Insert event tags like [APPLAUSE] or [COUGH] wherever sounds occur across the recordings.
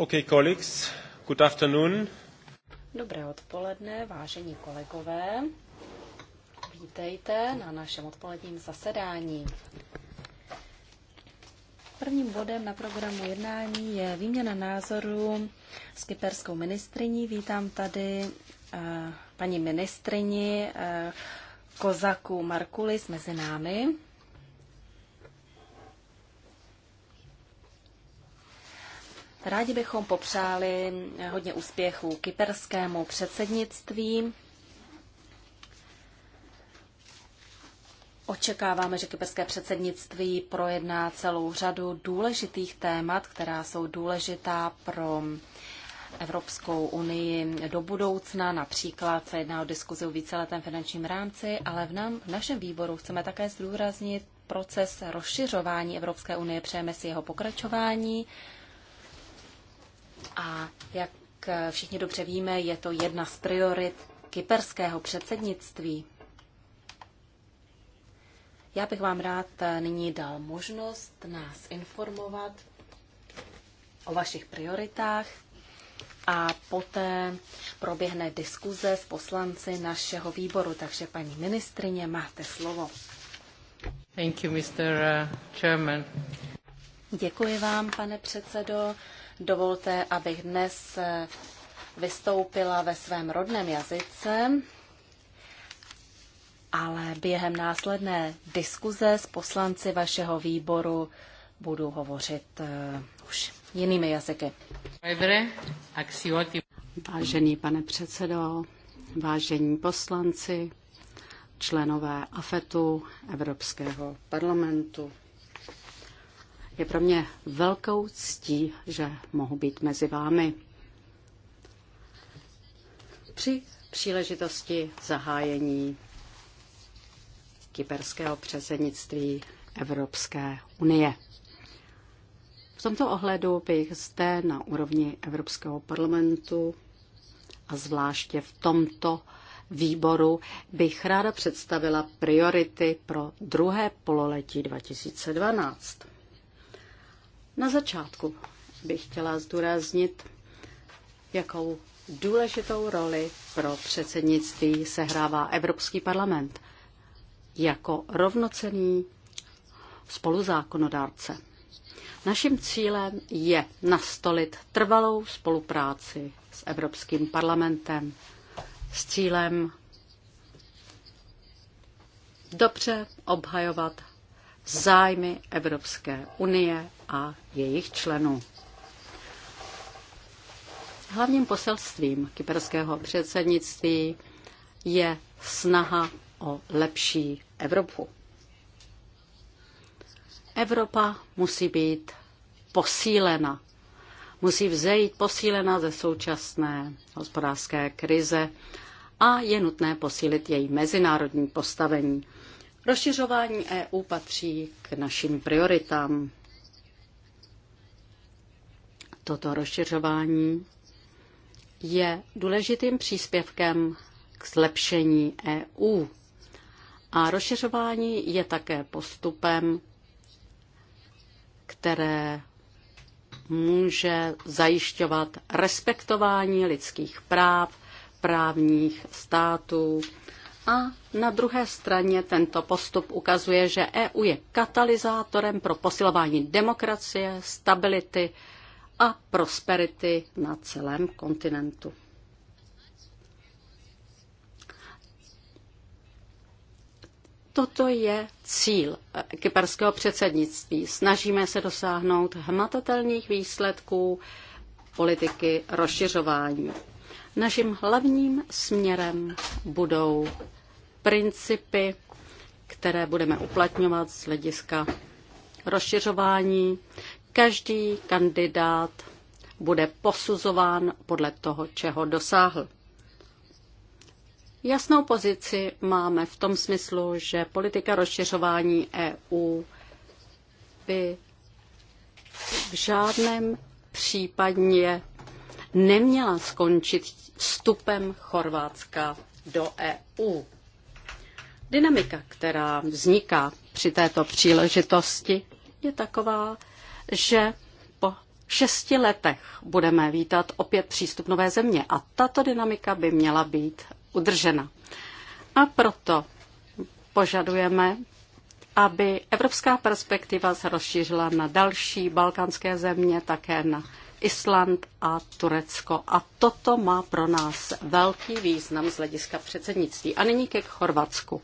Okay, colleagues, good afternoon. Dobré odpoledne, vážení kolegové. Vítejte na našem odpoledním zasedání. Prvním bodem na programu jednání je výměna názoru s kyperskou ministriní. Vítám tady eh, paní ministrini eh, Kozaku Markulis mezi námi. Rádi bychom popřáli hodně úspěchů kyperskému předsednictví. Očekáváme, že kyperské předsednictví projedná celou řadu důležitých témat, která jsou důležitá pro Evropskou unii do budoucna. Například se jedná o diskuzi o víceletém finančním rámci, ale v, nám, v našem výboru chceme také zdůraznit proces rozšiřování Evropské unie. Přejeme si jeho pokračování a jak všichni dobře víme, je to jedna z priorit kyperského předsednictví. Já bych vám rád nyní dal možnost nás informovat o vašich prioritách a poté proběhne diskuze s poslanci našeho výboru. Takže paní ministrině, máte slovo. Thank you, Mr. Uh, chairman. Děkuji vám, pane předsedo. Dovolte, abych dnes eh, vystoupila ve svém rodném jazyce, ale během následné diskuze s poslanci vašeho výboru budu hovořit eh, už jinými jazyky. Vážený pane předsedo, vážení poslanci, členové AFETu Evropského parlamentu. Je pro mě velkou ctí, že mohu být mezi vámi. Při příležitosti zahájení kyperského předsednictví Evropské unie. V tomto ohledu bych zde na úrovni Evropského parlamentu a zvláště v tomto výboru bych ráda představila priority pro druhé pololetí 2012. Na začátku bych chtěla zdůraznit, jakou důležitou roli pro předsednictví sehrává Evropský parlament jako rovnocený spoluzákonodárce. Naším cílem je nastolit trvalou spolupráci s Evropským parlamentem s cílem dobře obhajovat zájmy Evropské unie a jejich členů. Hlavním poselstvím kyperského předsednictví je snaha o lepší Evropu. Evropa musí být posílena. Musí vzejít posílena ze současné hospodářské krize a je nutné posílit její mezinárodní postavení. Rozšiřování EU patří k našim prioritám. Toto rozšiřování je důležitým příspěvkem k zlepšení EU. A rozšiřování je také postupem, které může zajišťovat respektování lidských práv, právních států a na druhé straně tento postup ukazuje, že EU je katalyzátorem pro posilování demokracie, stability a prosperity na celém kontinentu. Toto je cíl eh, kyperského předsednictví. Snažíme se dosáhnout hmatatelných výsledků politiky rozšiřování. Naším hlavním směrem budou principy, které budeme uplatňovat z hlediska rozšiřování. Každý kandidát bude posuzován podle toho, čeho dosáhl. Jasnou pozici máme v tom smyslu, že politika rozšiřování EU by v žádném případně neměla skončit vstupem Chorvátska do EU. Dynamika, která vzniká při této příležitosti, je taková, že po šesti letech budeme vítat opět přístup nové země a tato dynamika by měla být udržena. A proto požadujeme, aby evropská perspektiva se rozšířila na další balkánské země, také na Island a Turecko. A toto má pro nás velký význam z hlediska předsednictví. A nyní ke Chorvatsku.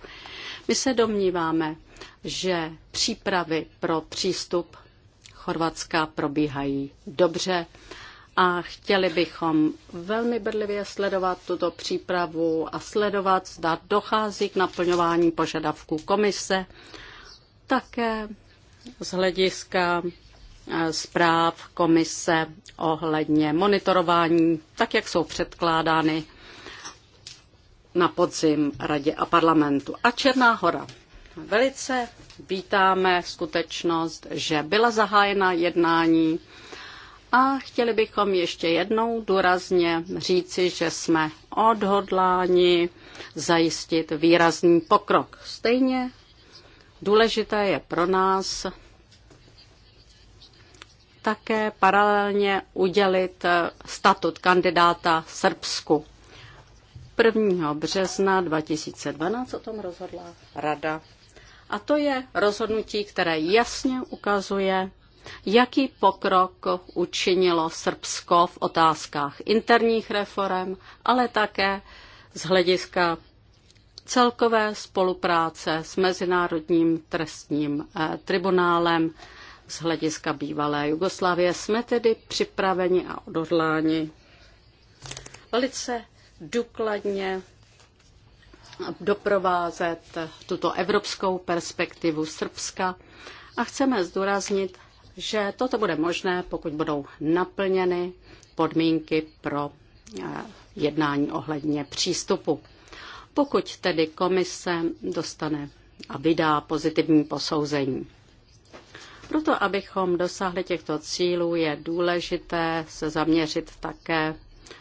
My se domníváme, že přípravy pro přístup Chorvatska probíhají dobře a chtěli bychom velmi bedlivě sledovat tuto přípravu a sledovat, zda dochází k naplňování požadavků komise, také z hlediska zpráv komise ohledně monitorování, tak jak jsou předkládány na podzim radě a parlamentu. A Černá hora. Velice vítáme skutečnost, že byla zahájena jednání a chtěli bychom ještě jednou důrazně říci, že jsme odhodláni zajistit výrazný pokrok. Stejně důležité je pro nás také paralelně udělit eh, statut kandidáta Srbsku. 1. března 2012 o tom rozhodla rada. A to je rozhodnutí, které jasně ukazuje, jaký pokrok učinilo Srbsko v otázkách interních reform, ale také z hlediska celkové spolupráce s Mezinárodním trestním eh, tribunálem z hlediska bývalé Jugoslávie. Jsme tedy připraveni a odhodláni velice důkladně doprovázet tuto evropskou perspektivu Srbska a chceme zdůraznit, že toto bude možné, pokud budou naplněny podmínky pro eh, jednání ohledně přístupu. Pokud tedy komise dostane a vydá pozitivní posouzení. Proto, abychom dosáhli těchto cílů, je důležité se zaměřit také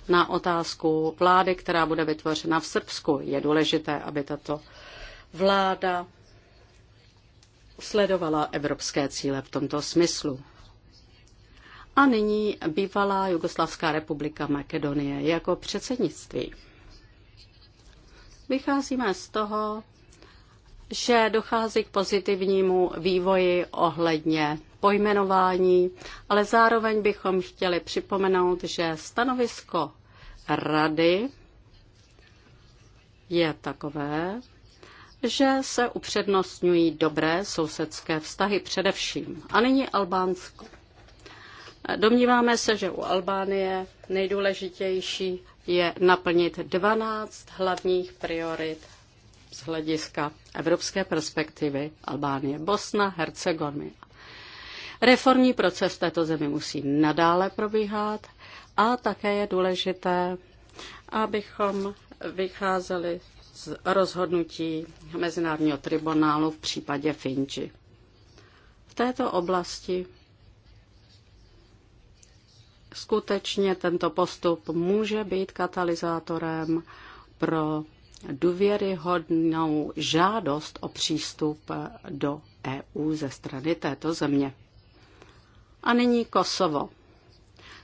na otázku vlády, která bude vytvořena v Srbsku. Je důležité, aby tato vláda sledovala evropské cíle v tomto smyslu. A nyní bývalá Jugoslavská republika Makedonie jako předsednictví. Vycházíme z toho, že dochází k pozitivnímu vývoji ohledně pojmenování, ale zároveň bychom chtěli připomenout, že stanovisko rady je takové, že se upřednostňují dobré sousedské vztahy především. A nyní Albánsko. Domníváme se, že u Albánie nejdůležitější je naplnit 12 hlavních priorit z hlediska evropské perspektivy Albánie, Bosna, Hercegovina. Reformní proces v této zemi musí nadále probíhat a také je důležité, abychom vycházeli z rozhodnutí Mezinárodního tribunálu v případě Finči. V této oblasti skutečně tento postup může být katalyzátorem pro důvěryhodnou žádost o přístup do EU ze strany této země. A nyní Kosovo.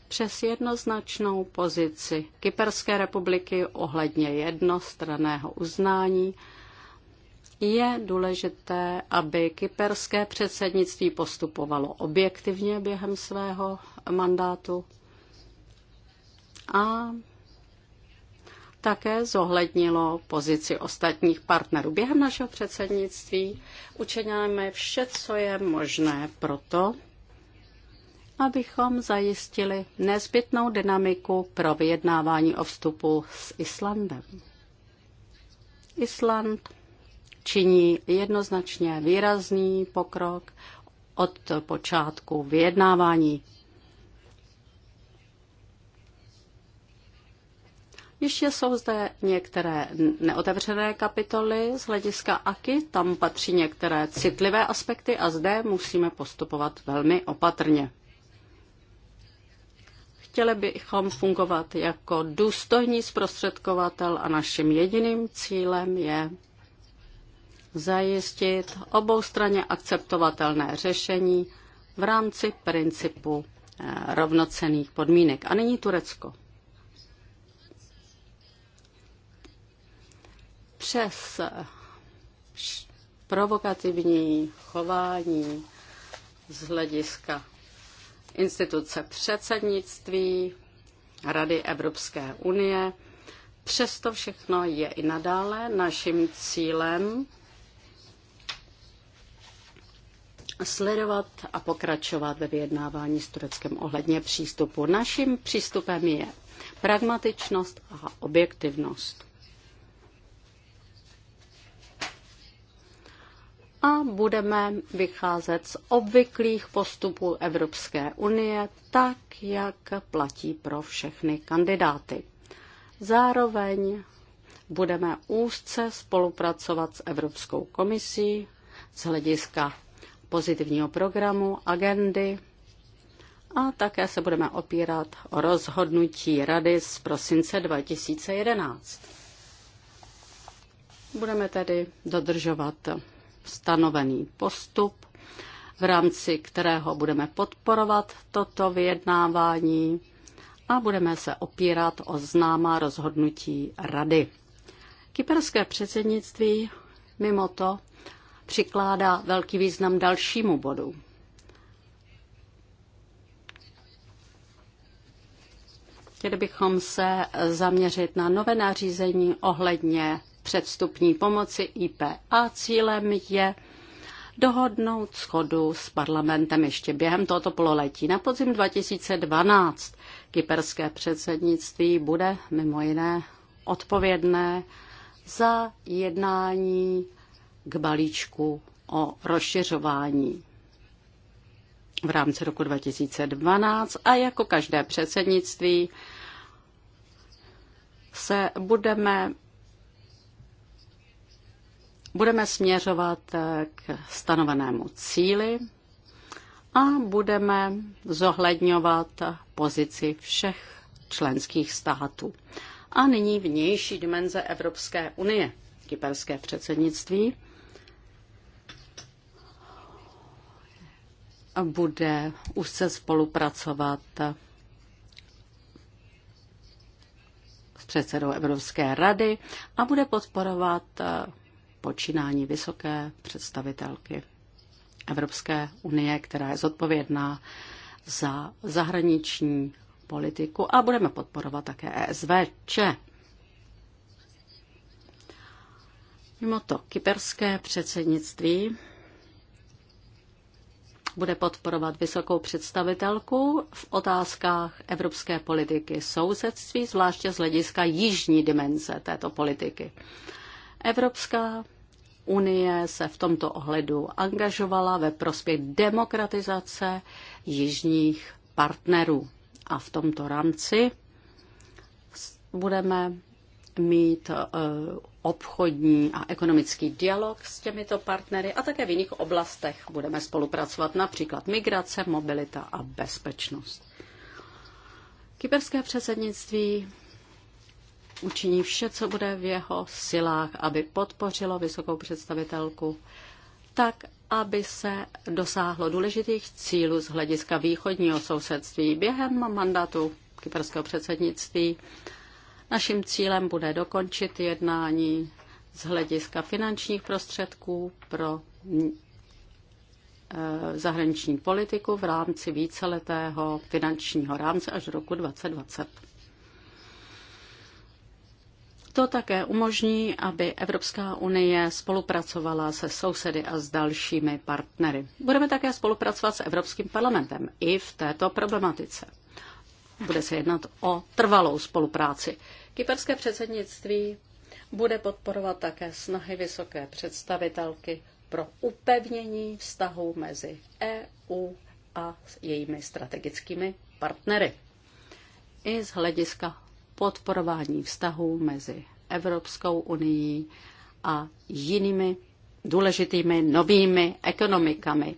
Přes jednoznačnou pozici Kyperské republiky ohledně jednostraného uznání je důležité, aby kyperské předsednictví postupovalo objektivně během svého mandátu a také zohlednilo pozici ostatních partnerů. Během našeho předsednictví učiněme vše, co je možné proto, abychom zajistili nezbytnou dynamiku pro vyjednávání o vstupu s Islandem. Island činí jednoznačně výrazný pokrok od počátku vyjednávání Ještě jsou zde některé neotevřené kapitoly z hlediska AKY, tam patří některé citlivé aspekty a zde musíme postupovat velmi opatrně. Chtěli bychom fungovat jako důstojní zprostředkovatel a naším jediným cílem je zajistit oboustranně akceptovatelné řešení v rámci principu eh, rovnocených podmínek. A nyní Turecko. přes provokativní chování z hlediska instituce předsednictví Rady Evropské unie. Přesto všechno je i nadále naším cílem sledovat a pokračovat ve vyjednávání s Tureckem ohledně přístupu. Naším přístupem je pragmatičnost a objektivnost. a budeme vycházet z obvyklých postupů Evropské unie, tak jak platí pro všechny kandidáty. Zároveň budeme úzce spolupracovat s Evropskou komisí z hlediska pozitivního programu, agendy a také se budeme opírat o rozhodnutí Rady z prosince 2011. Budeme tedy dodržovat stanovený postup, v rámci kterého budeme podporovat toto vyjednávání a budeme se opírat o známá rozhodnutí Rady. Kyperské předsednictví mimo to přikládá velký význam dalšímu bodu. Chtěli bychom se zaměřit na nové nařízení ohledně předstupní pomoci IPA. Cílem je dohodnout schodu s parlamentem ještě během tohoto pololetí. Na podzim 2012 kyperské předsednictví bude mimo jiné odpovědné za jednání k balíčku o rozšiřování v rámci roku 2012 a jako každé předsednictví se budeme budeme směřovat eh, k stanovenému cíli a budeme zohledňovat pozici všech členských států. A nyní vnější dimenze Evropské unie, kyperské předsednictví. bude úzce spolupracovat s předsedou Evropské rady a bude podporovat počínání vysoké představitelky Evropské unie, která je zodpovědná za zahraniční politiku a budeme podporovat také ESVČ. Mimo to kyperské předsednictví bude podporovat vysokou představitelku v otázkách evropské politiky sousedství, zvláště z hlediska jižní dimenze této politiky. Evropská unie se v tomto ohledu angažovala ve prospěch demokratizace jižních partnerů. A v tomto rámci budeme mít e, obchodní a ekonomický dialog s těmito partnery a také v jiných oblastech budeme spolupracovat, například migrace, mobilita a bezpečnost. Kyperské předsednictví učiní vše, co bude v jeho silách, aby podpořilo vysokou představitelku, tak, aby se dosáhlo důležitých cílů z hlediska východního sousedství. Během mandátu kyperského předsednictví naším cílem bude dokončit jednání z hlediska finančních prostředků pro mm, eh, zahraniční politiku v rámci víceletého finančního rámce až do roku 2020. To také umožní, aby Evropská unie spolupracovala se sousedy a s dalšími partnery. Budeme také spolupracovat s Evropským parlamentem i v této problematice. Bude se jednat o trvalou spolupráci. Kyperské předsednictví bude podporovat také snahy vysoké představitelky pro upevnění vztahů mezi EU a jejími strategickými partnery. I z hlediska podporování vztahů mezi Evropskou unii a jinými důležitými novými ekonomikami.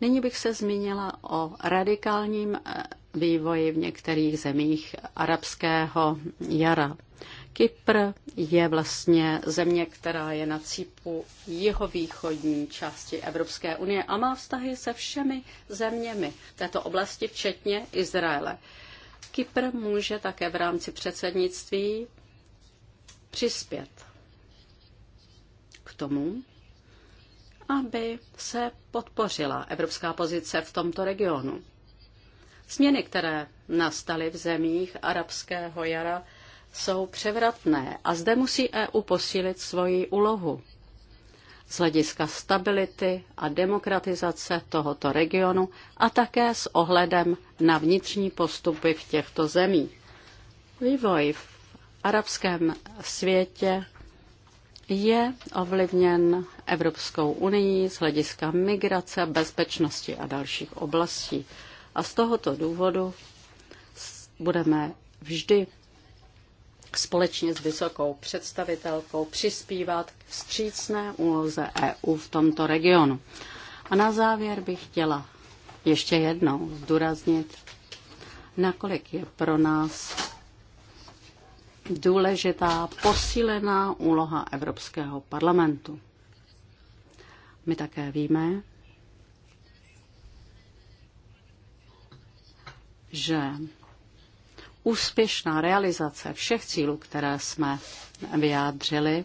Nyní bych se zmínila o radikálním eh, vývoji v některých zemích arabského jara. Kypr je vlastně země, která je na cípu jihovýchodní části Evropské unie a má vztahy se všemi zeměmi této oblasti, včetně Izraele. Kypr může také v rámci předsednictví přispět k tomu, aby se podpořila evropská pozice v tomto regionu. Změny, které nastaly v zemích arabského jara, jsou převratné a zde musí EU posílit svoji úlohu z hlediska stability a demokratizace tohoto regionu a také s ohledem na vnitřní postupy v těchto zemích. Vývoj v arabském světě je ovlivněn Evropskou unii z hlediska migrace, bezpečnosti a dalších oblastí. A z tohoto důvodu budeme vždy společně s vysokou představitelkou přispívat k vstřícné úloze EU v tomto regionu. A na závěr bych chtěla ještě jednou zdůraznit, nakolik je pro nás důležitá posílená úloha Evropského parlamentu. My také víme, že úspěšná realizace všech cílů, které jsme vyjádřili,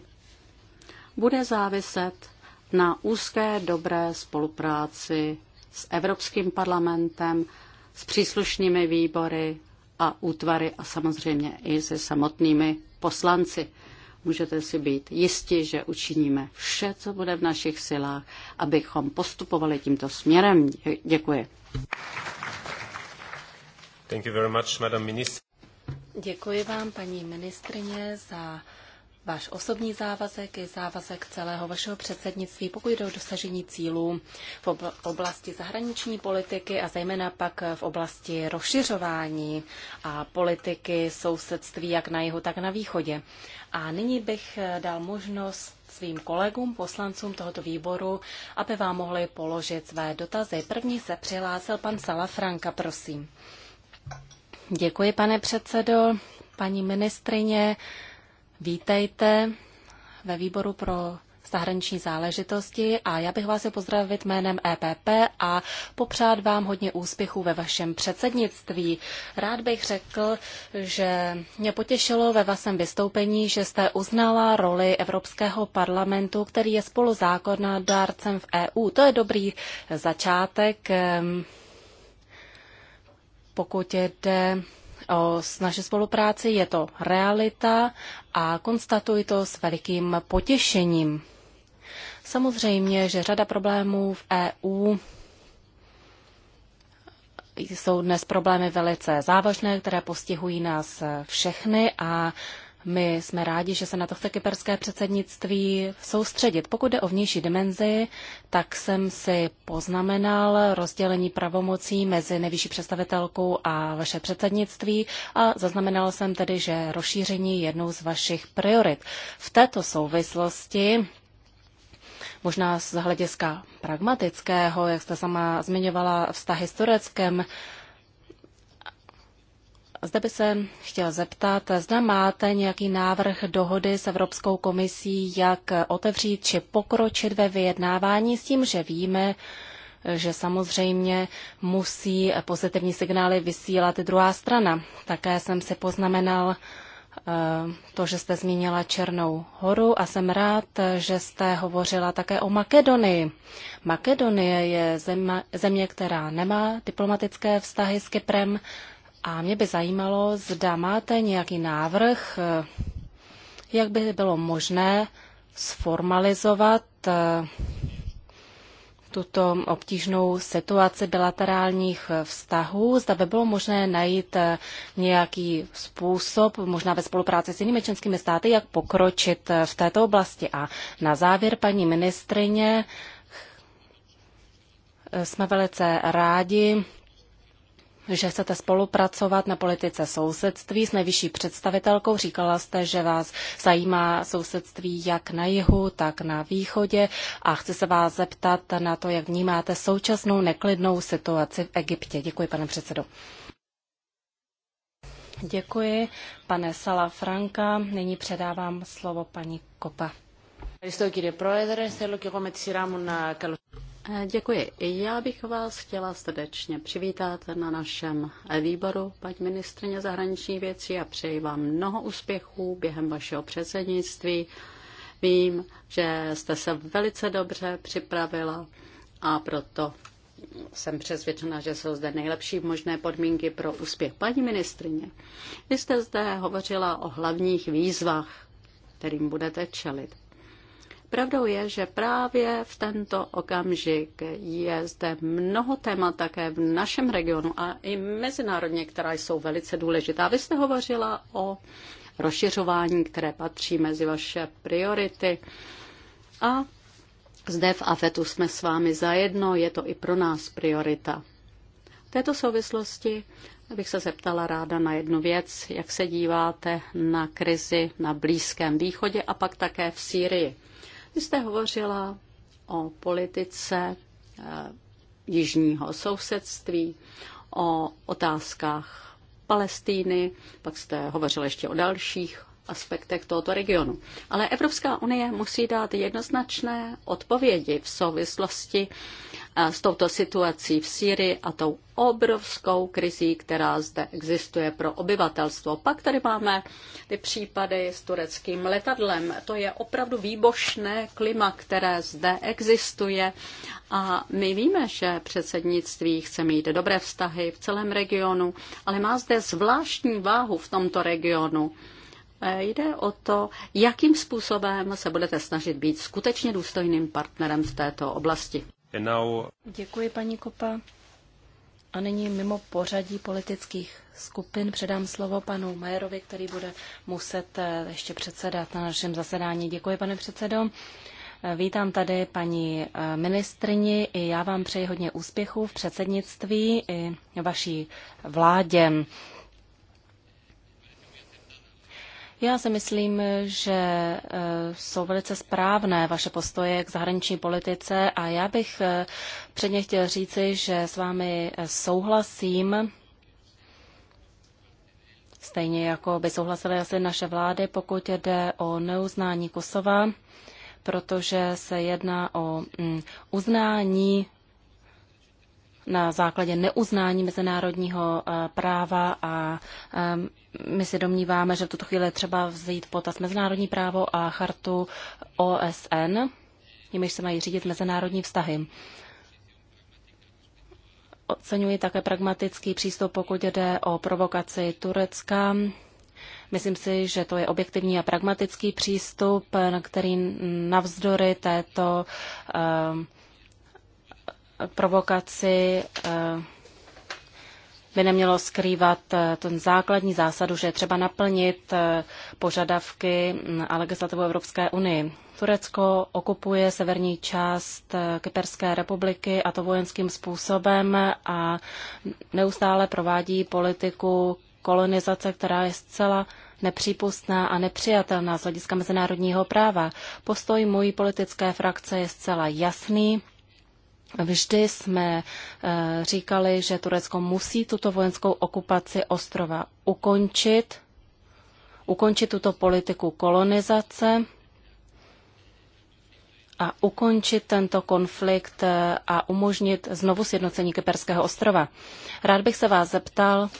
bude záviset na úzké dobré spolupráci s Evropským parlamentem, s příslušnými výbory a útvary a samozřejmě i se samotnými poslanci. Můžete si být jisti, že učiníme vše, co bude v našich silách, abychom postupovali tímto směrem. Děkuji. Thank you very much, Madam Minister. Děkuji vám, paní ministrině, za váš osobní závazek i závazek celého vašeho předsednictví, pokud jde o dosažení cílů v oblasti zahraniční politiky a zejména pak v oblasti rozšiřování a politiky sousedství jak na jihu, tak na východě. A nyní bych eh, dal možnost svým kolegům, poslancům tohoto výboru, aby vám mohli položit své dotazy. První se přihlásil pan Salafranka, prosím. Děkuji, pane předsedo. Paní ministrině, vítejte ve výboru pro zahraniční záležitosti a já bych vás je pozdravit jménem EPP a popřát vám hodně úspěchů ve vašem předsednictví. Rád bych řekl, že mě potěšilo ve vašem vystoupení, že jste uznala roli Evropského parlamentu, který je spoluzákonodárcem v EU. To je dobrý začátek. Pokud jde o naše spolupráci, je to realita a konstatuji to s velikým potěšením. Samozřejmě, že řada problémů v EU jsou dnes problémy velice závažné, které postihují nás všechny a my jsme rádi, že se na to chce kyperské předsednictví soustředit. Pokud jde o vnější dimenzi, tak jsem si poznamenal rozdělení pravomocí mezi nejvyšší představitelkou a vaše předsednictví a zaznamenal jsem tedy, že rozšíření je jednou z vašich priorit. V této souvislosti možná z hlediska pragmatického, jak jste sama zmiňovala, vztahy s Tureckem, zde by se chtěl zeptat, zda máte nějaký návrh dohody s Evropskou komisí, jak otevřít či pokročit ve vyjednávání s tím, že víme, že samozřejmě musí pozitivní signály vysílat druhá strana. Také jsem si poznamenal eh, to, že jste zmínila Černou horu a jsem rád, že jste hovořila také o Makedonii. Makedonie je země, země která nemá diplomatické vztahy s Kyprem, a mě by zajímalo, zda máte nějaký návrh, eh, jak by bylo možné sformalizovat eh, tuto obtížnou situaci bilaterálních eh, vztahů. Zda by bylo možné najít nějaký způsob, možná ve spolupráci s jinými členskými státy, jak pokročit v této oblasti. A na závěr, paní ministrině, jsme velice rádi, že chcete spolupracovat na politice sousedství s nejvyšší představitelkou. Říkala jste, že vás zajímá sousedství jak na jihu, tak na východě a chci se vás zeptat na to, jak vnímáte současnou neklidnou situaci v Egyptě. Děkuji, pane předsedo. Děkuji, pane Sala Franka. Nyní předávám slovo paní Kopa. Děkuji. Já bych vás chtěla srdečně přivítat na našem výboru, paní ministrně zahraničních věcí, a přeji vám mnoho úspěchů během vašeho předsednictví. Vím, že jste se velice dobře připravila a proto jsem přesvědčena, že jsou zde nejlepší možné podmínky pro úspěch. Paní ministrině, vy jste zde hovořila o hlavních výzvách, kterým budete čelit. Pravdou je, že právě v tento okamžik je zde mnoho témat také v našem regionu a i mezinárodně, která jsou velice důležitá. Vy jste hovořila o rozšiřování, které patří mezi vaše priority. A zde v AFETu jsme s vámi zajedno, je to i pro nás priorita. V této souvislosti bych se zeptala ráda na jednu věc, jak se díváte na krizi na Blízkém východě a pak také v Sýrii. Vy jste hovořila o politice eh, jižního sousedství, o otázkách Palestíny, pak jste hovořila ještě o dalších aspektech tohoto regionu. Ale Evropská unie musí dát jednoznačné odpovědi v souvislosti eh, s touto situací v Sýrii a tou obrovskou krizí, která zde existuje pro obyvatelstvo. Pak tady máme ty případy s tureckým letadlem. To je opravdu výbošné klima, které zde existuje. A my víme, že předsednictví chce mít dobré vztahy v celém regionu, ale má zde zvláštní váhu v tomto regionu. E, jde o to, jakým způsobem se budete snažit být skutečně důstojným partnerem v této oblasti. Now... Děkuji, paní Kopa. A nyní mimo pořadí politických skupin předám slovo panu Majerovi, který bude muset e, ještě předsedat na našem zasedání. Děkuji, pane předsedo. E, vítám tady paní ministrini i já vám přeji hodně úspěchů v předsednictví i vaší vládě. Já si myslím, že e, jsou velice správné vaše postoje k zahraniční politice a já bych e, předně chtěl říci, že s vámi e, souhlasím, stejně jako by souhlasily asi naše vlády, pokud jde o neuznání Kosova, protože se jedná o mm, uznání na základě neuznání mezinárodního eh, práva a eh, my si domníváme, že v tuto chvíli třeba vzít potaz mezinárodní právo a chartu OSN, jimiž se mají řídit mezinárodní vztahy. Oceňuji také pragmatický přístup, pokud jde o provokaci Turecka. Myslím si, že to je objektivní a pragmatický přístup, na který navzdory této uh, provokaci eh, by nemělo skrývat eh, ten základní zásadu, že je třeba naplnit eh, požadavky mm, a legislativu Evropské unii. Turecko okupuje severní část Kyperské republiky a to vojenským způsobem a neustále provádí politiku kolonizace, která je zcela nepřípustná a nepřijatelná z hlediska mezinárodního práva. Postoj mojí politické frakce je zcela jasný Vždy jsme eh, říkali, že Turecko musí tuto vojenskou okupaci ostrova ukončit, ukončit tuto politiku kolonizace a ukončit tento konflikt eh, a umožnit znovu sjednocení Kyperského ostrova. Rád bych se vás zeptal,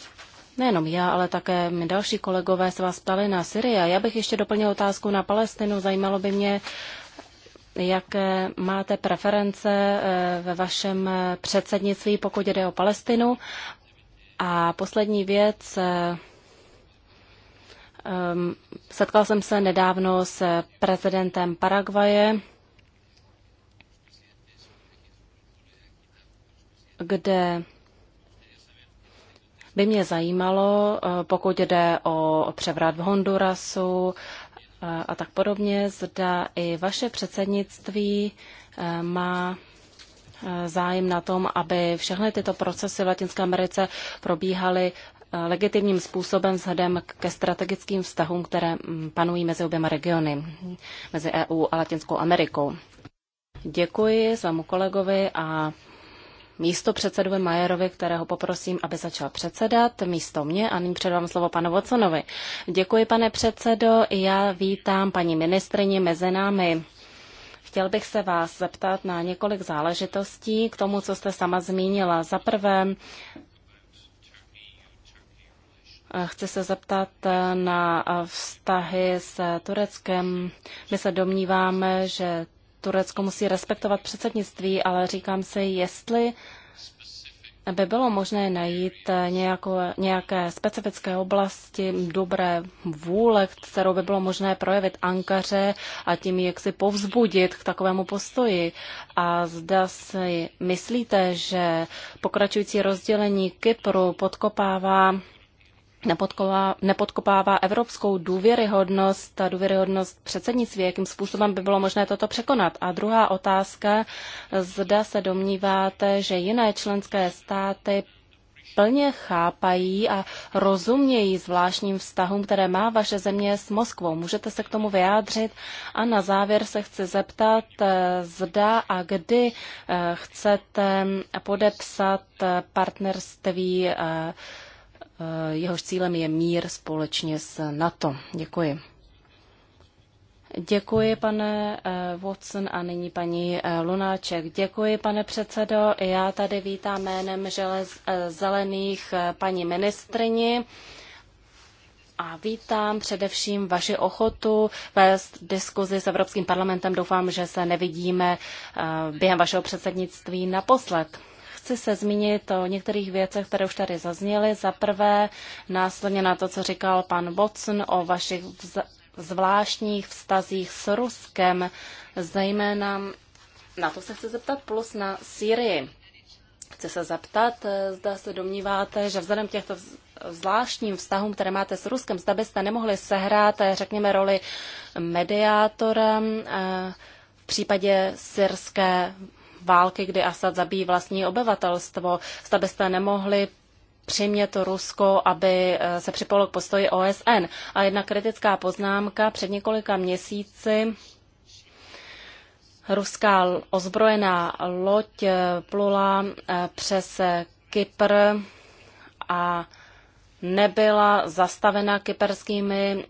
nejenom já, ale také my další kolegové se vás ptali na Syrii. Já bych ještě doplnil otázku na Palestinu. Zajímalo by mě, jaké máte preference eh, ve vašem eh, předsednictví, pokud jde o Palestinu. A poslední věc, eh, ehm, setkal jsem se nedávno s prezidentem Paraguaje, kde by mě zajímalo, pokud jde o převrat v Hondurasu, a tak podobně, zda i vaše předsednictví eh, má eh, zájem na tom, aby všechny tyto procesy v Latinské Americe probíhaly eh, legitimním způsobem vzhledem ke strategickým vztahům, které mm, panují mezi oběma regiony, mezi EU a Latinskou Amerikou. Děkuji svému kolegovi a místo předsedovi Majerovi, kterého poprosím, aby začal předsedat místo mě a nyní předám slovo panu Voconovi. Děkuji, pane předsedo, já vítám paní ministrině mezi námi. Chtěl bych se vás zeptat na několik záležitostí k tomu, co jste sama zmínila. Za prvé, Chci se zeptat na vztahy s Tureckem. My se domníváme, že Turecko musí respektovat předsednictví, ale říkám si, jestli by bylo možné najít nějakou, nějaké specifické oblasti dobré vůle, kterou by bylo možné projevit Ankaře a tím jak si povzbudit k takovému postoji. A zda si myslíte, že pokračující rozdělení Kypru podkopává nepodkopává evropskou důvěryhodnost, a důvěryhodnost předsednictví, jakým způsobem by bylo možné toto překonat. A druhá otázka, zda se domníváte, že jiné členské státy plně chápají a rozumějí zvláštním vztahům, které má vaše země s Moskvou. Můžete se k tomu vyjádřit? A na závěr se chci zeptat, zda a kdy eh, chcete podepsat partnerství eh, Eh, jehož cílem je mír společně s NATO. Děkuji. Děkuji, pane eh, Watson, a nyní paní eh, Lunáček. Děkuji, pane předsedo. Já tady vítám jménem želez, zelených paní ministrini a vítám především vaši ochotu vést diskuzi s Evropským parlamentem. Doufám, že se nevidíme během vašeho předsednictví naposled. Chci se zmínit o některých věcech, které už tady zazněly. Za prvé, následně na to, co říkal pan Watson o vašich zvláštních vztazích s Ruskem, zejména na to se chci zeptat plus na Syrii. Chci se zeptat, zda se domníváte, že vzhledem těchto zvláštním vztahům, které máte s Ruskem, zda byste nemohli sehrát, řekněme, roli mediátora eh, v případě syrské války, kdy Asad zabíjí vlastní obyvatelstvo. Zda byste nemohli přimět Rusko, aby eh, se připojilo k postoji OSN. A jedna kritická poznámka před několika měsíci ruská ozbrojená loď eh, plula eh, přes Kypr a nebyla zastavena kyperskými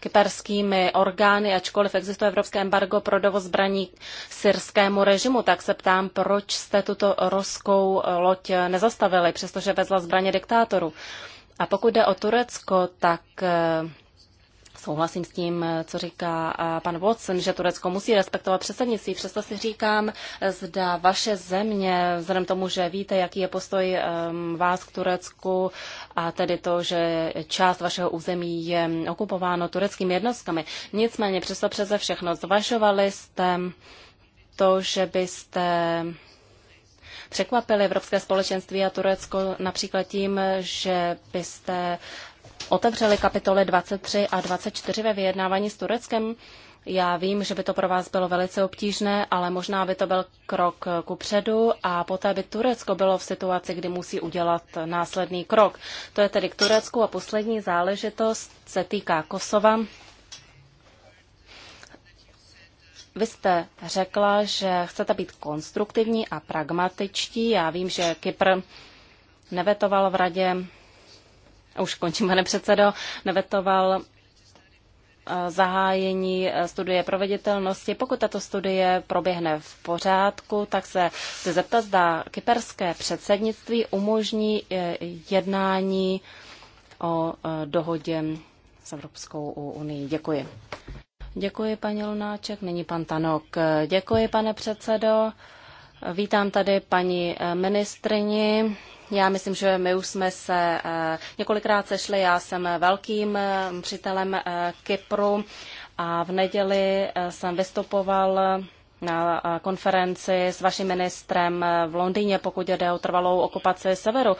kyperskými orgány, ačkoliv existuje evropské embargo pro dovoz zbraní syrskému režimu, tak se ptám, proč jste tuto ruskou loď nezastavili, přestože vezla zbraně diktátoru. A pokud jde o Turecko, tak eh, Souhlasím s tím, co říká pan Watson, že Turecko musí respektovat předsednictví. Přesto si říkám, zda vaše země, vzhledem tomu, že víte, jaký je postoj um, vás k Turecku a tedy to, že část vašeho území je okupováno tureckými jednotkami. Nicméně přesto přeze všechno zvažovali jste to, že byste překvapili Evropské společenství a Turecko například tím, že byste otevřeli kapitoly 23 a 24 ve vyjednávání s Tureckem. Já vím, že by to pro vás bylo velice obtížné, ale možná by to byl krok ku předu a poté by Turecko bylo v situaci, kdy musí udělat následný krok. To je tedy k Turecku a poslední záležitost se týká Kosova. Vy jste řekla, že chcete být konstruktivní a pragmatičtí. Já vím, že Kypr nevetoval v radě už končím, pane předsedo, nevetoval eh, zahájení eh, studie proveditelnosti. Pokud tato studie proběhne v pořádku, tak se chci zeptat, zda kyperské předsednictví umožní eh, jednání o dohodě s Evropskou unii. Děkuji. Děkuji, paní Lunáček. Nyní pan Tanok. Děkuji, pane předsedo. Vítám tady paní ministrini. Já myslím, že my už jsme se eh, několikrát sešli. Já jsem velkým eh, přítelem eh, Kypru a v neděli jsem vystupoval na konferenci s vaším ministrem v Londýně, pokud jde o trvalou okupaci severu.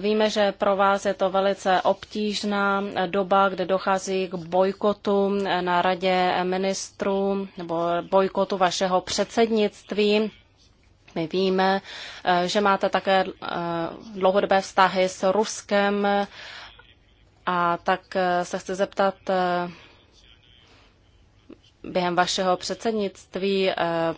Víme, že pro vás je to velice obtížná doba, kde dochází k bojkotu na radě ministrů nebo bojkotu vašeho předsednictví. My víme, eh, že máte také eh, dlouhodobé vztahy s Ruskem a tak eh, se chci zeptat, během vašeho předsednictví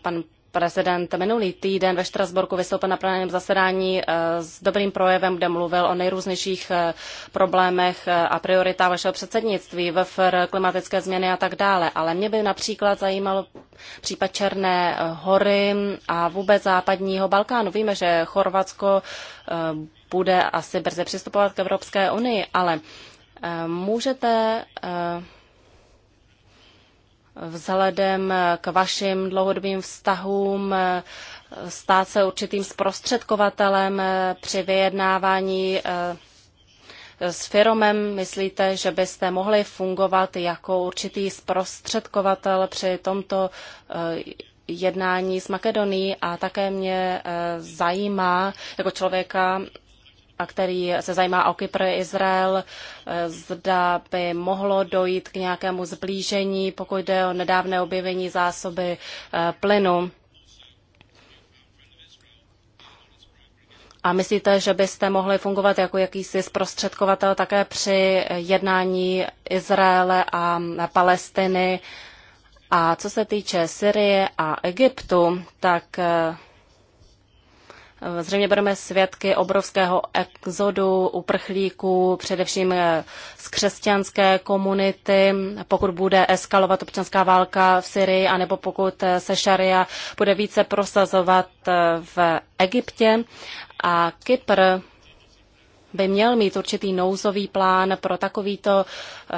pan prezident minulý týden ve Štrasburku vystoupil na plenárním zasedání eh, s dobrým projevem, kde mluvil o nejrůznějších eh, problémech eh, a prioritách vašeho předsednictví, VFR, klimatické změny a tak dále. Ale mě by například zajímal případ Černé hory a vůbec západního Balkánu. Víme, že Chorvatsko bude asi brzy přistupovat k Evropské unii, ale můžete vzhledem k vašim dlouhodobým vztahům eh, stát se určitým zprostředkovatelem eh, při vyjednávání eh, s firmem? Myslíte, že byste mohli fungovat jako určitý zprostředkovatel při tomto jednání s Makedonií a také mě zajímá jako člověka, a který se zajímá o Kypr, Izrael, eh, zda by mohlo dojít k nějakému zblížení, pokud jde o nedávné objevení zásoby eh, plynu. A myslíte, že byste mohli fungovat jako jakýsi zprostředkovatel také při jednání Izraele a Palestiny? A co se týče Syrie a Egyptu, tak eh, Zřejmě budeme svědky obrovského exodu uprchlíků, především eh, z křesťanské komunity, pokud bude eskalovat občanská válka v Syrii, anebo pokud eh, se šaria bude více prosazovat eh, v Egyptě. A Kypr by měl mít určitý nouzový plán pro takovýto eh,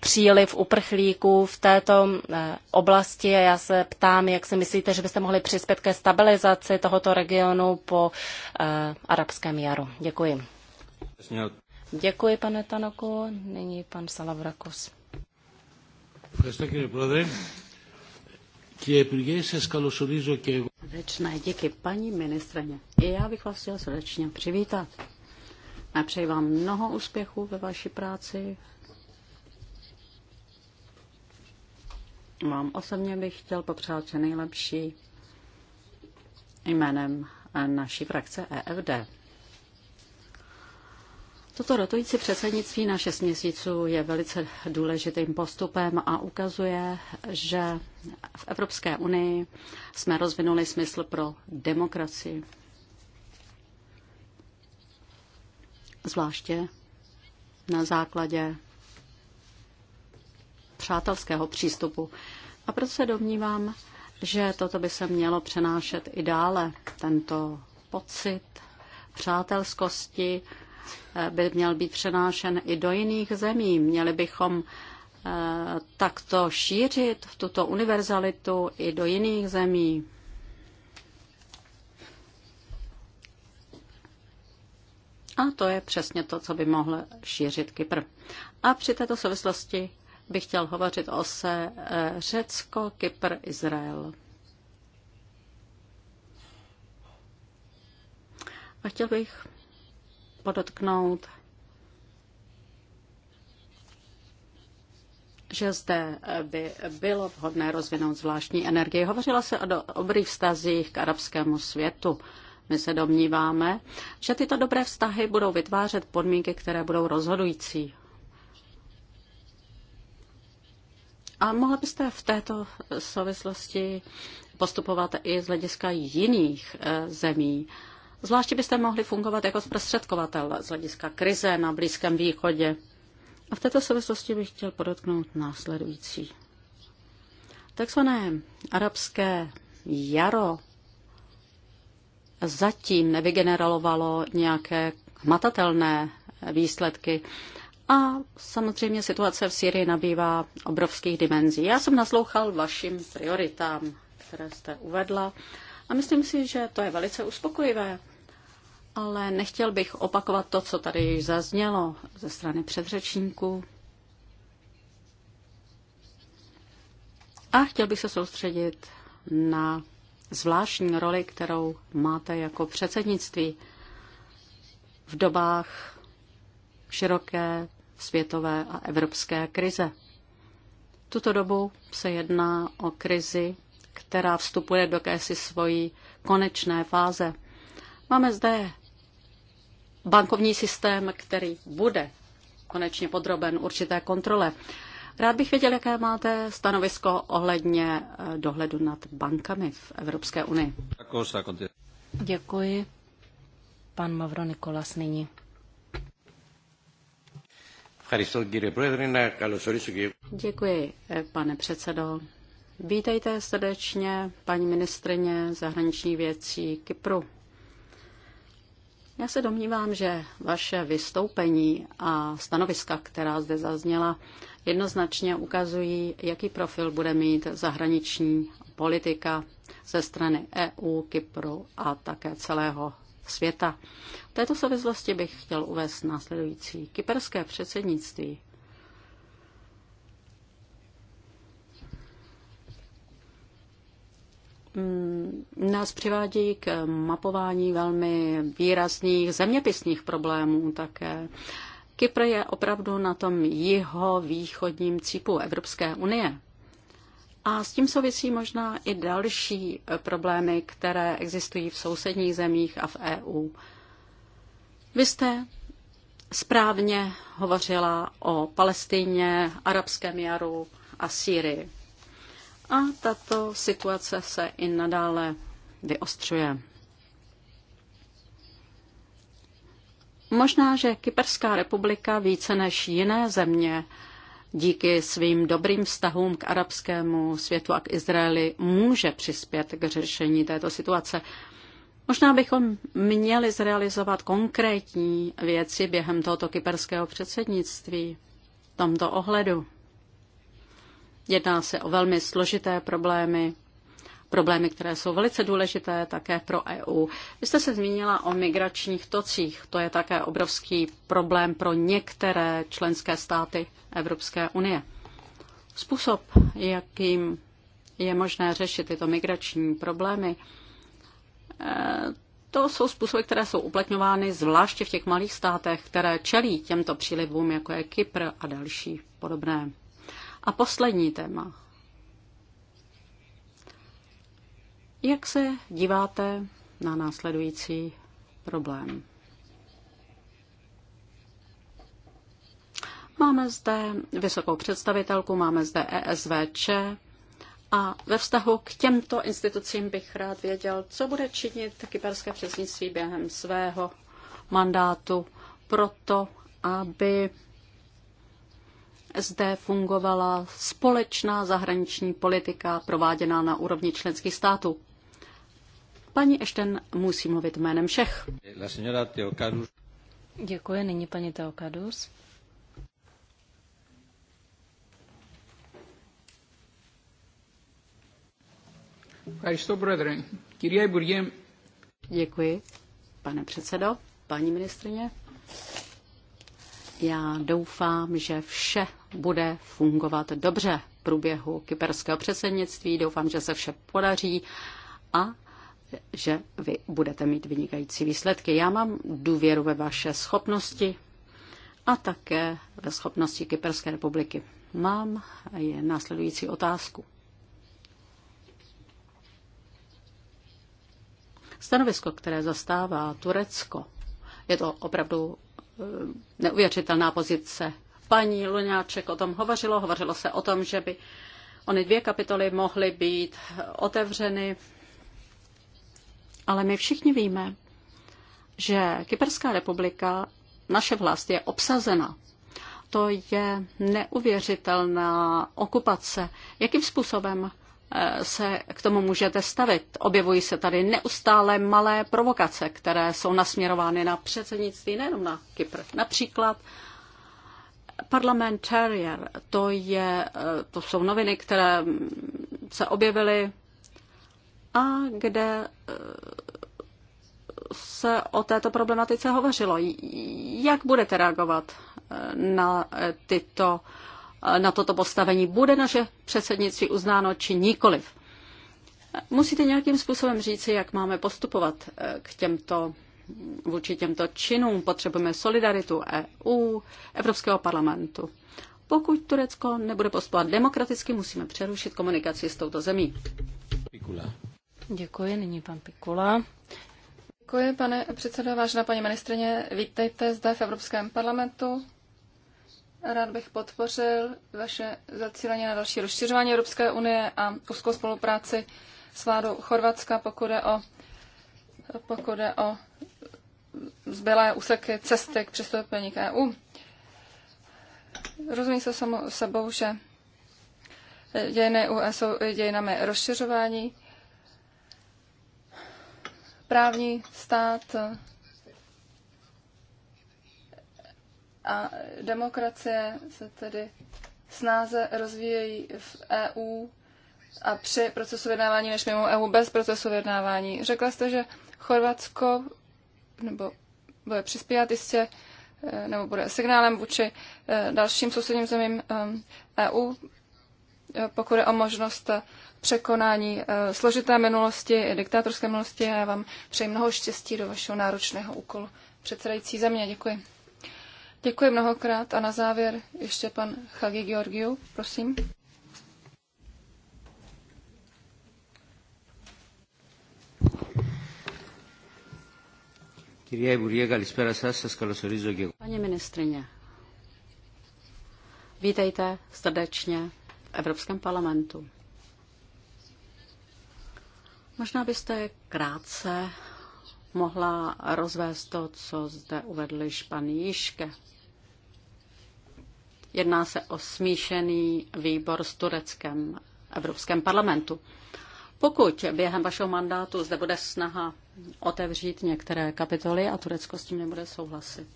příliv uprchlíků v této eh, oblasti. A já se ptám, jak si myslíte, že byste mohli přispět ke stabilizaci tohoto regionu po eh, arabském jaru. Děkuji. Děkuji, pane Tanoku. Nyní pan Salavrakos. Srdečné díky, paní ministraně. I já bych vás chtěl srdečně přivítat a přeji vám mnoho úspěchů ve vaší práci. Vám osobně bych chtěl popřát vše nejlepší jménem naší frakce EFD. Toto rotující předsednictví na 6 měsíců je velice důležitým postupem a ukazuje, že v Evropské unii jsme rozvinuli smysl pro demokracii. zvláště na základě přátelského přístupu. A proto se domnívám, že toto by se mělo přenášet i dále. Tento pocit přátelskosti eh, by měl být přenášen i do jiných zemí. Měli bychom eh, takto šířit tuto univerzalitu i do jiných zemí. A to je přesně to, co by mohl šířit Kypr. A při této souvislosti bych chtěl hovořit o se eh, Řecko, Kypr, Izrael. A chtěl bych podotknout, že zde eh, by bylo vhodné rozvinout zvláštní energii. Hovořila se o dobrých vztazích k arabskému světu. My se domníváme, že tyto dobré vztahy budou vytvářet podmínky, které budou rozhodující. A mohla byste v této souvislosti postupovat i z hlediska jiných eh, zemí? Zvláště byste mohli fungovat jako zprostředkovatel z hlediska krize na Blízkém východě. A v této souvislosti bych chtěl podotknout následující. Takzvané arabské jaro zatím nevygenerovalo nějaké hmatatelné výsledky. A samozřejmě situace v Syrii nabývá obrovských dimenzí. Já jsem naslouchal vašim prioritám, které jste uvedla a myslím si, že to je velice uspokojivé. Ale nechtěl bych opakovat to, co tady již zaznělo ze strany předřečníků. A chtěl bych se soustředit na zvláštní roli, kterou máte jako předsednictví v dobách široké světové a evropské krize. Tuto dobu se jedná o krizi, která vstupuje do kési svojí konečné fáze. Máme zde bankovní systém, který bude konečně podroben určité kontrole. Rád bych věděl, jaké máte stanovisko ohledně eh, dohledu nad bankami v Evropské unii. Děkuji. Pan Mavro Nikolas nyní. Děkuji, eh, pane předsedo. Vítejte srdečně, paní ministrině zahraničních věcí Kypru. Já se domnívám, že vaše vystoupení a stanoviska, která zde zazněla, jednoznačně ukazují, jaký profil bude mít zahraniční politika ze strany EU, Kypru a také celého světa. V této souvislosti bych chtěl uvést následující. Kyperské předsednictví mm, nás přivádí k mapování velmi výrazných zeměpisných problémů také. Kypr je opravdu na tom jeho východním cípu Evropské unie. A s tím souvisí možná i další problémy, které existují v sousedních zemích a v EU. Vy jste správně hovořila o Palestině, arabském jaru a Sýrii. A tato situace se i nadále vyostřuje. Možná, že Kyperská republika více než jiné země díky svým dobrým vztahům k arabskému světu a k Izraeli může přispět k řešení této situace. Možná bychom měli zrealizovat konkrétní věci během tohoto kyperského předsednictví v tomto ohledu. Jedná se o velmi složité problémy, problémy, které jsou velice důležité také pro EU. Vy jste se zmínila o migračních tocích. To je také obrovský problém pro některé členské státy Evropské unie. Způsob, jakým je možné řešit tyto migrační problémy, eh, to jsou způsoby, které jsou uplatňovány zvláště v těch malých státech, které čelí těmto přílivům, jako je Kypr a další podobné. A poslední téma, Jak se díváte na následující problém? Máme zde vysokou představitelku, máme zde ESVČ a ve vztahu k těmto institucím bych rád věděl, co bude činit kyperské předsednictví během svého mandátu proto, aby zde fungovala společná zahraniční politika prováděná na úrovni členských států. Paní Ešten musí mluvit jménem všech. Děkuji, nyní paní Teokadus. Děkuji, pane předsedo, paní ministrině. Já doufám, že vše bude fungovat dobře v průběhu kyperského předsednictví. Doufám, že se vše podaří a že vy budete mít vynikající výsledky. Já mám důvěru ve vaše schopnosti a také ve schopnosti Kyperské republiky. Mám je následující otázku. Stanovisko, které zastává Turecko, je to opravdu eh, neuvěřitelná pozice. Paní Luňáček o tom hovořilo, hovořilo se o tom, že by ony dvě kapitoly mohly být otevřeny ale my všichni víme, že Kyperská republika, naše vlast je obsazena. To je neuvěřitelná okupace. Jakým způsobem eh, se k tomu můžete stavit. Objevují se tady neustále malé provokace, které jsou nasměrovány na předsednictví, nejenom na Kypr. Například Parlamentarier, to, je, eh, to jsou noviny, které se objevily a kde eh, se o této problematice hovořilo. Jak budete reagovat eh, na eh, tyto na toto postavení. Bude naše předsednictví uznáno či nikoliv? Musíte nějakým způsobem říci, jak máme postupovat k těmto, vůči těmto činům. Potřebujeme solidaritu EU, Evropského parlamentu. Pokud Turecko nebude postupovat demokraticky, musíme přerušit komunikaci s touto zemí. Pikula. Děkuji, nyní pan Pikula. Děkuji, pane předsedo, vážená paní ministrině. Vítejte zde v Evropském parlamentu. Rád bych podpořil vaše zacílení na další rozšiřování Evropské unie a úzkou spolupráci s vládou Chorvatska, pokud je o, pokud je o zbylé úseky cesty k přistoupení k EU. Rozumím se samo sebou, že dějiny EU jsou dějinami rozšiřování právní stát a demokracie se tedy snáze rozvíjejí v EU a při procesu vyjednávání než mimo EU bez procesu vyjednávání. Řekla jste, že Chorvatsko nebo bude přispívat jistě eh, nebo bude signálem vůči eh, dalším sousedním zemím EU eh, e Eh, pokud je o možnost eh, překonání eh, složité minulosti, diktátorské minulosti. Já vám přeji mnoho štěstí do vašeho náročného úkolu. Předsedající země, děkuji. Děkuji mnohokrát a na závěr ještě pan Chagi Georgiou, prosím. Paní ministrině, vítejte srdečně Evropském parlamentu. Možná byste krátce mohla rozvést to, co zde uvedl pan Jiške. Jedná se o smíšený výbor s Tureckem Evropském parlamentu. Pokud během vašeho mandátu zde bude snaha otevřít některé kapitoly a Turecko s tím nebude souhlasit.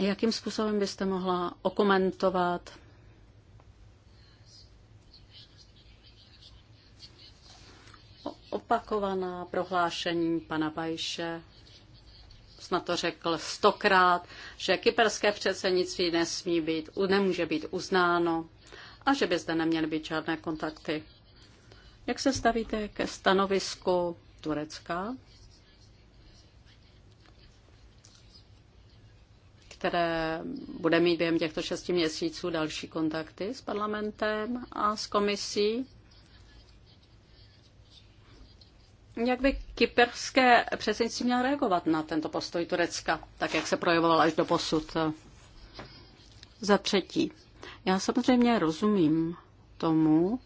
Jakým způsobem byste mohla okomentovat opakovaná prohlášení pana Bajše snad to řekl stokrát, že kyperské předsednictví nesmí být, nemůže být uznáno a že by zde neměly být žádné kontakty. Jak se stavíte ke stanovisku Turecka které bude mít během těchto šesti měsíců další kontakty s parlamentem a s komisí. Jak by kyperské předsednictví mělo reagovat na tento postoj Turecka, tak jak se projevoval až do posud? Za třetí, já samozřejmě rozumím tomu,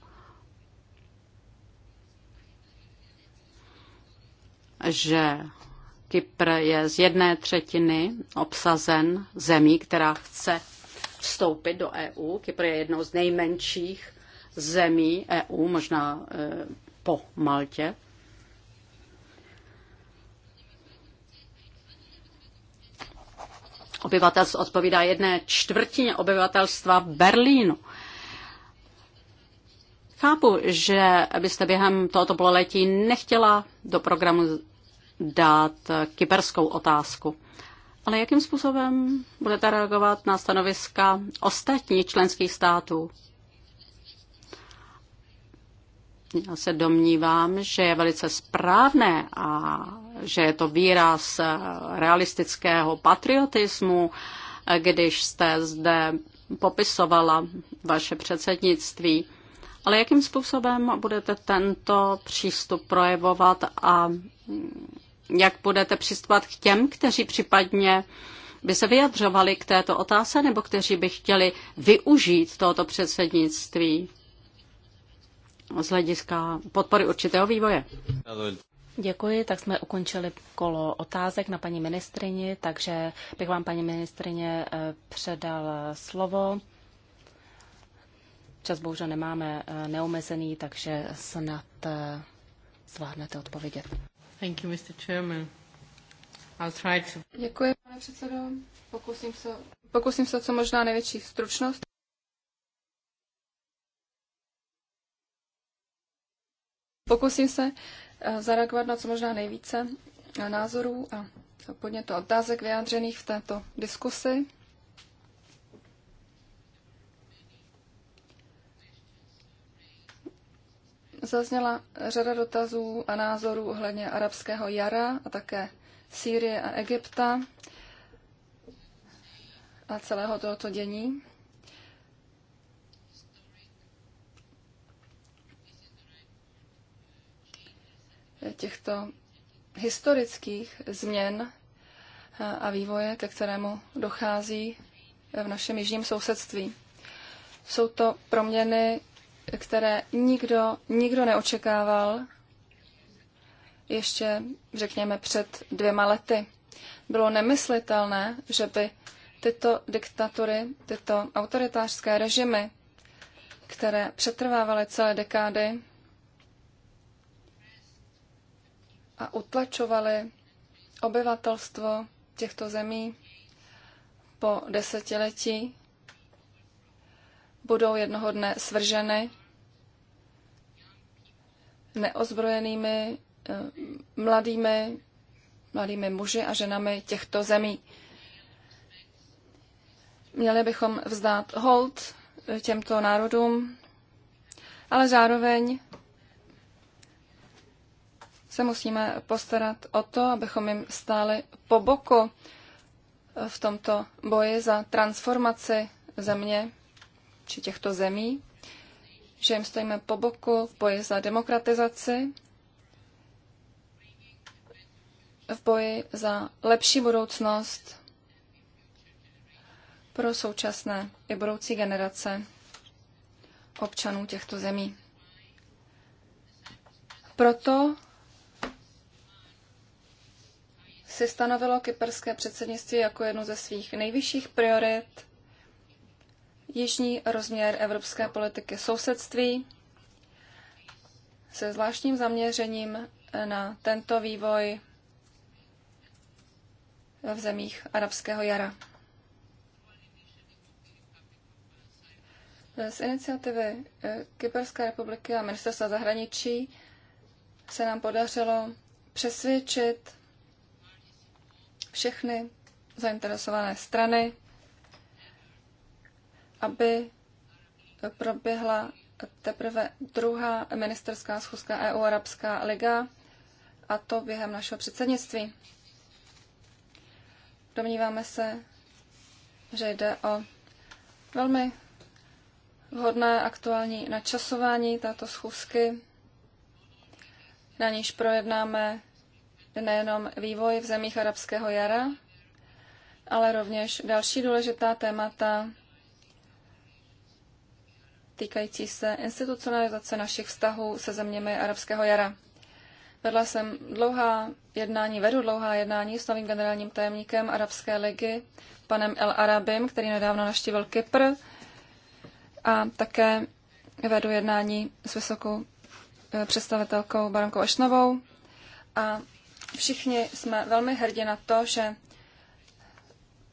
že Kypr je z jedné třetiny obsazen zemí, která chce vstoupit do EU. Kypr je jednou z nejmenších zemí EU, možná e, po Maltě. Obyvatelstvo odpovídá jedné čtvrtině obyvatelstva Berlínu. Chápu, že byste během tohoto pololetí nechtěla do programu dát kyberskou otázku. Ale jakým způsobem budete reagovat na stanoviska ostatních členských států? Já se domnívám, že je velice správné a že je to výraz realistického patriotismu, když jste zde popisovala vaše předsednictví. Ale jakým způsobem budete tento přístup projevovat a jak budete přistupovat k těm, kteří případně by se vyjadřovali k této otázce nebo kteří by chtěli využít tohoto předsednictví z hlediska podpory určitého vývoje. Děkuji, tak jsme ukončili kolo otázek na paní ministrině, takže bych vám, paní ministrině, eh, předal slovo. Čas bohužel nemáme eh, neomezený, takže snad eh, zvládnete odpovědět. Thank you, Mr. Chairman. I'll try to... Děkuji, pane předsedo. Pokusím se, pokusím se co možná největší stručnost. Pokusím se eh, zareagovat na co možná nejvíce eh, názorů a podnět otázek vyjádřených v této diskusi. Zazněla řada dotazů a názorů ohledně arabského jara a také Sýrie a Egypta a celého tohoto dění. Těchto historických změn a vývoje, ke kterému dochází v našem jižním sousedství. Jsou to proměny které nikdo, nikdo neočekával ještě, řekněme, před dvěma lety. Bylo nemyslitelné, že by tyto diktatury, tyto autoritářské režimy, které přetrvávaly celé dekády a utlačovaly obyvatelstvo těchto zemí po desetiletí, budou jednoho dne svrženy neozbrojenými eh, mladými, mladými muži a ženami těchto zemí. Měli bychom vzdát hold těmto národům, ale zároveň se musíme postarat o to, abychom jim stáli po boku v tomto boji za transformaci země či těchto zemí, že jim stojíme po boku v boji za demokratizaci, v boji za lepší budoucnost pro současné i budoucí generace občanů těchto zemí. Proto si stanovilo kyperské předsednictví jako jednu ze svých nejvyšších priorit jižní rozměr evropské politiky sousedství se zvláštním zaměřením na tento vývoj v zemích arabského jara. Z iniciativy eh, Kyperské republiky a ministerstva zahraničí se nám podařilo přesvědčit všechny zainteresované strany aby proběhla teprve druhá ministerská schůzka EU Arabská liga, a to během našeho předsednictví. Domníváme se, že jde o velmi vhodné aktuální načasování této schůzky, na níž projednáme nejenom vývoj v zemích arabského jara, ale rovněž další důležitá témata, týkající se institucionalizace našich vztahů se zeměmi arabského jara. Vedla jsem dlouhá jednání, vedu dlouhá jednání s novým generálním tajemníkem Arabské ligy, panem El Arabim, který nedávno naštívil Kypr. A také vedu jednání s vysokou eh, představitelkou Baronkou Ašnovou. A všichni jsme velmi hrdí na to, že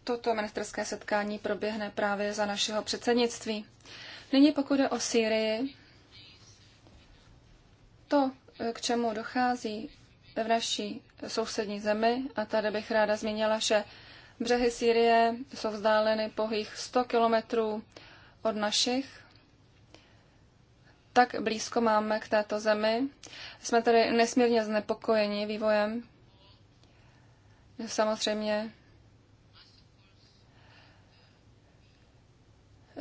toto ministerské setkání proběhne právě za našeho předsednictví. Nyní pokud jde o Syrii, to, k čemu dochází v naší sousední zemi, a tady bych ráda zmínila, že břehy Sýrie jsou vzdáleny pohých 100 kilometrů od našich, tak blízko máme k této zemi. Jsme tady nesmírně znepokojeni vývojem. Samozřejmě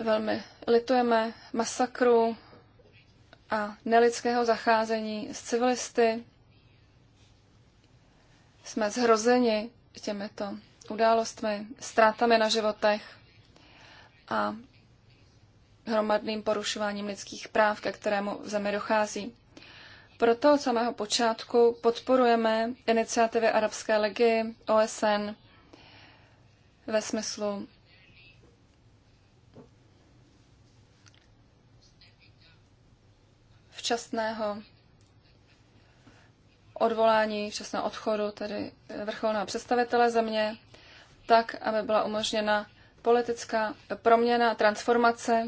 Velmi litujeme masakru a nelidského zacházení s civilisty. Jsme zhrozeni těmito událostmi, ztrátami na životech a hromadným porušováním lidských práv, ke kterému v zemi dochází. Proto od samého počátku podporujeme iniciativy Arabské ligy, OSN ve smyslu včasného odvolání, včasného odchodu, tedy vrcholného představitele země, tak, aby byla umožněna politická proměna, transformace,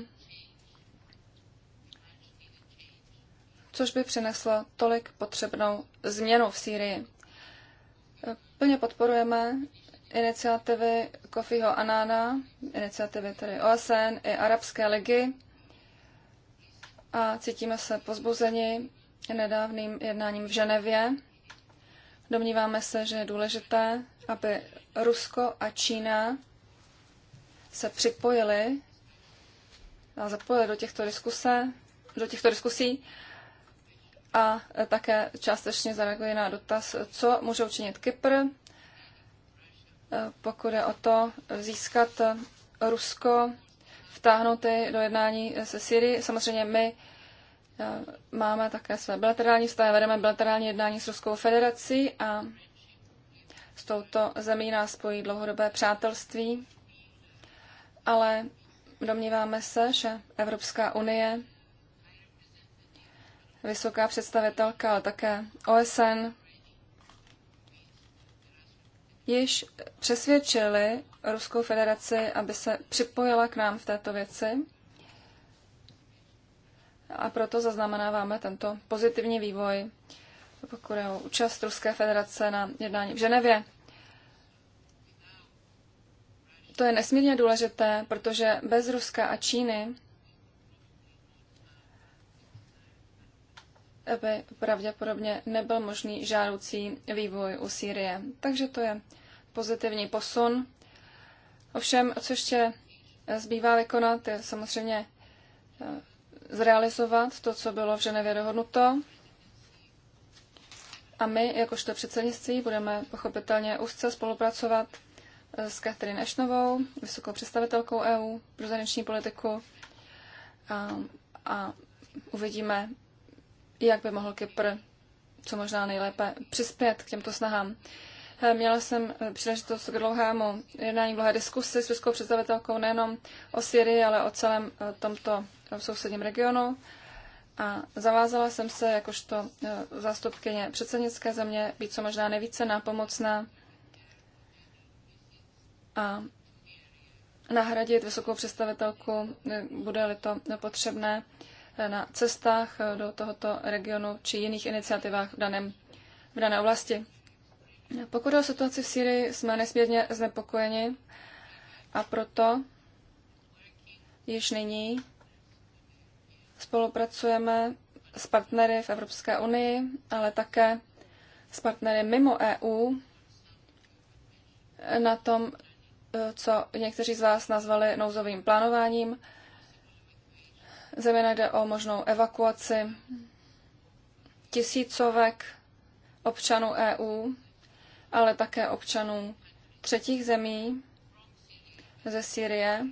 což by přineslo tolik potřebnou změnu v Sýrii. Plně podporujeme iniciativy Kofiho Anána, iniciativy tedy OSN i Arabské ligy, a cítíme se pozbuzeni nedávným jednáním v Ženevě. Domníváme se, že je důležité, aby Rusko a Čína se připojili a zapojili do těchto, diskuse, do těchto diskusí a také částečně zareagují na dotaz, co může učinit Kypr, eh, pokud je o to získat Rusko vtáhnuty do jednání se Syrií. Samozřejmě my eh, máme také své bilaterální vztahy, vedeme bilaterální jednání s Ruskou federací a s touto zemí nás spojí dlouhodobé přátelství, ale domníváme se, že Evropská unie, vysoká představitelka, ale také OSN, již přesvědčili Ruskou federaci, aby se připojila k nám v této věci. A proto zaznamenáváme tento pozitivní vývoj, pokud je o účast Ruské federace na jednání v Ženevě. To je nesmírně důležité, protože bez Ruska a Číny by pravděpodobně nebyl možný žádoucí vývoj u Sýrie. Takže to je pozitivní posun. Ovšem, co ještě eh, zbývá vykonat, je samozřejmě eh, zrealizovat to, co bylo v Ženevě dohodnuto. A my, jakožto předsednictví, budeme pochopitelně úzce spolupracovat eh, s Katrin Ešnovou, vysokou představitelkou EU pro zahraniční politiku a, a uvidíme, jak by mohl Kypr co možná nejlépe přispět k těmto snahám. Měla jsem eh, příležitost k dlouhému jednání, dlouhé diskusi s českou představitelkou nejenom o Syrii, ale o celém eh, tomto eh, sousedním regionu. A zavázala jsem se jakožto zástupkyně předsednické země být co možná nejvíce nápomocná a nahradit vysokou představitelku, bude-li to potřebné, na cestách do tohoto regionu či jiných iniciativách v, daném, v dané oblasti. Pokud o situaci v Syrii, jsme nesmírně znepokojeni a proto již nyní spolupracujeme s partnery v Evropské unii, ale také s partnery mimo EU na tom, co někteří z vás nazvali nouzovým plánováním. Zejména jde o možnou evakuaci tisícovek občanů EU ale také občanů třetích zemí ze Syrie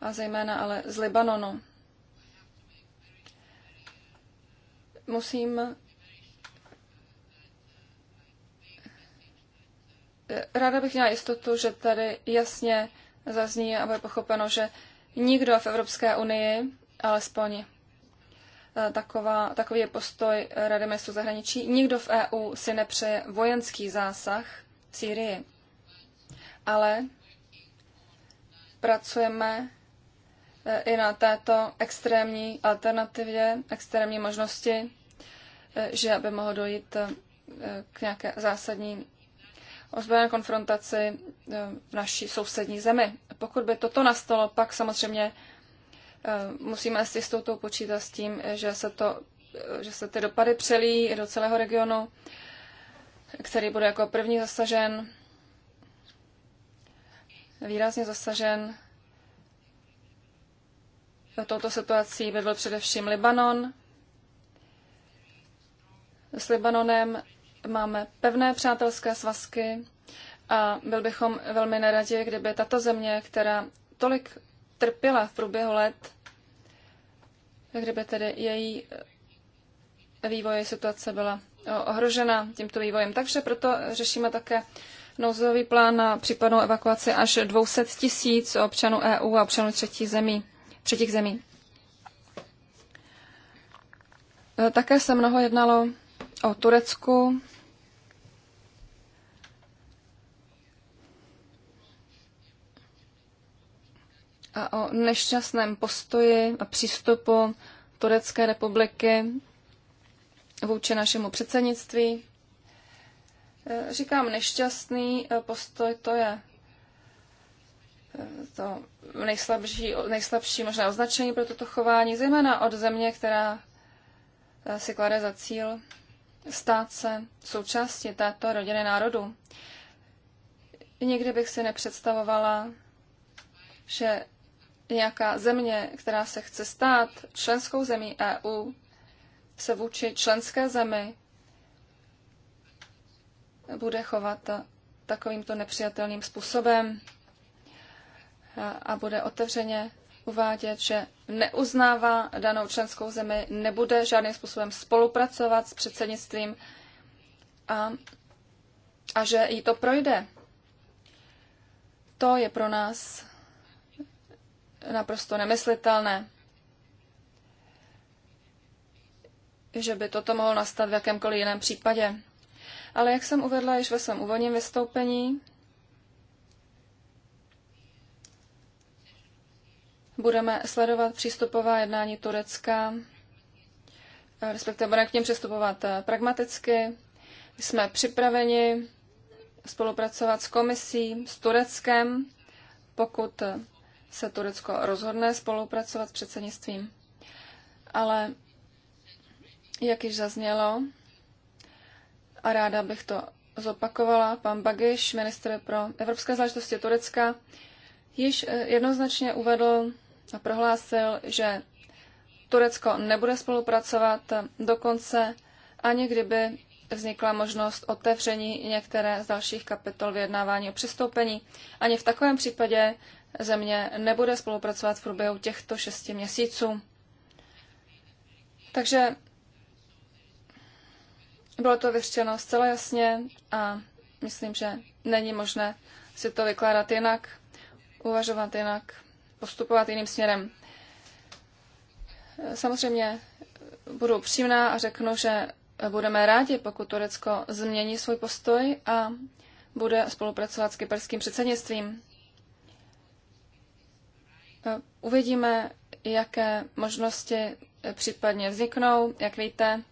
a zejména ale z Libanonu. Musím eh, Ráda bych měla jistotu, že tady jasně zazní a bude pochopeno, že nikdo v Evropské unii, alespoň Eh, taková, takový je postoj Rady ministrů zahraničí. Nikdo v EU si nepřeje vojenský zásah v Sýrii, ale pracujeme eh, i na této extrémní alternativě, extrémní možnosti, eh, že aby mohlo dojít k nějaké zásadní ozbrojené konfrontaci v naší sousední zemi. Pokud by toto nastalo, pak samozřejmě Eh, musíme si s touto počítat s tím, že se, to, eh, že se ty dopady přelí do celého regionu, který bude jako první zasažen, výrazně zasažen. Touto situací by byl především Libanon. S Libanonem máme pevné přátelské svazky a byl bychom velmi neradi, kdyby tato země, která tolik trpěla v průběhu let, kdyby tedy její eh, vývoje situace byla eh, ohrožena tímto vývojem. Takže proto řešíme také nouzový plán na případnou evakuaci až 200 tisíc občanů EU a občanů třetí zemí, třetích zemí. Eh, také se mnoho jednalo o Turecku, a o nešťastném postoji a přístupu Turecké republiky vůči našemu předsednictví. E, říkám nešťastný e, postoj, to je e, to nejslabší, nejslabší možné označení pro toto chování, zejména od země, která si klade za cíl stát se součástí této rodiny národů. Nikdy bych si nepředstavovala, že nějaká země, která se chce stát členskou zemí EU, se vůči členské zemi bude chovat takovýmto nepřijatelným způsobem a bude otevřeně uvádět, že neuznává danou členskou zemi, nebude žádným způsobem spolupracovat s předsednictvím a, a že jí to projde. To je pro nás naprosto nemyslitelné, že by toto mohlo nastat v jakémkoliv jiném případě. Ale jak jsem uvedla již ve svém úvodním vystoupení, budeme sledovat přístupová jednání Turecka, respektive budeme k něm přistupovat eh, pragmaticky. Jsme připraveni spolupracovat s komisí, s Tureckem, pokud eh, se Turecko rozhodne spolupracovat s předsednictvím. Ale, jak již zaznělo, a ráda bych to zopakovala, pan Bagiš, minister pro evropské záležitosti Turecka, již eh, jednoznačně uvedl a prohlásil, že Turecko nebude spolupracovat dokonce ani kdyby vznikla možnost otevření některé z dalších kapitol vyjednávání o přistoupení. Ani v takovém případě země nebude spolupracovat v průběhu těchto šesti měsíců. Takže bylo to vyřčeno zcela jasně a myslím, že není možné si to vykládat jinak, uvažovat jinak, postupovat jiným směrem. Samozřejmě budu upřímná a řeknu, že budeme rádi, pokud Turecko změní svůj postoj a bude spolupracovat s kyperským předsednictvím. No, uvidíme, jaké možnosti eh, případně vzniknou. Jak víte,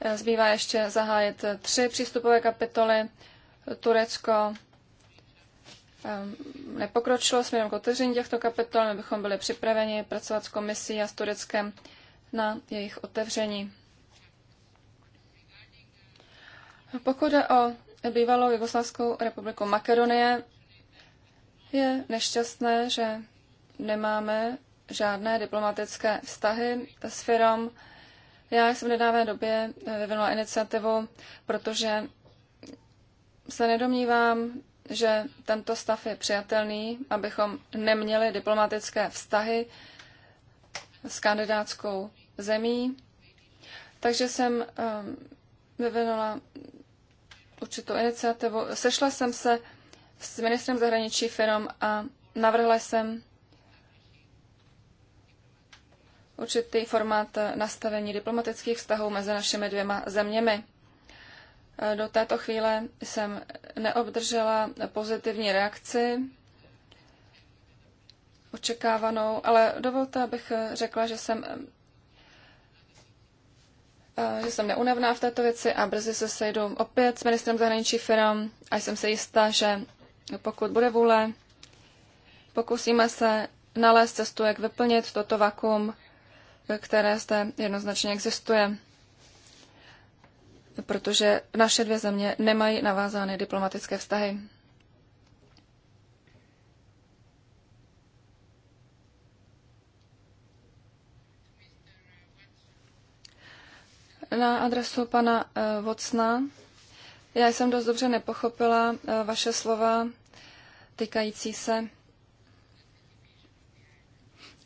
eh, zbývá ještě zahájit eh, tři přístupové kapitoly. Turecko ehm, nepokročilo směrem k otevření těchto kapitol, my bychom byli připraveni pracovat s komisí a s Tureckem na jejich otevření. Pokud jde o bývalou Jugoslavskou republiku Makedonie, je nešťastné, že nemáme žádné diplomatické vztahy s firom. Já jsem v nedávné době vyvinula iniciativu, protože se nedomnívám, že tento stav je přijatelný, abychom neměli diplomatické vztahy s kandidátskou zemí. Takže jsem ehm, vyvinula určitou iniciativu. Sešla jsem se s ministrem zahraničí firm a navrhla jsem určitý formát nastavení diplomatických vztahů mezi našimi dvěma zeměmi. Do této chvíle jsem neobdržela pozitivní reakci očekávanou, ale dovolte, abych řekla, že jsem že jsem neunavná v této věci a brzy se sejdu opět s ministrem zahraničí firm a jsem se jistá, že pokud bude vůle, pokusíme se nalézt cestu, jak vyplnit toto vakuum které zde jednoznačně existuje, protože naše dvě země nemají navázány diplomatické vztahy. Na adresu pana eh, Vocna. Já jsem dost dobře nepochopila eh, vaše slova týkající se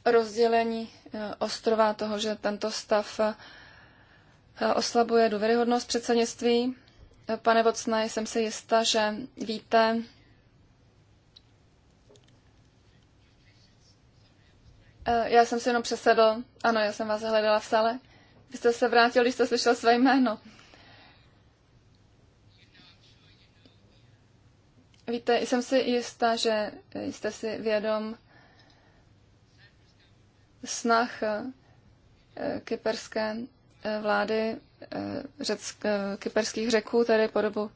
rozdělení eh, ostrova, toho, že tento stav eh, oslabuje důvěryhodnost předsednictví. Eh, pane Vocne, jsem si jista, že víte, Já jsem si jenom přesedl. Ano, já jsem vás hledala v sále. Vy jste se vrátil, když jste slyšel své jméno. Víte, jsem si jistá, že jste si vědom snah eh, kyperské eh, vlády eh, řeck, kyperských řeků, tedy po dobu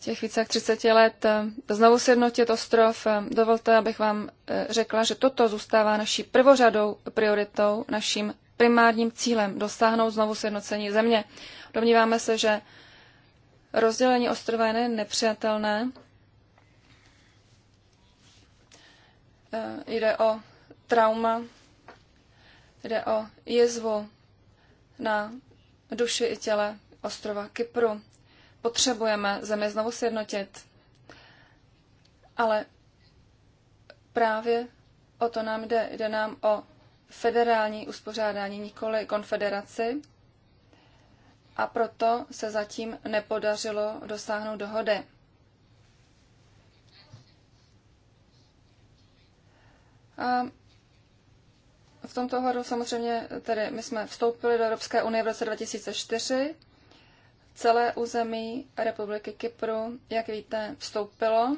těch více jak 30 let, znovu sjednotit ostrov. Dovolte, abych vám řekla, že toto zůstává naší prvořadou prioritou, naším primárním cílem dosáhnout znovu sjednocení země. Domníváme se, že rozdělení ostrova je nepřijatelné. Jde o trauma Jde o jezvu na duši i těle ostrova Kypru. Potřebujeme zemi znovu sjednotit, ale právě o to nám jde. Jde nám o federální uspořádání, nikoli konfederaci, a proto se zatím nepodařilo dosáhnout dohody. A v tomto ohledu samozřejmě tedy my jsme vstoupili do Evropské unie v roce 2004. Celé území Republiky Kypru, jak víte, vstoupilo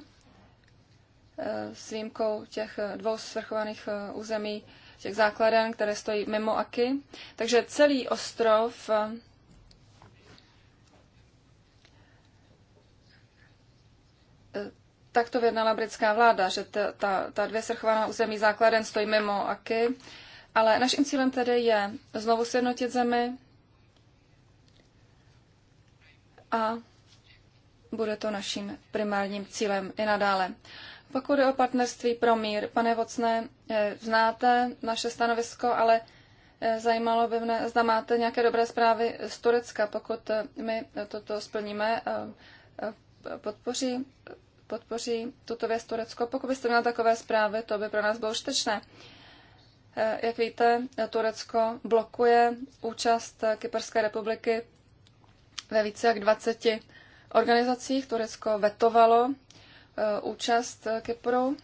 eh, s výjimkou těch dvou svrchovaných eh, území, těch základen, které stojí mimo Aky. Takže celý ostrov eh, tak to vyjednala britská vláda, že ta, ta, ta dvě svrchovaná území základen stojí mimo Aky ale naším cílem tedy je znovu sjednotit zemi a bude to naším primárním cílem i nadále. Pokud je o partnerství pro mír, pane Vocné, eh, znáte naše stanovisko, ale eh, zajímalo by mne, zda máte nějaké dobré zprávy z Turecka, pokud eh, my toto splníme, podpoří, podpoří tuto věc Turecko. Pokud byste měl takové zprávy, to by pro nás bylo štečné. Eh, jak víte, Turecko blokuje účast Kyperské republiky ve více jak 20 organizacích. Turecko vetovalo eh, účast eh, Kypru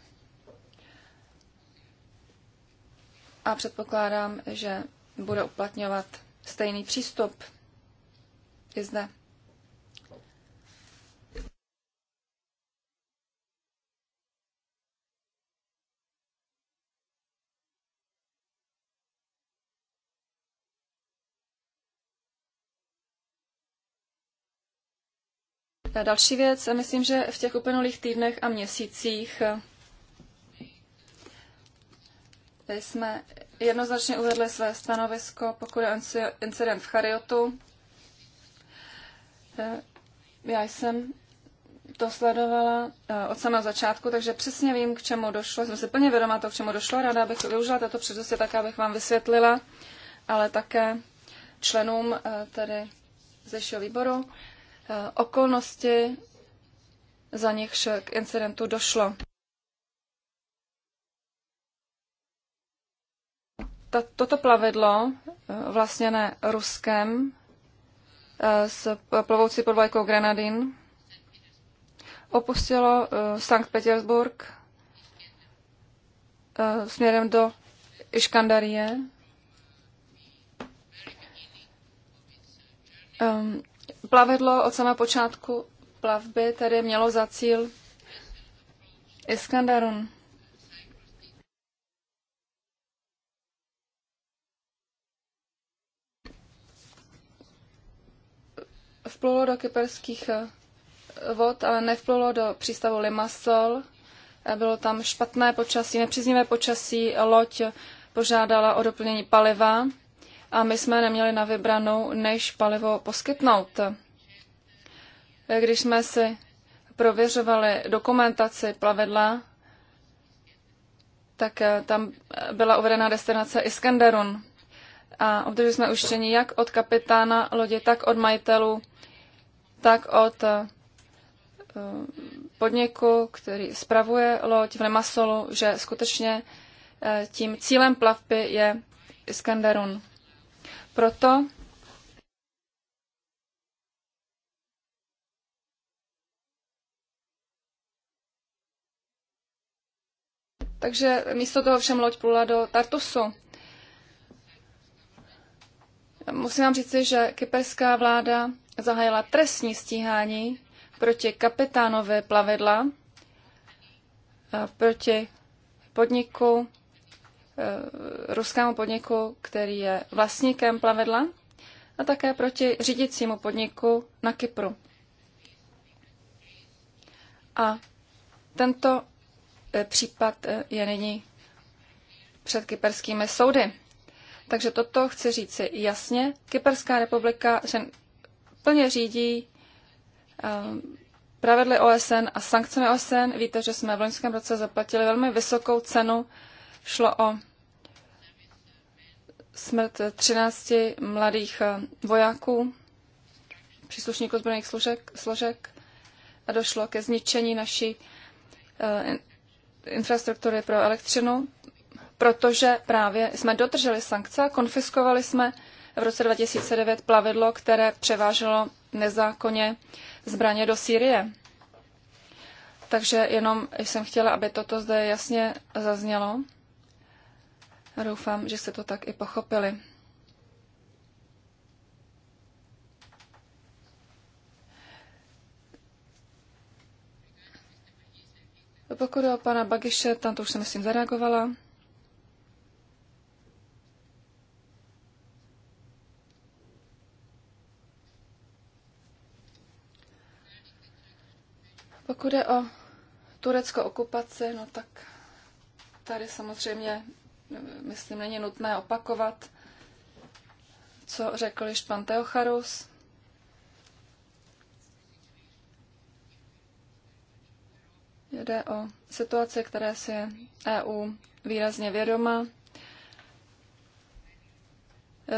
a předpokládám, že bude uplatňovat stejný přístup i zde. Další věc, myslím, že v těch uplynulých týdnech a měsících eh, jsme jednoznačně uvedli své stanovisko, pokud je incident v Chariotu. Eh, já jsem to sledovala eh, od samého začátku, takže přesně vím, k čemu došlo. Jsem si plně vědoma to, k čemu došlo. Ráda bych využila tato přednosti tak, abych vám vysvětlila, ale také členům tedy zdejšího výboru Eh, okolnosti, za nichž k incidentu došlo. Toto plavidlo, eh, vlastněné Ruskem, eh, s plovoucí podvajkou Grenadin, opustilo Sankt Petersburg směrem do Iškandarie. Ehm, Plavidlo od samého počátku plavby tedy mělo za cíl Iskandarun. Vplulo do kyperských eh, vod, ale nevplulo do přístavu Limassol. Eh, bylo tam špatné počasí, nepříznivé počasí. Loď požádala o doplnění paliva a my jsme neměli na vybranou, než palivo poskytnout. Když jsme si prověřovali dokumentaci plavidla, tak eh, tam byla uvedena destinace Iskenderun. A obdrželi jsme uštění jak od kapitána lodi, tak od majitelů, tak od eh, podniku, který spravuje loď v Lemasolu, že skutečně eh, tím cílem plavby je Iskenderun. Proto Takže místo toho všem loď plula do Tartusu. Musím vám říci, že kyperská vláda zahájila trestní stíhání proti kapitánovi plavidla, eh, proti podniku Eh, ruskému podniku, který je vlastníkem plavidla, a také proti řídícímu podniku na Kypru. A tento eh, případ eh, je nyní před kyperskými soudy. Takže toto chci říci jasně. Kyperská republika že plně řídí pravidly OSN a sankcemi OSN. Víte, že jsme v loňském roce zaplatili velmi vysokou cenu Šlo o smrt 13 mladých eh, vojáků, příslušníků zbrojních složek, složek a došlo ke zničení naší eh, infrastruktury pro elektřinu, protože právě jsme dodrželi sankce a konfiskovali jsme v roce 2009 plavidlo, které převáželo nezákonně zbraně do Sýrie. Takže jenom jsem chtěla, aby toto zde jasně zaznělo. A doufám, že se to tak i pochopili. Pokud o pana Bagiše, tam to už jsem tím zareagovala. Pokud je o tureckou okupaci, no tak tady samozřejmě myslím, není nutné opakovat, co řekl již pan Teocharus. Jde o situaci, které si EU e výrazně vědoma.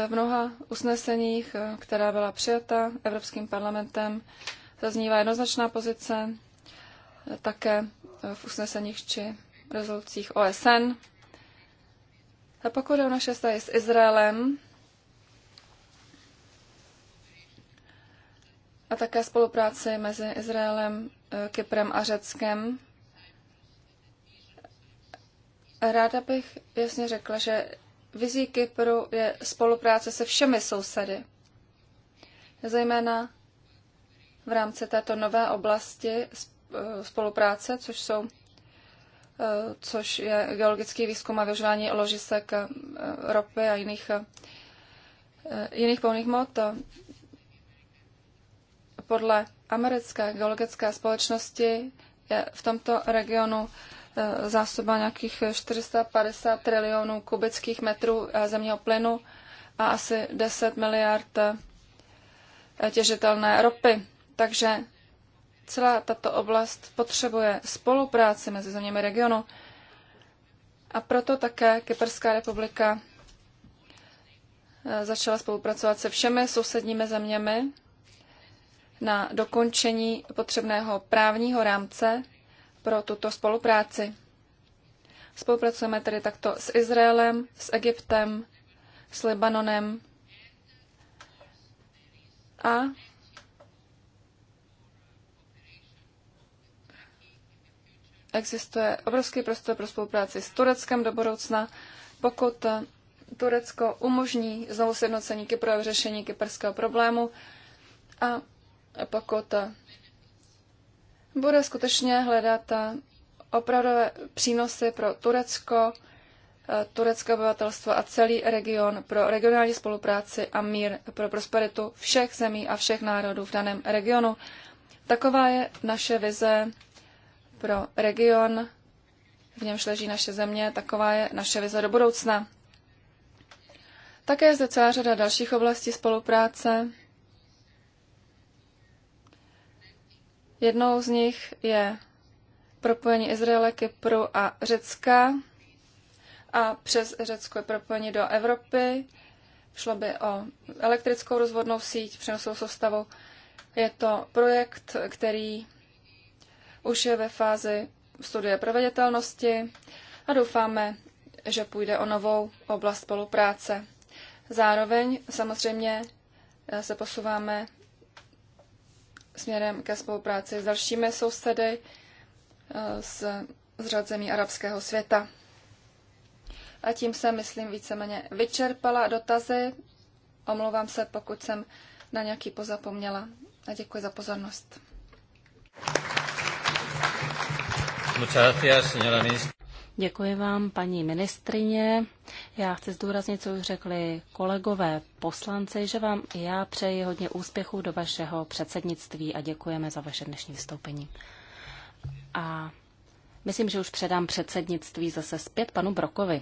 V mnoha usneseních, která byla přijata Evropským parlamentem, zaznívá jednoznačná pozice, také v usneseních či rezolucích OSN. A pokud je o naše vztahy s Izraelem a také spolupráci mezi Izraelem, eh, Kyprem a Řeckem, ráda bych jasně řekla, že vizí Kypru je spolupráce se všemi sousedy. Zejména v rámci této nové oblasti eh, spolupráce, což jsou což je geologický výzkum a využívání ložisek eh, ropy a jiných, eh, jiných polných mod. Podle americké geologické společnosti je v tomto regionu eh, zásoba nějakých 450 trilionů kubických metrů zemního plynu a asi 10 miliard těžitelné ropy. Takže celá tato oblast potřebuje spolupráci mezi zeměmi regionu. A proto také Kyperská republika e, začala spolupracovat se všemi sousedními zeměmi na dokončení potřebného právního rámce pro tuto spolupráci. Spolupracujeme tedy takto s Izraelem, s Egyptem, s Libanonem a existuje obrovský prostor pro spolupráci s Tureckem do budoucna, pokud Turecko umožní znovu sjednocení Kypru a řešení kyperského problému a pokud bude skutečně hledat opravdové přínosy pro Turecko, turecké obyvatelstvo a celý region pro regionální spolupráci a mír pro prosperitu všech zemí a všech národů v daném regionu. Taková je naše vize pro region, v němž leží naše země, taková je naše vize do budoucna. Také je zde celá řada dalších oblastí spolupráce. Jednou z nich je propojení Izraele, Kypru a Řecka a přes Řecko je propojení do Evropy. Šlo by o elektrickou rozvodnou síť, přenosovou soustavu. Je to projekt, který už je ve fázi studie proveditelnosti a doufáme, že půjde o novou oblast spolupráce. Zároveň samozřejmě eh, se posouváme směrem ke spolupráci s dalšími sousedy eh, z, z řad zemí arabského světa. A tím jsem, myslím, víceméně vyčerpala dotazy. Omlouvám se, pokud jsem na nějaký pozapomněla. A děkuji za pozornost. Děkuji vám, paní ministrině. Já chci zdůraznit, co už řekli kolegové poslanci, že vám i já přeji hodně úspěchů do vašeho předsednictví a děkujeme za vaše dnešní vystoupení. A myslím, že už předám předsednictví zase zpět panu Brokovi.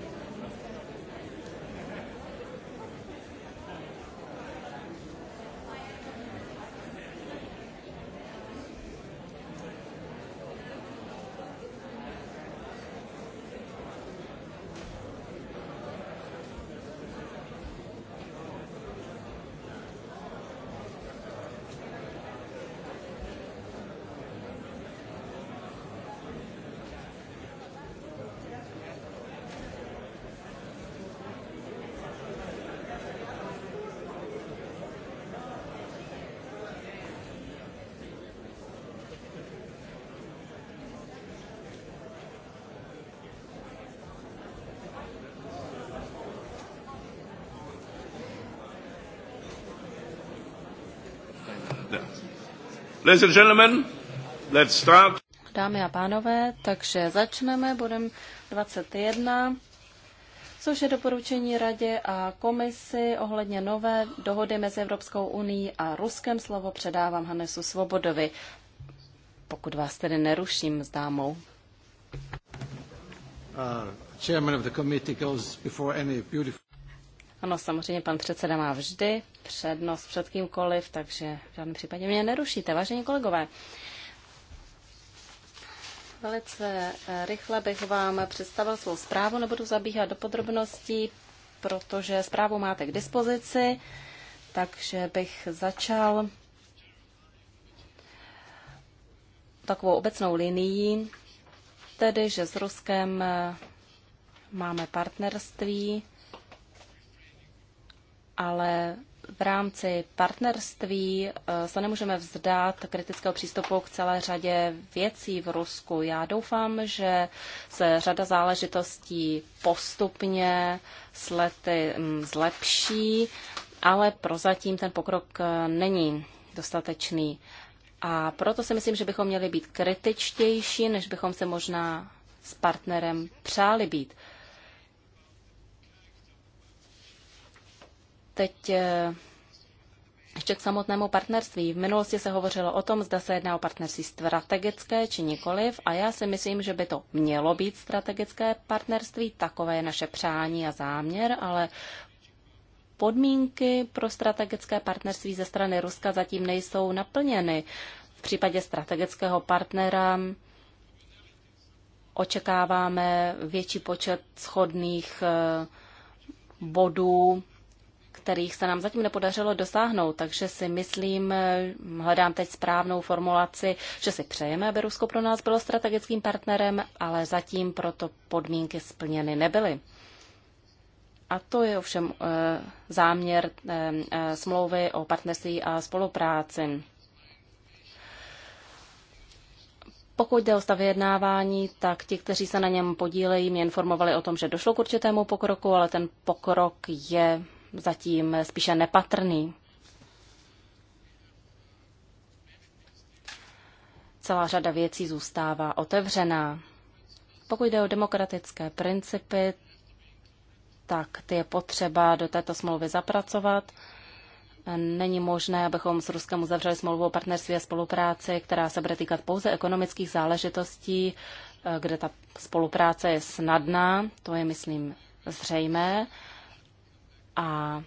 Ladies and gentlemen, let's start. Dámy a pánové, takže začneme bodem 21, což je doporučení radě a komisi ohledně nové dohody mezi Evropskou unii a Ruskem. Slovo předávám Hanesu Svobodovi, pokud vás tedy neruším s dámou. Uh, chairman of the committee goes before any beautiful přítomnost samozřejmě pan předseda má vždy přednost před kýmkoliv, takže v žádném případě mě nerušíte, vážení kolegové. Velice eh, rychle bych vám představil svou zprávu, nebudu zabíhat do podrobností, protože zprávu máte k dispozici, takže bych začal takovou obecnou linií, tedy, že s Ruskem eh, máme partnerství, ale v rámci partnerství eh, se nemůžeme vzdát kritického přístupu k celé řadě věcí v Rusku. Já doufám, že se řada záležitostí postupně s lety mm, zlepší, ale prozatím ten pokrok eh, není dostatečný. A proto si myslím, že bychom měli být kritičtější, než bychom se možná s partnerem přáli být. Teď eh, ještě k samotnému partnerství. V minulosti se hovořilo o tom, zda se jedná o partnerství strategické či nikoliv a já si myslím, že by to mělo být strategické partnerství, takové je naše přání a záměr, ale podmínky pro strategické partnerství ze strany Ruska zatím nejsou naplněny. V případě strategického partnera očekáváme větší počet schodných eh, bodů kterých se nám zatím nepodařilo dosáhnout, takže si myslím, eh, hledám teď správnou formulaci, že si přejeme, aby Rusko pro nás bylo strategickým partnerem, ale zatím proto podmínky splněny nebyly. A to je ovšem eh, záměr eh, smlouvy o partnerství a spolupráci. Pokud jde o stav vyjednávání, tak ti, kteří se na něm podílejí, mě informovali o tom, že došlo k určitému pokroku, ale ten pokrok je zatím spíše nepatrný. Celá řada věcí zůstává otevřená. Pokud jde o demokratické principy, tak ty je potřeba do této smlouvy zapracovat. Není možné, abychom s Ruskem uzavřeli smlouvu o partnerství a spolupráci, která se bude týkat pouze ekonomických záležitostí, kde ta spolupráce je snadná, to je, myslím, zřejmé. A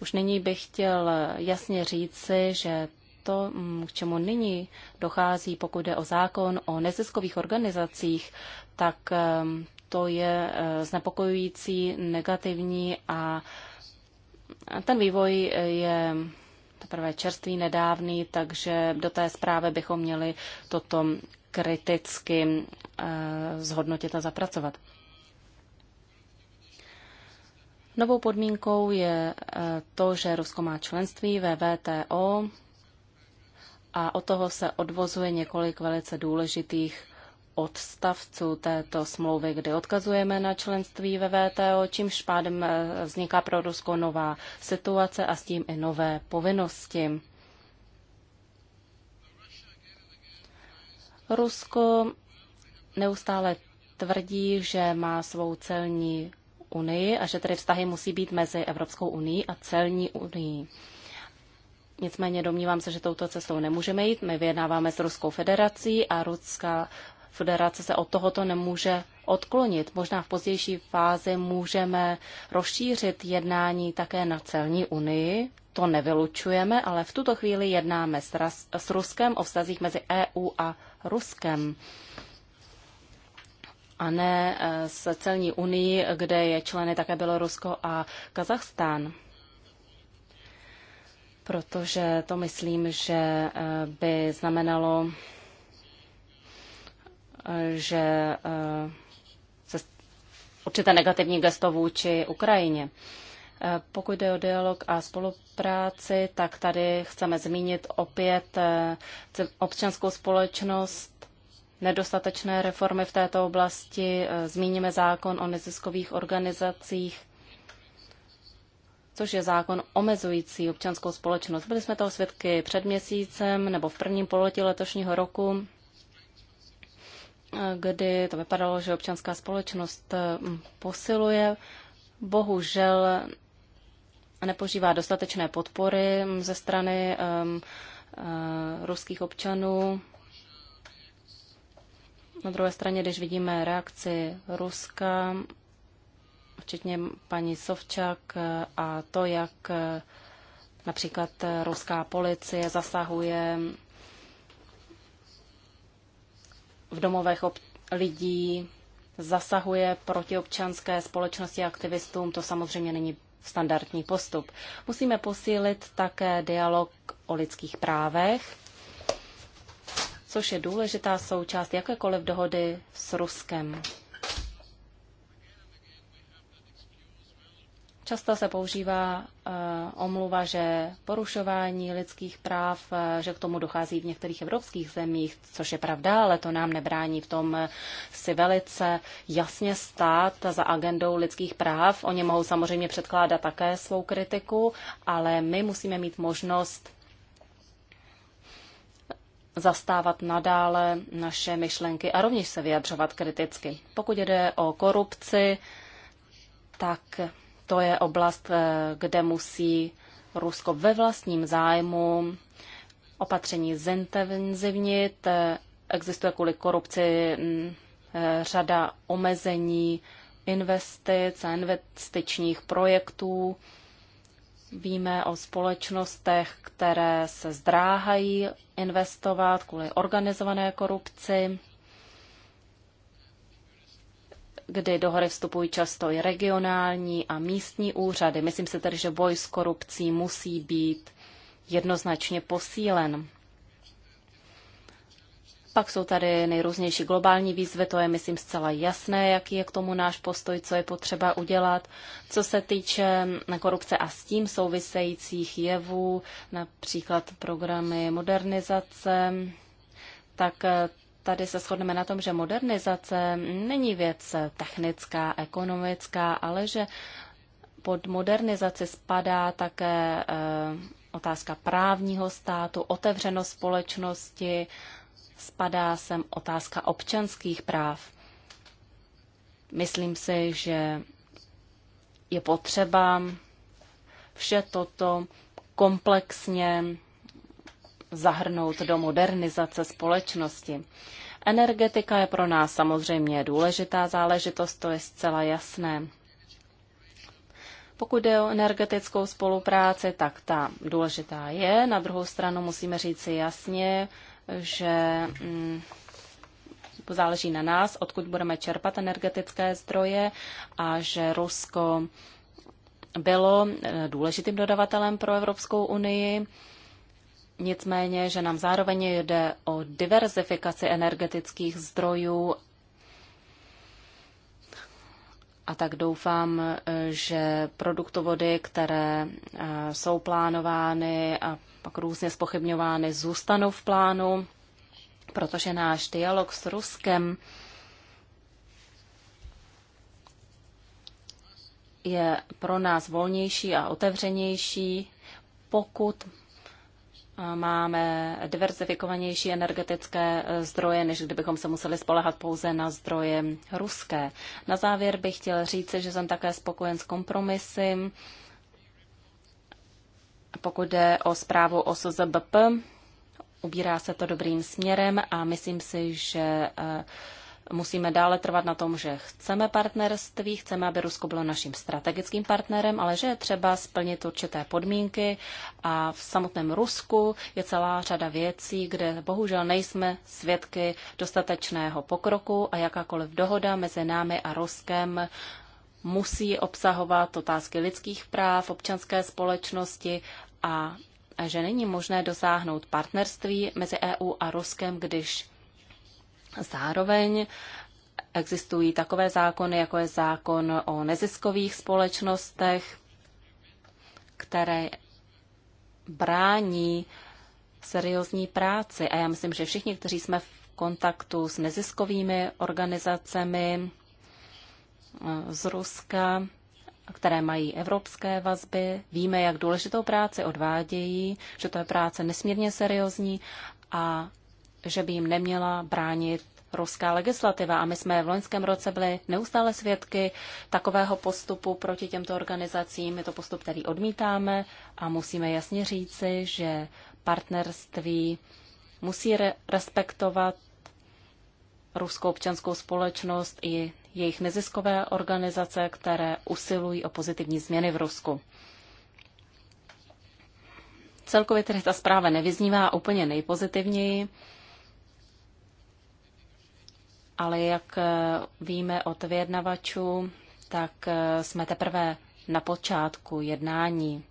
už nyní bych chtěl jasně říci, že to, mm, k čemu nyní dochází, pokud jde o zákon o neziskových organizacích, tak mm, to je eh, znepokojující, negativní a ten vývoj je teprve čerstvý, nedávný, takže do té zprávy bychom měli toto kriticky eh, zhodnotit a zapracovat. Novou podmínkou je eh, to, že Rusko má členství ve VTO a od toho se odvozuje několik velice důležitých odstavců této smlouvy, kde odkazujeme na členství ve VTO, čímž pádem eh, vzniká pro Rusko nová situace a s tím i nové povinnosti. Rusko neustále tvrdí, že má svou celní unii a že tedy vztahy musí být mezi Evropskou unii a celní unii. Nicméně domnívám se, že touto cestou nemůžeme jít. My vyjednáváme s Ruskou federací a Ruská federace se od tohoto nemůže odklonit. Možná v pozdější fázi můžeme rozšířit jednání také na celní unii. To nevylučujeme, ale v tuto chvíli jednáme s, s Ruskem o vztazích mezi EU a Ruskem a ne eh, s celní unii, kde je členy také Bělorusko a Kazachstán. Protože to myslím, že eh, by znamenalo, eh, že určité negativní gesto vůči Ukrajině. Pokud jde o dialog a spolupráci, tak tady chceme zmínit opět občanskou společnost nedostatečné reformy v této oblasti. Eh, zmíníme zákon o neziskových organizacích, což je zákon omezující občanskou společnost. Byli jsme toho svědky před měsícem nebo v prvním pololetí letošního roku, eh, kdy to vypadalo, že občanská společnost eh, posiluje. Bohužel nepožívá dostatečné podpory mm, ze strany ehm, ruských občanů na druhé straně, když vidíme reakci Ruska, včetně paní Sovčak a to, jak eh, například eh, ruská policie zasahuje v domovech lidí, zasahuje proti občanské společnosti a aktivistům, to samozřejmě není standardní postup. Musíme posílit také dialog o lidských právech což je důležitá součást jakékoliv dohody s Ruskem. Často se používá uh, omluva, že porušování lidských práv, uh, že k tomu dochází v některých evropských zemích, což je pravda, ale to nám nebrání v tom eh, si velice jasně stát za agendou lidských práv. Oni mohou samozřejmě předkládat také svou kritiku, ale my musíme mít možnost zastávat nadále naše myšlenky a rovněž se vyjadřovat kriticky. Pokud jde o korupci, tak to je oblast, eh, kde musí Rusko ve vlastním zájmu opatření zintenzivnit. Eh, existuje kvůli korupci mm, eh, řada omezení investic a investičních projektů. Víme o společnostech, které se zdráhají investovat kvůli organizované korupci, kdy do hry vstupují často i regionální a místní úřady. Myslím si tedy, že boj s korupcí musí být jednoznačně posílen. Pak jsou tady nejrůznější globální výzvy, to je, myslím, zcela jasné, jaký je k tomu náš postoj, co je potřeba udělat. Co se týče korupce a s tím souvisejících jevů, například programy modernizace, tak eh, tady se shodneme na tom, že modernizace není věc eh, technická, ekonomická, ale že pod modernizaci spadá také eh, otázka právního státu, otevřenost společnosti, spadá sem otázka občanských práv. Myslím si, že je potřeba vše toto komplexně zahrnout do modernizace společnosti. Energetika je pro nás samozřejmě důležitá záležitost, to je zcela jasné. Pokud jde o energetickou spolupráci, tak ta důležitá je. Na druhou stranu musíme říci jasně, že mm, záleží na nás, odkud budeme čerpat energetické zdroje a že Rusko bylo eh, důležitým dodavatelem pro Evropskou unii. Nicméně, že nám zároveň jde o diverzifikaci energetických zdrojů a tak doufám, eh, že produktovody, které eh, jsou plánovány a pak různě spochybňovány, zůstanou v plánu, protože náš dialog s Ruskem je pro nás volnější a otevřenější, pokud eh, máme diverzifikovanější energetické eh, zdroje, než kdybychom se museli spolehat pouze na zdroje ruské. Na závěr bych chtěl říct, že jsem také spokojen s kompromisem. Pokud jde o zprávu o SZBP, ubírá se to dobrým směrem a myslím si, že eh, musíme dále trvat na tom, že chceme partnerství, chceme, aby Rusko bylo naším strategickým partnerem, ale že je třeba splnit určité podmínky a v samotném Rusku je celá řada věcí, kde bohužel nejsme svědky dostatečného pokroku a jakákoliv dohoda mezi námi a Ruskem musí obsahovat otázky lidských práv, občanské společnosti a že není možné dosáhnout partnerství mezi EU a Ruskem, když zároveň existují takové zákony, jako je zákon o neziskových společnostech, které brání seriózní práci. A já myslím, že všichni, kteří jsme v kontaktu s neziskovými organizacemi, z Ruska, které mají evropské vazby. Víme, jak důležitou práci odvádějí, že to je práce nesmírně seriózní a že by jim neměla bránit ruská legislativa. A my jsme v loňském roce byli neustále svědky takového postupu proti těmto organizacím. Je to postup, který odmítáme a musíme jasně říci, že partnerství musí re- respektovat ruskou občanskou společnost i jejich neziskové organizace, které usilují o pozitivní změny v Rusku. Celkově tedy ta zpráva nevyznívá úplně nejpozitivněji, ale jak eh, víme od vyjednavačů, tak eh, jsme teprve na počátku jednání.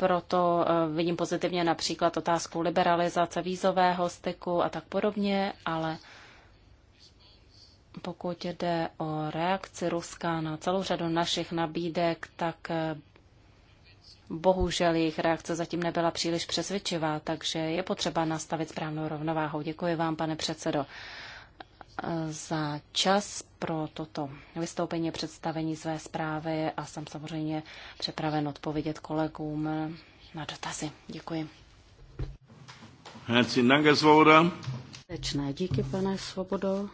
Proto eh, vidím pozitivně například otázku liberalizace vízového styku a tak podobně, ale pokud jde o reakci Ruska na celou řadu našich nabídek, tak eh, bohužel jejich reakce zatím nebyla příliš přesvědčivá, takže je potřeba nastavit správnou rovnováhu. Děkuji vám, pane předsedo za čas pro toto vystoupení, představení své zprávy a jsem samozřejmě připraven odpovědět kolegům na dotazy. Děkuji. Svoboda. díky, pane Svobodo.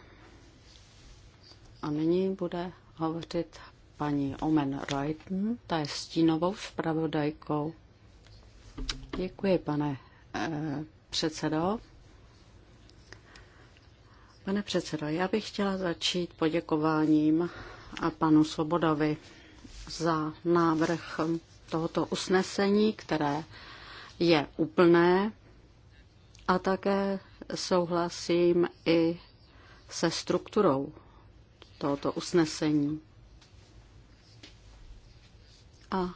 A nyní bude hovořit paní Omen Reiten, ta je stínovou zpravodajkou. Děkuji, pane eh, předsedo. Pane předsedo, já bych chtěla začít poděkováním a panu Svobodovi za návrh tohoto usnesení, které je úplné a také souhlasím i se strukturou tohoto usnesení. A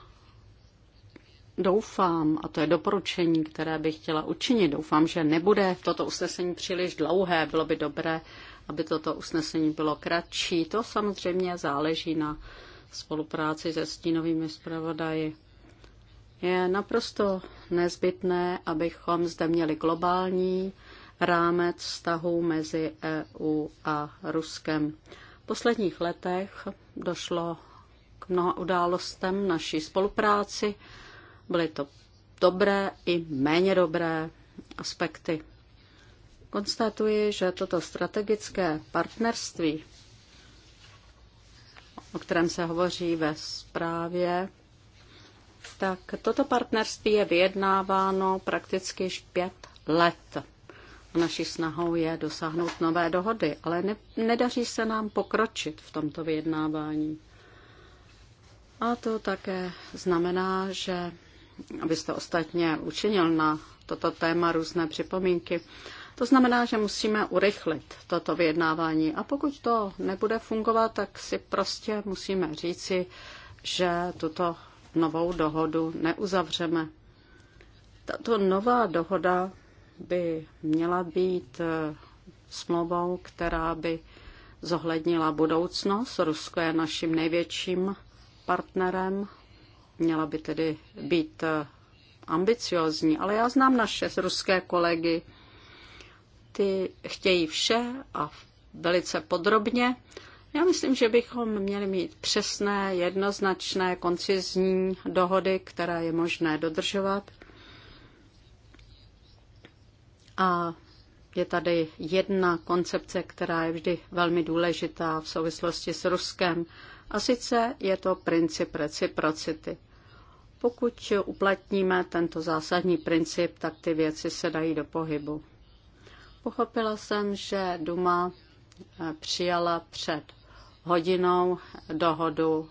doufám, a to je doporučení, které bych chtěla učinit, doufám, že nebude toto usnesení příliš dlouhé, bylo by dobré, aby toto usnesení bylo kratší. To samozřejmě záleží na spolupráci se stínovými zpravodaji. Je naprosto nezbytné, abychom zde měli globální rámec vztahu mezi EU a Ruskem. V posledních letech došlo k mnoha událostem naší spolupráci Byly to dobré i méně dobré aspekty. Konstatuji, že toto strategické partnerství, o kterém se hovoří ve zprávě, tak toto partnerství je vyjednáváno prakticky již pět let. Naší snahou je dosáhnout nové dohody, ale ne, nedaří se nám pokročit v tomto vyjednávání. A to také znamená, že abyste ostatně učinil na toto téma různé připomínky. To znamená, že musíme urychlit toto vyjednávání a pokud to nebude fungovat, tak si prostě musíme říci, že tuto novou dohodu neuzavřeme. Tato nová dohoda by měla být eh, smlouvou, která by zohlednila budoucnost. Rusko je naším největším partnerem Měla by tedy být eh, ambiciozní, ale já znám naše ruské kolegy. Ty chtějí vše a velice podrobně. Já myslím, že bychom měli mít přesné, jednoznačné, koncizní dohody, které je možné dodržovat. A je tady jedna koncepce, která je vždy velmi důležitá v souvislosti s Ruskem. A sice je to princip reciprocity. Pokud uplatníme tento zásadní princip, tak ty věci se dají do pohybu. Pochopila jsem, že Duma eh, přijala před hodinou dohodu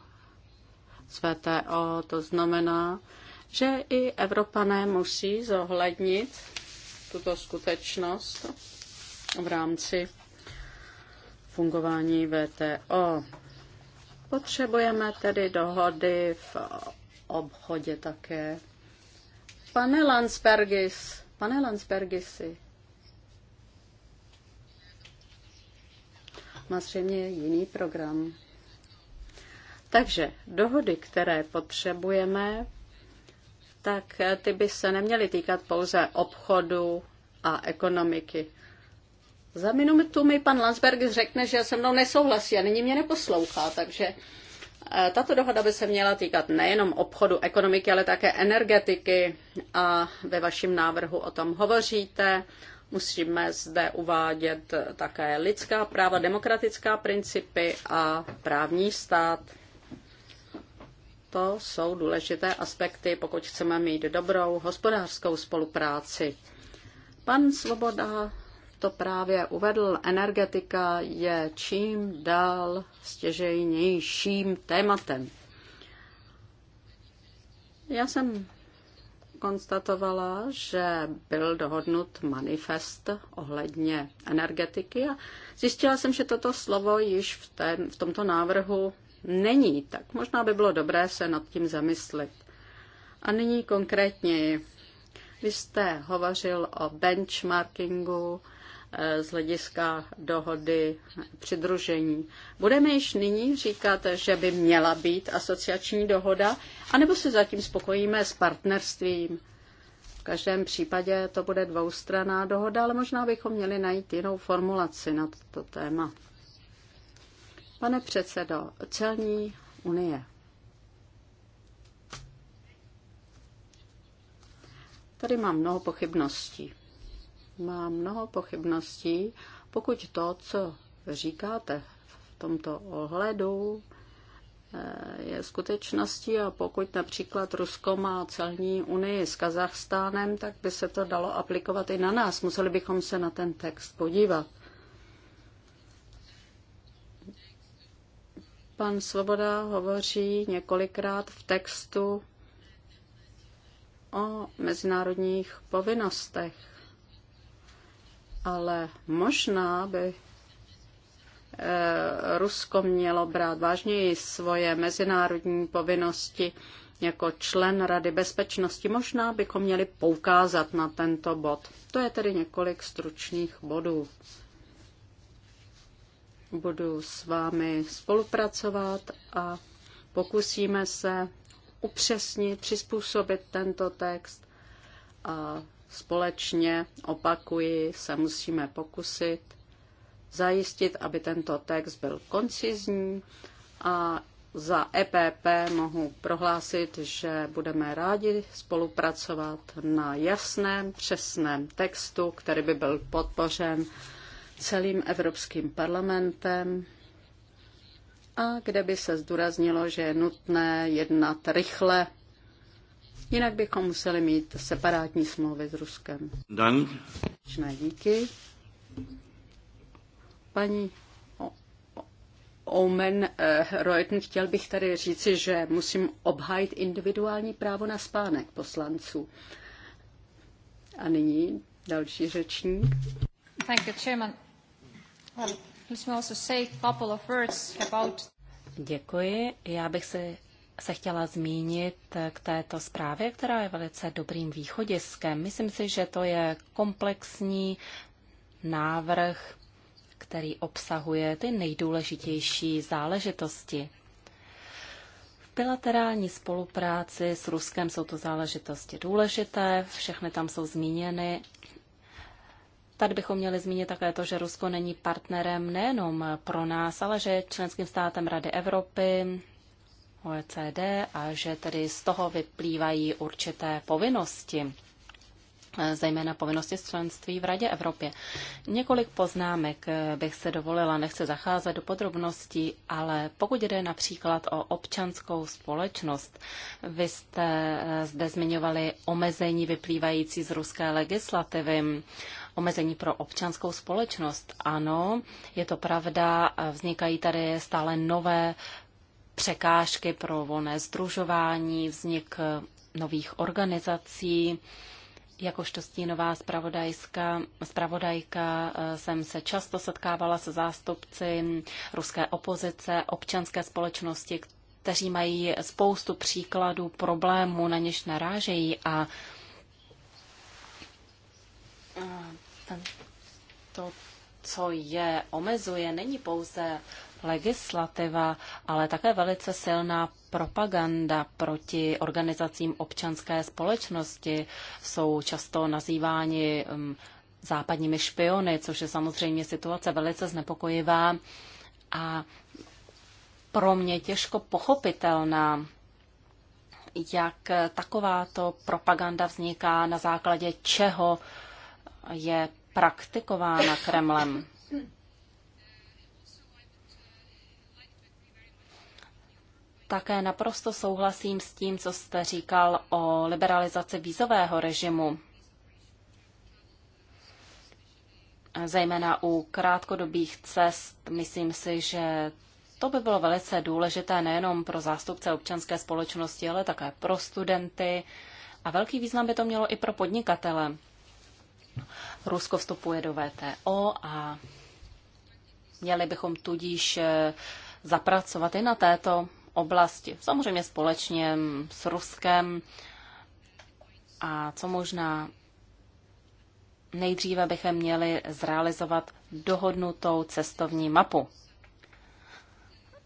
s VTO, to znamená, že i Evropané musí zohlednit tuto skutečnost v rámci fungování VTO. Potřebujeme tedy dohody v obchodě také. Pane Landsbergis, pane Landsbergisi, má zřejmě jiný program. Takže dohody, které potřebujeme, tak ty by se neměly týkat pouze obchodu a ekonomiky. Za minutu mi pan Landsberg řekne, že se mnou nesouhlasí a nyní mě neposlouchá, takže Eh, tato dohoda by se měla týkat nejenom obchodu, ekonomiky, ale také energetiky a ve vašem návrhu o tom hovoříte. Musíme zde uvádět také lidská práva, demokratická principy a právní stát. To jsou důležité aspekty, pokud chceme mít dobrou hospodářskou spolupráci. Pan Svoboda to právě uvedl, energetika je čím dál stěžejnějším tématem. Já jsem konstatovala, že byl dohodnut manifest ohledně energetiky a zjistila jsem, že toto slovo již v, ten, v tomto návrhu není, tak možná by bylo dobré se nad tím zamyslet. A nyní konkrétně, vy jste hovořil o benchmarkingu z hlediska dohody přidružení. Budeme již nyní říkat, že by měla být asociační dohoda, anebo se zatím spokojíme s partnerstvím. V každém případě to bude dvoustraná dohoda, ale možná bychom měli najít jinou formulaci na toto téma. Pane předsedo, celní unie. Tady mám mnoho pochybností má mnoho pochybností, pokud to, co říkáte v tomto ohledu, eh, je skutečností a pokud například Rusko má celní unii s Kazachstánem, tak by se to dalo aplikovat i na nás. Museli bychom se na ten text podívat. Pan Svoboda hovoří několikrát v textu o mezinárodních povinnostech ale možná by eh, Rusko mělo brát vážněji svoje mezinárodní povinnosti jako člen Rady bezpečnosti. Možná bychom měli poukázat na tento bod. To je tedy několik stručných bodů. Budu s vámi spolupracovat a pokusíme se upřesnit, přizpůsobit tento text a Společně, opakuji, se musíme pokusit zajistit, aby tento text byl koncizní a za EPP mohu prohlásit, že budeme rádi spolupracovat na jasném, přesném textu, který by byl podpořen celým Evropským parlamentem a kde by se zdůraznilo, že je nutné jednat rychle Jinak bychom museli mít separátní smlouvy s Ruskem. Dank. Díky. Paní Omen eh, Reuten, chtěl bych tady říci, že musím obhájit individuální právo na spánek poslanců. A nyní další řečník. Thank you, Chairman. Well, let me also say a couple of words about... Děkuji. Já bych se se chtěla zmínit k této zprávě, která je velice dobrým východiskem. Myslím si, že to je komplexní návrh, který obsahuje ty nejdůležitější záležitosti. V bilaterální spolupráci s Ruskem jsou to záležitosti důležité, všechny tam jsou zmíněny. Tady bychom měli zmínit také to, že Rusko není partnerem nejenom pro nás, ale že je členským státem Rady Evropy, OECD a že tedy z toho vyplývají určité povinnosti eh, zejména povinnosti členství v Radě Evropě. Několik poznámek bych se dovolila, nechci zacházet do podrobností, ale pokud jde například o občanskou společnost, vy jste eh, zde zmiňovali omezení vyplývající z ruské legislativy, omezení pro občanskou společnost. Ano, je to pravda, vznikají tady stále nové překážky pro volné združování, vznik nových organizací. Jakožto stínová zpravodajka, zpravodajka eh, jsem se často setkávala se zástupci ruské opozice, občanské společnosti, kteří mají spoustu příkladů problémů, na něž narážejí a eh, to, co je omezuje, není pouze legislativa, ale také velice silná propaganda proti organizacím občanské společnosti. Jsou často nazýváni um, západními špiony, což je samozřejmě situace velice znepokojivá a pro mě těžko pochopitelná jak takováto propaganda vzniká, na základě čeho je praktikována Kremlem. Také naprosto souhlasím s tím, co jste říkal o liberalizaci vízového režimu. Zejména u krátkodobých cest, myslím si, že to by bylo velice důležité nejenom pro zástupce občanské společnosti, ale také pro studenty a velký význam by to mělo i pro podnikatele. Rusko vstupuje do VTO a měli bychom tudíž eh, zapracovat i na této oblasti. Samozřejmě společně s Ruskem a co možná nejdříve bychom měli zrealizovat dohodnutou cestovní mapu.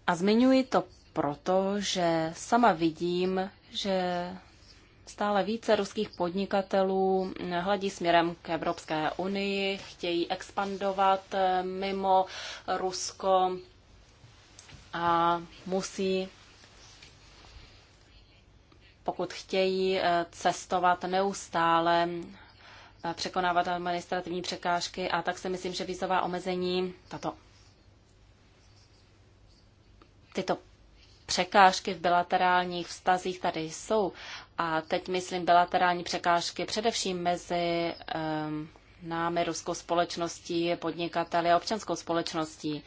A zmiňuji to proto, že sama vidím, že stále více ruských podnikatelů hledí směrem k Evropské unii, chtějí expandovat eh, mimo Rusko a musí pokud chtějí eh, cestovat neustále, eh, překonávat administrativní překážky a tak si myslím, že vízová omezení, tato, tyto překážky v bilaterálních vztazích tady jsou. A teď myslím bilaterální překážky především mezi um, námi, ruskou společností, podnikateli a občanskou společností.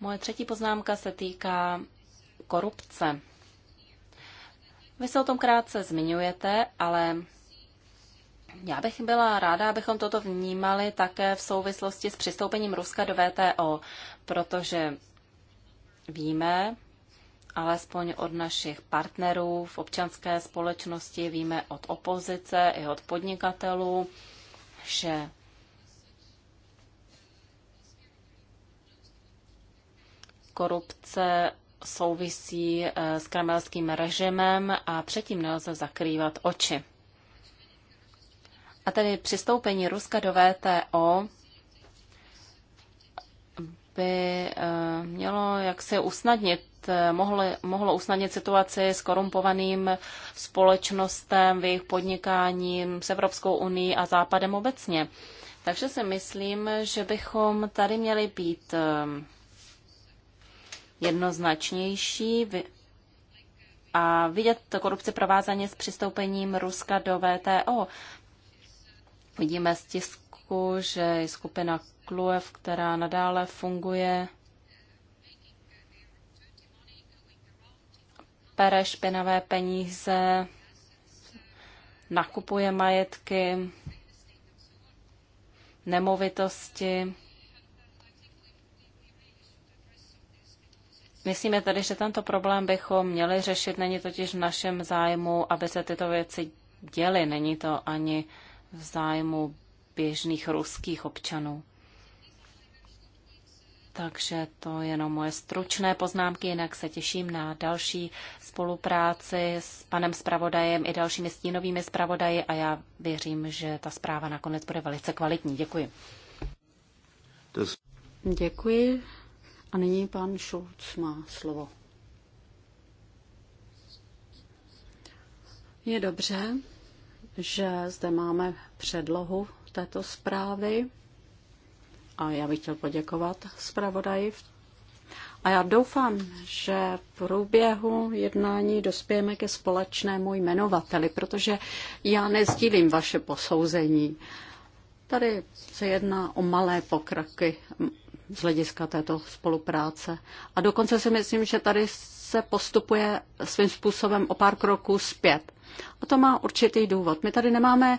Moje třetí poznámka se týká korupce. Vy se o tom krátce zmiňujete, ale já bych byla ráda, abychom toto vnímali také v souvislosti s přistoupením Ruska do VTO, protože víme, alespoň od našich partnerů v občanské společnosti, víme od opozice i od podnikatelů, že korupce souvisí eh, s kremelským režimem a předtím nelze zakrývat oči. A tedy přistoupení Ruska do VTO by eh, mělo jak se usnadnit, eh, mohlo, mohlo usnadnit situaci s korumpovaným společnostem v jejich podnikání s Evropskou unii a Západem obecně. Takže si myslím, že bychom tady měli být jednoznačnější a vidět korupci provázaně s přistoupením Ruska do VTO. Vidíme z tisku, že je skupina Kluev, která nadále funguje, pere špinavé peníze, nakupuje majetky, nemovitosti Myslíme tedy, že tento problém bychom měli řešit. Není totiž v našem zájmu, aby se tyto věci děly. Není to ani v zájmu běžných ruských občanů. Takže to jenom moje stručné poznámky, jinak se těším na další spolupráci s panem zpravodajem i dalšími stínovými zpravodaji a já věřím, že ta zpráva nakonec bude velice kvalitní. Děkuji. Děkuji. A nyní pan Šulc má slovo. Je dobře, že zde máme předlohu této zprávy a já bych chtěl poděkovat zpravodaji. A já doufám, že v průběhu jednání dospějeme ke společnému jmenovateli, protože já nezdílím vaše posouzení. Tady se jedná o malé pokroky, z hlediska této spolupráce. A dokonce si myslím, že tady se postupuje svým způsobem o pár kroků zpět. A to má určitý důvod. My tady nemáme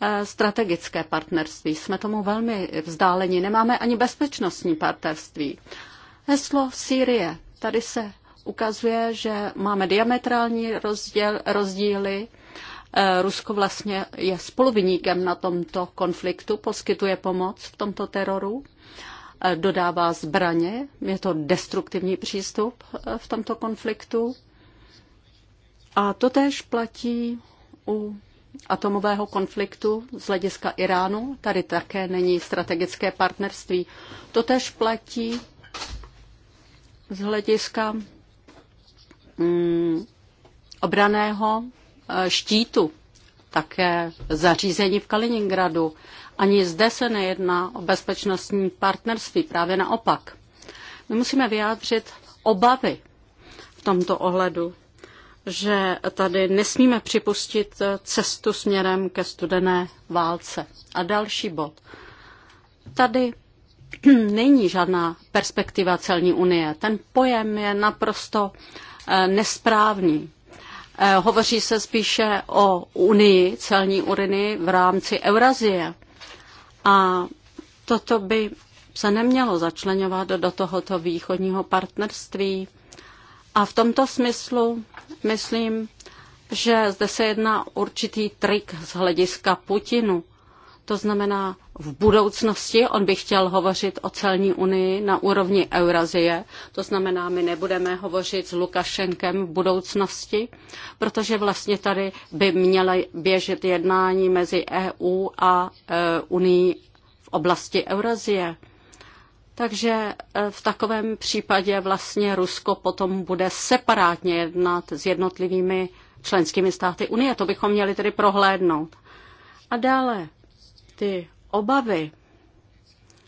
eh, strategické partnerství, jsme tomu velmi vzdáleni, nemáme ani bezpečnostní partnerství. Heslo Sýrie, tady se ukazuje, že máme diametrální rozdíl, rozdíly. Eh, Rusko vlastně je spoluviníkem na tomto konfliktu, poskytuje pomoc v tomto teroru dodává zbraně. Je to destruktivní přístup eh, v tomto konfliktu. A to tež platí u atomového konfliktu z hlediska Iránu. Tady také není strategické partnerství. To tež platí z hlediska mm, obraného eh, štítu, také zařízení v Kaliningradu ani zde se nejedná o bezpečnostní partnerství, právě naopak. My musíme vyjádřit obavy v tomto ohledu, že tady nesmíme připustit cestu směrem ke studené válce. A další bod. Tady [CLEARS THROAT] není žádná perspektiva celní unie. Ten pojem je naprosto eh, nesprávný. Eh, hovoří se spíše o unii, celní uriny v rámci Eurazie. A toto by se nemělo začlenovat do tohoto východního partnerství. A v tomto smyslu myslím, že zde se jedná určitý trik z hlediska Putinu. To znamená, v budoucnosti on by chtěl hovořit o celní unii na úrovni Eurazie. To znamená, my nebudeme hovořit s Lukašenkem v budoucnosti, protože vlastně tady by měla běžet jednání mezi EU a e, unii v oblasti Eurazie. Takže e, v takovém případě vlastně Rusko potom bude separátně jednat s jednotlivými členskými státy Unie. To bychom měli tedy prohlédnout. A dále ty obavy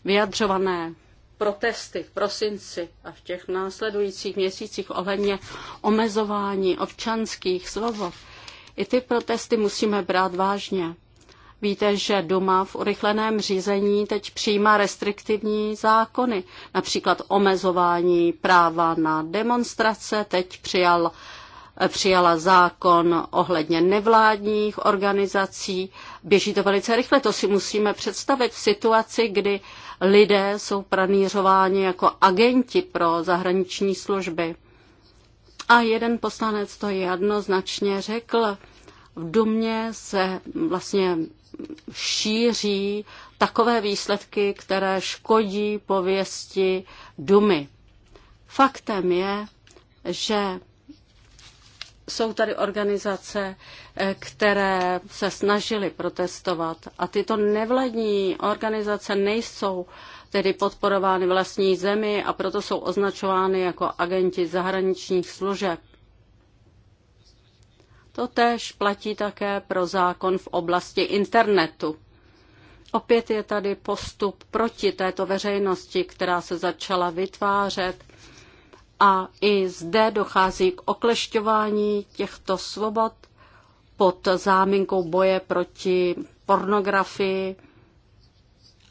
vyjadřované protesty v prosinci a v těch následujících měsících ohledně omezování občanských svobod, i ty protesty musíme brát vážně. Víte, že Duma v urychleném řízení teď přijímá restriktivní zákony, například omezování práva na demonstrace, teď přijal přijala zákon ohledně nevládních organizací. Běží to velice rychle, to si musíme představit v situaci, kdy lidé jsou pranířováni jako agenti pro zahraniční služby. A jeden poslanec to jednoznačně řekl, v Dumě se vlastně šíří takové výsledky, které škodí pověsti Dumy. Faktem je, že jsou tady organizace, eh, které se snažily protestovat a tyto nevladní organizace nejsou tedy podporovány vlastní zemi a proto jsou označovány jako agenti zahraničních služeb. To též platí také pro zákon v oblasti internetu. Opět je tady postup proti této veřejnosti, která se začala vytvářet a i zde dochází k oklešťování těchto svobod pod záminkou boje proti pornografii,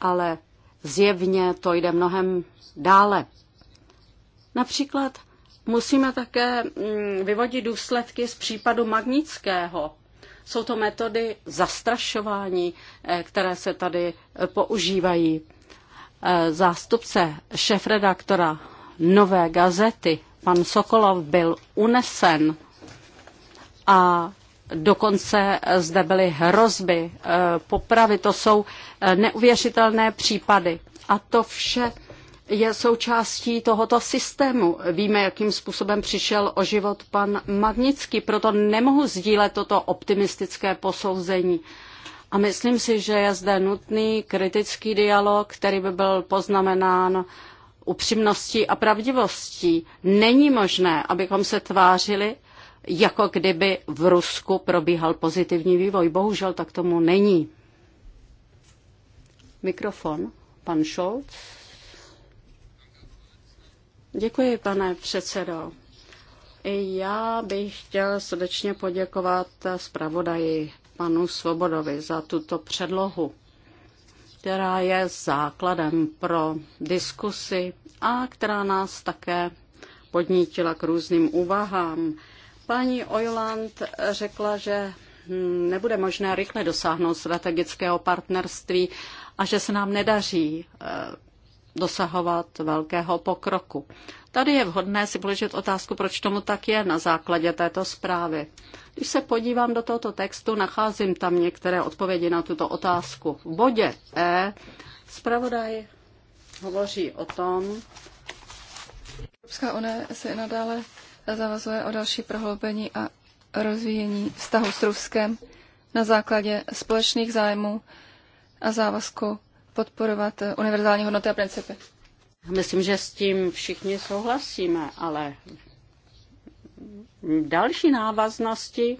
ale zjevně to jde mnohem dále. Například musíme také mm, vyvodit důsledky z případu Magnického. Jsou to metody zastrašování, eh, které se tady eh, používají. Eh, zástupce šéfredaktora nové gazety. Pan Sokolov byl unesen a dokonce zde byly hrozby, eh, popravy. To jsou eh, neuvěřitelné případy. A to vše je součástí tohoto systému. Víme, jakým způsobem přišel o život pan Magnický, proto nemohu sdílet toto optimistické posouzení. A myslím si, že je zde nutný kritický dialog, který by byl poznamenán upřímností a pravdivostí. Není možné, abychom se tvářili, jako kdyby v Rusku probíhal pozitivní vývoj. Bohužel tak tomu není. Mikrofon, pan Scholz. Děkuji, pane předsedo. I já bych chtěl srdečně poděkovat zpravodaji panu Svobodovi za tuto předlohu která je základem pro diskusy a která nás také podnítila k různým úvahám. Paní Ojland řekla, že hm, nebude možné rychle dosáhnout strategického partnerství a že se nám nedaří eh, dosahovat velkého pokroku. Tady je vhodné si položit otázku, proč tomu tak je na základě této zprávy. Když se podívám do tohoto textu, nacházím tam některé odpovědi na tuto otázku. V bodě E zpravodaj hovoří o tom, Evropská unie se nadále zavazuje o další prohloubení a rozvíjení vztahu s Ruskem na základě společných zájmů a závazku podporovat univerzální hodnoty a principy. Myslím, že s tím všichni souhlasíme, ale další návaznosti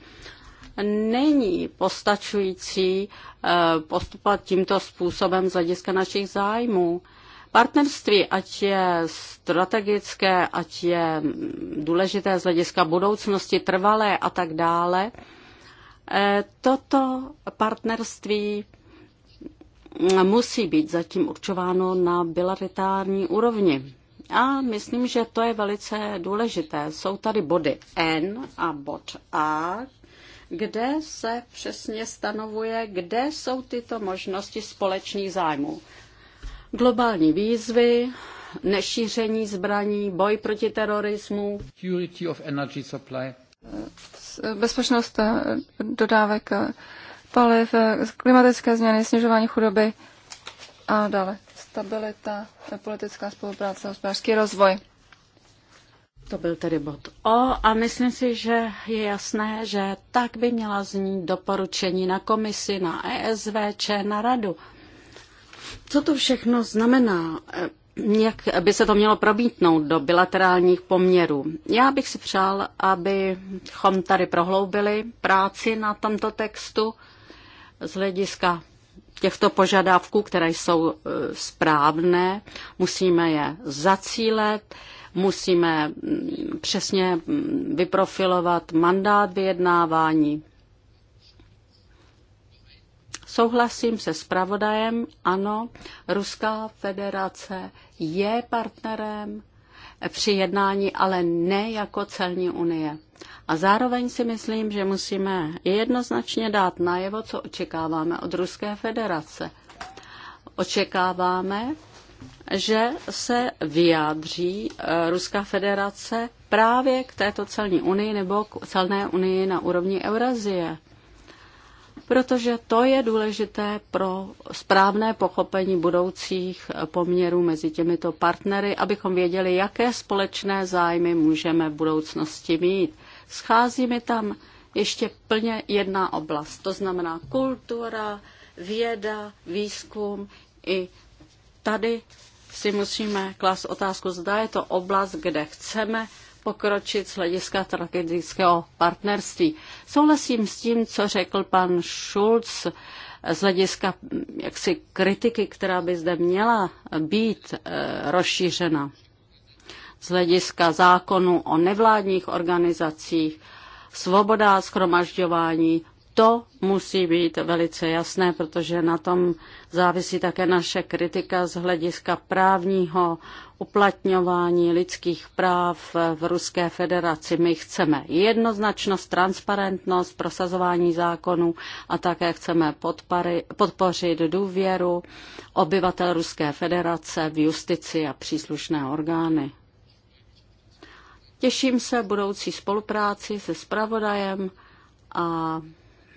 není postačující eh, postupovat tímto způsobem z hlediska našich zájmů. Partnerství, ať je strategické, ať je důležité z hlediska budoucnosti, trvalé a tak dále, eh, toto partnerství musí být zatím určováno na bilaterální úrovni. A myslím, že to je velice důležité. Jsou tady body N a bod A, kde se přesně stanovuje, kde jsou tyto možnosti společných zájmů. Globální výzvy, nešíření zbraní, boj proti terorismu, bezpečnost eh, dodávek eh, paliv, eh, klimatické změny, snižování chudoby a dále stabilita, eh, politická spolupráce, hospodářský rozvoj. To byl tedy bod O a myslím si, že je jasné, že tak by měla znít doporučení na komisi, na ESVČ, na radu. Co to všechno znamená? Eh, jak by se to mělo probítnout do bilaterálních poměrů? Já bych si přál, abychom tady prohloubili práci na tomto textu z hlediska těchto požadavků, které jsou e, správné, musíme je zacílet, musíme přesně vyprofilovat mandát vyjednávání. Souhlasím se spravodajem, ano, Ruská federace je partnerem při jednání, ale ne jako celní unie. A zároveň si myslím, že musíme jednoznačně dát najevo, co očekáváme od Ruské federace. Očekáváme, že se vyjádří e, Ruská federace právě k této celní unii nebo k celné unii na úrovni Eurazie. Protože to je důležité pro správné pochopení budoucích poměrů mezi těmito partnery, abychom věděli, jaké společné zájmy můžeme v budoucnosti mít. Schází mi tam ještě plně jedna oblast, to znamená kultura, věda, výzkum. I tady si musíme klást otázku, zda je to oblast, kde chceme pokročit z hlediska strategického partnerství. Souhlasím s tím, co řekl pan Schulz z hlediska jaksi kritiky, která by zde měla být e, rozšířena z hlediska zákonu o nevládních organizacích, svoboda schromažďování, to musí být velice jasné, protože na tom závisí také naše kritika z hlediska právního uplatňování lidských práv v Ruské federaci. My chceme jednoznačnost, transparentnost, prosazování zákonů a také chceme podpary, podpořit důvěru obyvatel Ruské federace v justici a příslušné orgány. Těším se budoucí spolupráci se spravodajem a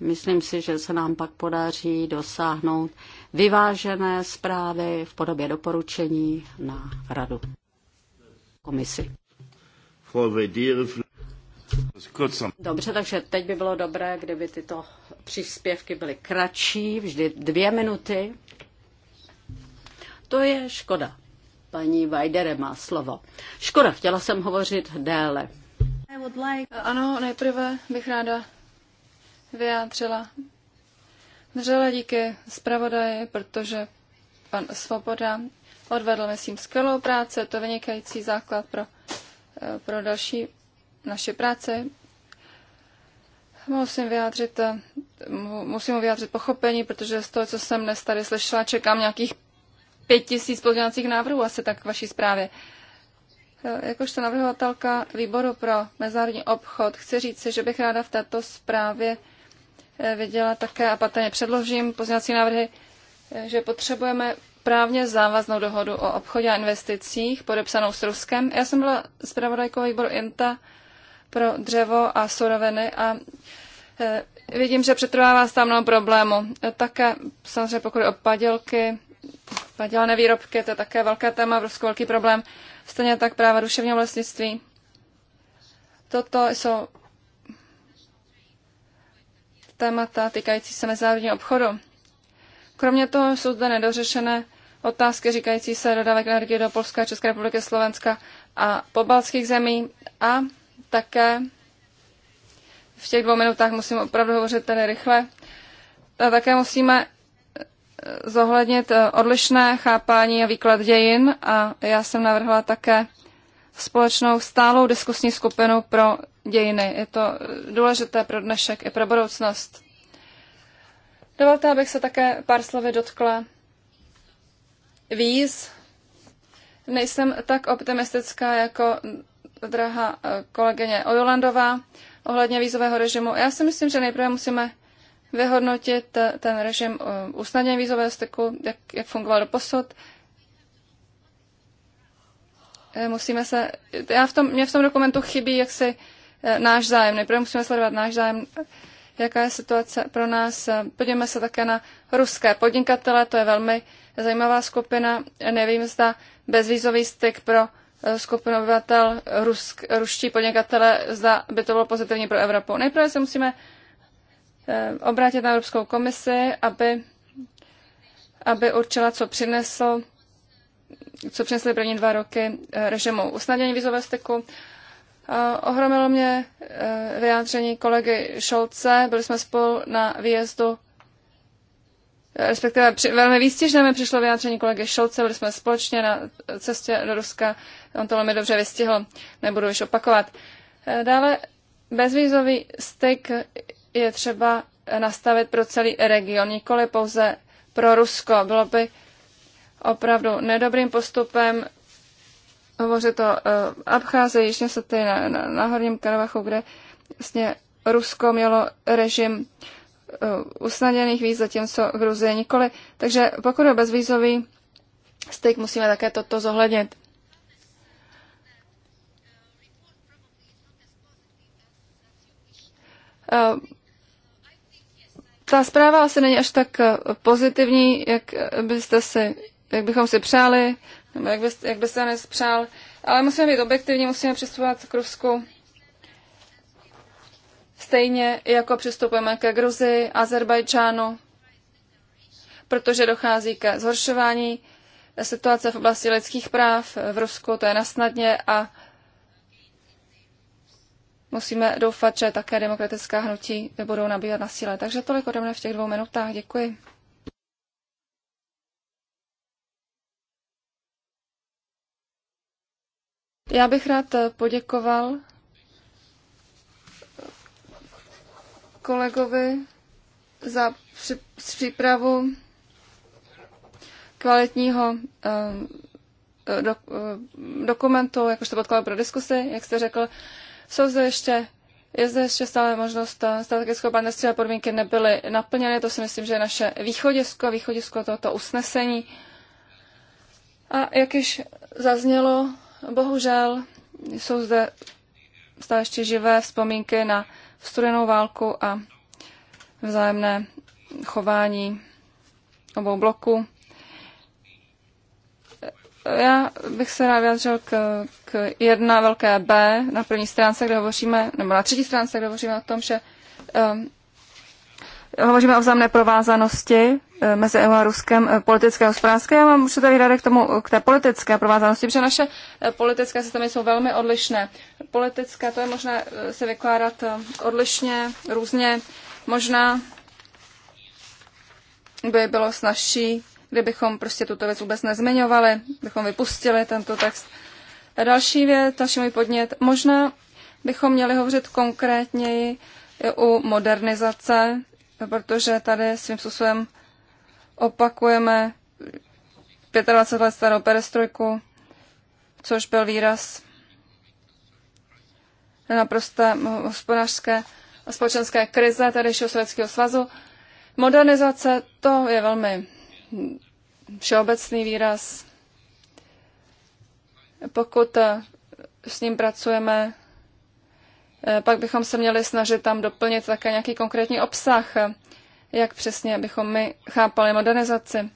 myslím si, že se nám pak podaří dosáhnout vyvážené zprávy v podobě doporučení na radu komisi. Dobře, takže teď by bylo dobré, kdyby tyto příspěvky byly kratší, vždy dvě minuty. To je škoda, Paní Vajdere má slovo. Škoda, chtěla jsem hovořit déle. Ano, nejprve bych ráda vyjádřila vřele díky zpravodaji, protože pan Svoboda odvedl, myslím, skvělou práci, je to vynikající základ pro, eh, pro další naše práce. Musím vyjádřit, eh, musím mu vyjádřit pochopení, protože z toho, co jsem dnes tady slyšela, čekám nějakých pět tisíc pozměňovacích návrhů asi tak k vaší zprávě. E, jakožto navrhovatelka výboru pro mezinárodní obchod chci říct, že bych ráda v této zprávě e, viděla také, a patrně předložím pozměňovací návrhy, e, že potřebujeme právně závaznou dohodu o obchodě a investicích podepsanou s Ruskem. Já jsem byla zpravodajkou výboru INTA pro dřevo a suroviny a vidím, že přetrvává stále mnoho Také samozřejmě pokud o padělky, padělané výrobky, to je také velké téma, prostě velký problém. Stejně tak práva duševního vlastnictví. Toto jsou témata týkající se mezinárodního obchodu. Kromě toho jsou zde nedořešené otázky říkající se dodávek energie do Polska, České republiky, Slovenska a pobaltských zemí a také v těch dvou minutách musím opravdu hovořit tady rychle. A také musíme zohlednit eh, odlišné chápání a výklad dějin a já jsem navrhla také společnou stálou diskusní skupinu pro dějiny. Je to eh, důležité pro dnešek i pro budoucnost. Dovolte, abych se také pár slovy dotkla víz. Nejsem tak optimistická jako drahá eh, kolegyně Ojolandová ohledně vízového režimu. Já si myslím, že nejprve musíme vyhodnotit ten režim eh, usnadnění vízového styku, jak, jak fungoval do posud. Eh, musíme se, já v tom, mě v tom dokumentu chybí jak si eh, náš zájem. Nejprve musíme sledovat náš zájem, jaká je situace pro nás. Podívejme se také na ruské podnikatele, to je velmi zajímavá skupina. Nevím, zda bezvízový styk pro skupinu obyvatel, rusk, ruští podnikatele, zda by to bylo pozitivní pro Evropu. Nejprve se musíme Eh, obrátit na Evropskou komisi, aby, aby určila, co přinesl co přinesly první dva roky eh, režimu usnadnění vizového styku. Ohromilo mě eh, vyjádření kolegy Šolce, byli jsme spolu na výjezdu, respektive při, velmi výstižné mi přišlo vyjádření kolegy Šolce, byli jsme společně na cestě do Ruska, on to velmi dobře vystihl, nebudu již opakovat. Dále bezvízový styk je třeba nastavit pro celý region, nikoli pouze pro Rusko. Bylo by opravdu nedobrým postupem hovořit o e, Abcháze, se tady na, na, na Horním Karabachu, kde vlastně Rusko mělo režim e, usnaděných víc, zatímco Gruzie nikoli. Takže pokud je bezvízový styk, musíme také toto zohlednit. E, ta zpráva asi není až tak eh, pozitivní, jak eh, byste si, jak bychom si přáli, nebo jak, byste, jak byste dnes přál, ale musíme být objektivní, musíme přistupovat k Rusku stejně jako přistupujeme ke Gruzii, Azerbajdžánu, protože dochází ke zhoršování situace v oblasti lidských práv v Rusku, to je nasnadně a musíme doufat, že také demokratická hnutí budou nabývat na síle. Takže tolik ode mne v těch dvou minutách. Děkuji. Já bych rád poděkoval kolegovi za přípravu kvalitního eh, eh, do, eh, dokumentu, jakožto podklad pro diskusy, jak jste řekl, jsou zde ještě, je zde ještě stále možnost eh, strategického partnerství a podmínky nebyly naplněny. To si myslím, že je naše východisko, východisko tohoto usnesení. A jak již zaznělo, bohužel jsou zde stále ještě živé vzpomínky na studenou válku a vzájemné chování obou bloků. Já bych se rád vyjádřil k, k jedna velké B na první stránce, kde hovoříme, nebo na třetí stránce, kde hovoříme o tom, že um, hovoříme o vzájemné provázanosti eh, mezi EU a Ruskem eh, politické a hospodářské. Já mám určité výhrady k, tomu, k té politické provázanosti, protože naše eh, politické systémy jsou velmi odlišné. Politické, to je možné se vykládat odlišně, různě. Možná by bylo snažší kdybychom prostě tuto věc vůbec nezmiňovali, bychom vypustili tento text. A další věc, další můj podnět, možná bychom měli hovořit konkrétněji u modernizace, protože tady svým způsobem opakujeme 25 let starou perestrojku, což byl výraz naprosté hospodářské a společenské krize tady Sovětského svazu. Modernizace to je velmi všeobecný výraz. Pokud eh, s ním pracujeme, eh, pak bychom se měli snažit tam doplnit také nějaký konkrétní obsah, eh, jak přesně bychom my chápali modernizaci.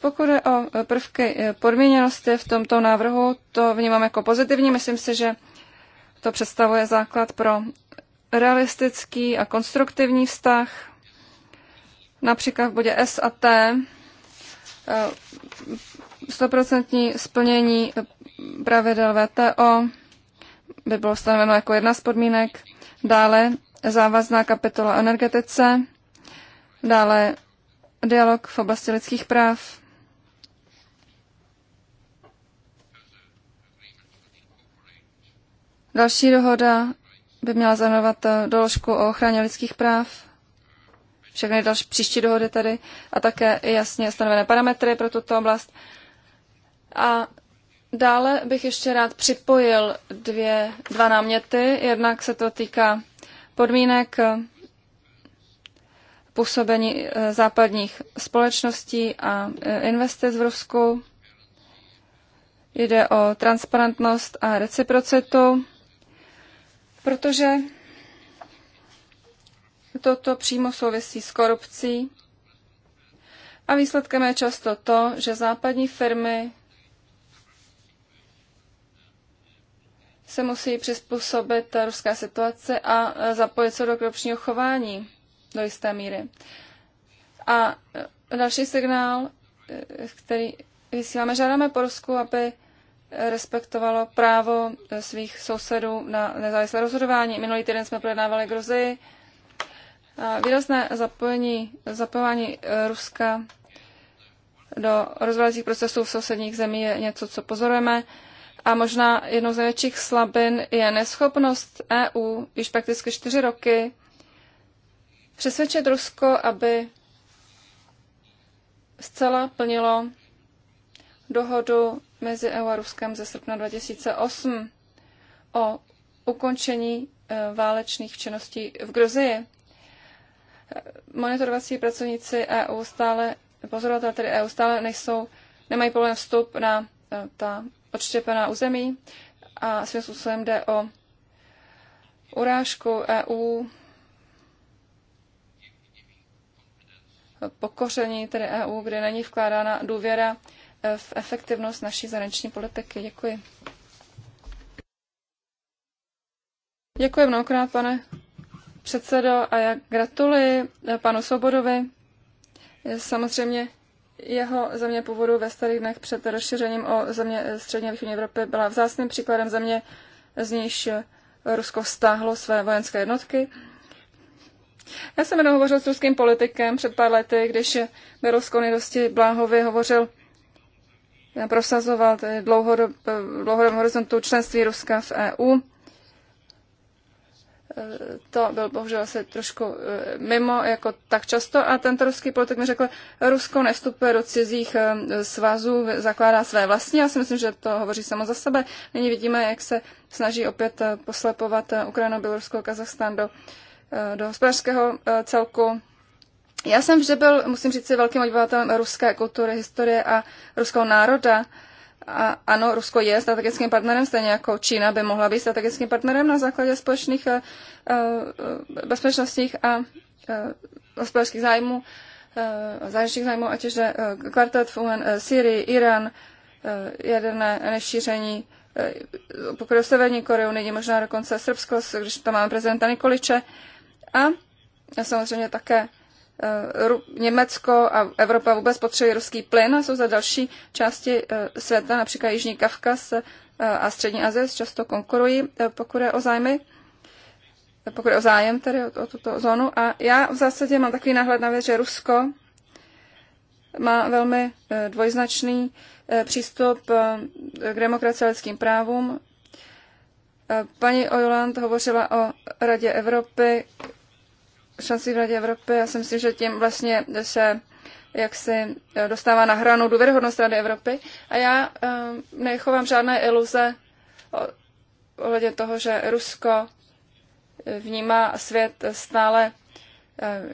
Pokud je o prvky podmíněnosti v tomto návrhu, to vnímám jako pozitivní. Myslím si, že to představuje základ pro realistický a konstruktivní vztah. Například v bodě S a T eh, stoprocentní splnění pravidel VTO by bylo stanoveno jako jedna z podmínek. Dále závazná kapitola energetice, dále dialog v oblasti lidských práv, další dohoda by měla zahrnovat eh, doložku o ochraně lidských práv, všechny další příští dohody tady a také jasně stanovené parametry pro tuto oblast. A dále bych ještě rád připojil dvě, dva náměty. Jednak se to týká podmínek eh, působení eh, západních společností a investic v Rusku. Jde o transparentnost a reciprocitu protože toto přímo souvisí s korupcí a výsledkem je často to, že západní firmy se musí přizpůsobit ruská situace a zapojit se do korupčního chování do jisté míry. A další signál, který vysíláme, žádáme po Rusku, aby respektovalo právo eh, svých sousedů na nezávislé rozhodování. Minulý týden jsme projednávali Gruzii. Výrazné zapojení, zapojování eh, Ruska do rozvádějících procesů v sousedních zemí je něco, co pozorujeme. A možná jednou z největších slabin je neschopnost EU již prakticky čtyři roky přesvědčit Rusko, aby zcela plnilo dohodu mezi EU a Ruskem ze srpna 2008 o ukončení e, válečných činností v Gruzii. Monitorovací pracovníci EU stále, pozorovatel tedy EU stále nejsou, nemají povolen vstup na e, ta odštěpená území a svým způsobem jde o urážku EU, pokoření tedy EU, kde není vkládána důvěra v efektivnost naší zahraniční politiky. Děkuji. Děkuji mnohokrát, pane předsedo, a já gratuluji panu Svobodovi. Samozřejmě jeho země původu ve starých dnech před rozšířením o země střední a východní Evropy byla vzácným příkladem země, z níž Rusko stáhlo své vojenské jednotky. Já jsem jednou hovořil s ruským politikem před pár lety, když Berlusconi dosti bláhově hovořil prosazoval tedy dlouhodob, dlouhodobém horizontu členství Ruska v EU. To byl bohužel asi trošku eh, mimo, jako tak často. A tento ruský politik mi řekl, Rusko nevstupuje do cizích eh, svazů, zakládá své vlastní. Já si myslím, že to hovoří samo za sebe. Nyní vidíme, jak se snaží opět eh, poslepovat Ukrajinu, Bělorusko, Kazachstán do, do hospodářského celku já jsem vždy byl, musím říct, velkým obyvatelem ruské kultury, historie a ruského národa. A ano, Rusko je strategickým partnerem, stejně jako Čína by mohla být strategickým partnerem na základě společných a, eh, eh, bezpečnostních a, eh, společných zájmů, zájemných zájmů, ať už je kvartet v UN, Syrii, Irán, jaderné nešíření, pokud o Severní Koreu, nyní možná dokonce Srbsko, když tam máme prezidenta Nikoliče. A samozřejmě také Eh, Německo a Evropa vůbec potřebují ruský plyn a jsou za další části eh, světa, například Jižní Kavkaz eh, a Střední Azie, často konkurují, pokud je o zájmy pokud je o zájem tedy o, o tuto zónu. A já v zásadě mám takový náhled na věc, že Rusko má velmi dvojznačný přístup k demokracii a lidským právům. Paní Ojoland hovořila o Radě Evropy, šancí v Radě Evropy. Já si myslím, že tím vlastně se jak se eh, dostává na hranu důvěryhodnost Rady Evropy. A já eh, nechovám žádné iluze ohledně toho, že Rusko eh, vnímá svět stále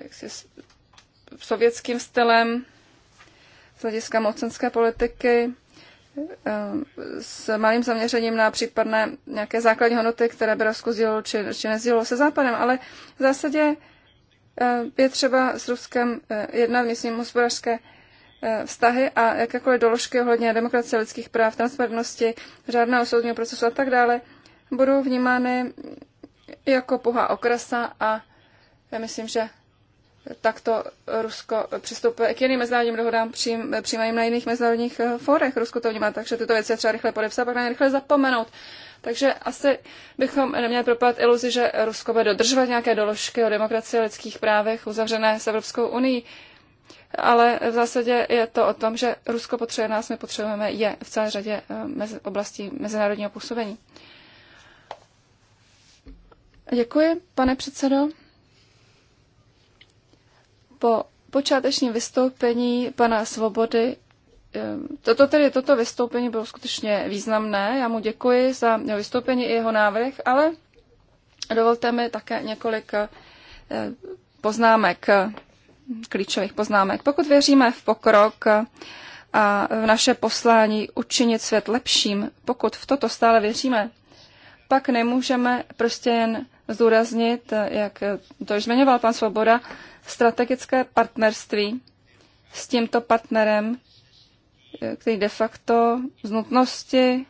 jaksi, sovětským stylem z hlediska mocenské politiky s malým zaměřením na případné nějaké základní hodnoty, které by Rusko či, či nezdílilo se Západem, ale v zásadě Eh, je třeba s Ruskem eh, jednat, myslím, hospodářské eh, vztahy a jakékoliv doložky ohledně demokracie, lidských práv, transparentnosti, řádného soudního procesu a tak dále, budou vnímány jako pohá okrasa a já myslím, že takto Rusko přistupuje k jiným mezinárodním dohodám přijím, na jiných mezinárodních fórech. Rusko to vnímá, takže tyto věci je třeba rychle podepsat, pak na ně rychle zapomenout. Takže asi bychom neměli propadat iluzi, že Rusko bude dodržovat nějaké doložky o demokracii a lidských právech uzavřené s Evropskou unii. Ale v zásadě je to o tom, že Rusko potřebuje nás, my potřebujeme je v celé řadě eh, mezi, oblastí mezinárodního působení. Děkuji, pane předsedo. Po počátečním vystoupení pana Svobody Ehm, toto tedy, toto vystoupení bylo skutečně významné. Já mu děkuji za vystoupení i jeho návrh, ale dovolte mi také několik eh, poznámek, klíčových poznámek. Pokud věříme v pokrok a v naše poslání učinit svět lepším, pokud v toto stále věříme, pak nemůžeme prostě jen zdůraznit, jak to již zmiňoval pan Svoboda, strategické partnerství s tímto partnerem, který de facto z nutnosti,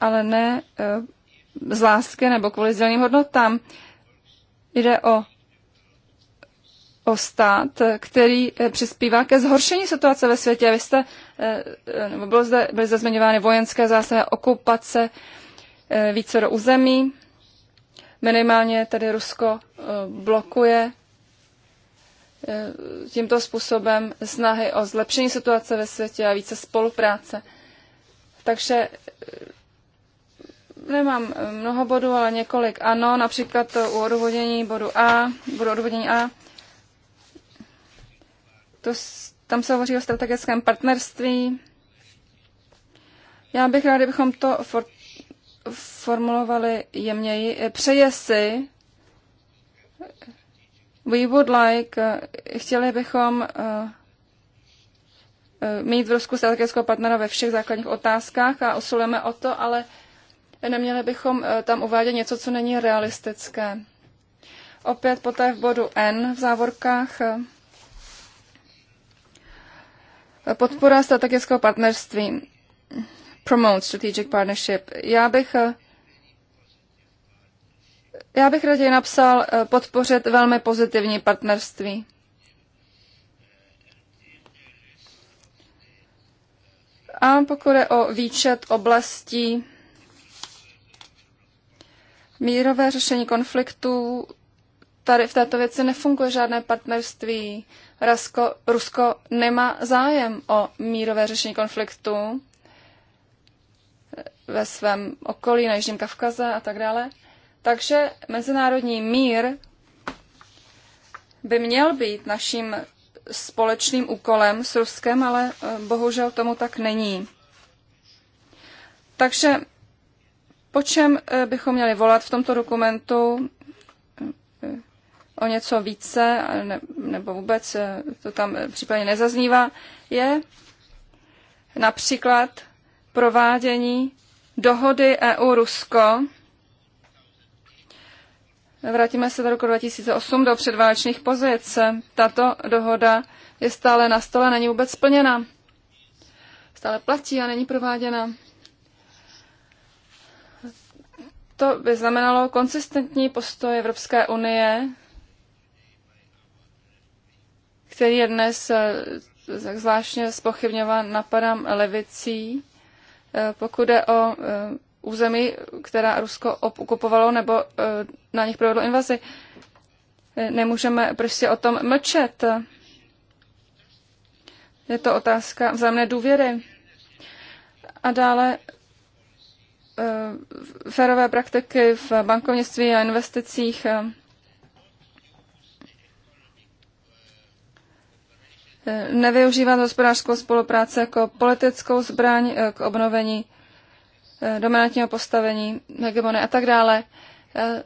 ale ne eh, z lásky nebo kvůli sděleným hodnotám. Jde o, o stát, který eh, přispívá ke zhoršení situace ve světě. Vy jste, eh, nebo bylo zde, byly zde zmiňovány vojenské zásahy, okupace více do území. Minimálně tady Rusko blokuje Eh, tímto způsobem snahy o zlepšení situace ve světě a více spolupráce. Takže eh, nemám mnoho bodů, ale několik ano, například to u odvodění bodu A, bodu odvodění A. To, tam se hovoří o strategickém partnerství. Já bych rád, kdybychom to for, formulovali jemněji. Přeje si We would like, eh, chtěli bychom eh, eh, mít v Rusku strategického partnera ve všech základních otázkách a usilujeme o to, ale neměli bychom tam uvádět něco, co není realistické. Opět poté v bodu N v závorkách podpora strategického partnerství. Promote strategic partnership. Já bych já bych raději napsal eh, podpořit velmi pozitivní partnerství. A pokud je o výčet oblastí, mírové řešení konfliktů, tady v této věci nefunguje žádné partnerství. Rusko, Rusko nemá zájem o mírové řešení konfliktů ve svém okolí, na Jižním Kavkaze a tak dále. Takže mezinárodní mír by měl být naším společným úkolem s Ruskem, ale eh, bohužel tomu tak není. Takže po čem eh, bychom měli volat v tomto dokumentu eh, o něco více, nebo vůbec to tam případně nezaznívá, je například provádění dohody EU-Rusko Vrátíme se do roku 2008 do předválečných pozic. Tato dohoda je stále na stole, není vůbec splněna. Stále platí a není prováděna. To by znamenalo konsistentní postoj Evropské unie, který je dnes eh, tak zvláštně spochybňován napadám levicí. Eh, pokud je o eh, území, která Rusko okupovalo nebo eh, na nich provedlo invazi. Eh, nemůžeme prostě o tom mlčet. Je to otázka vzájemné důvěry. A dále eh, férové praktiky v bankovnictví a investicích. Nevyužívat hospodářskou spolupráci jako politickou zbraň k obnovení Eh, dominantního postavení, hegemony a tak dále. Eh,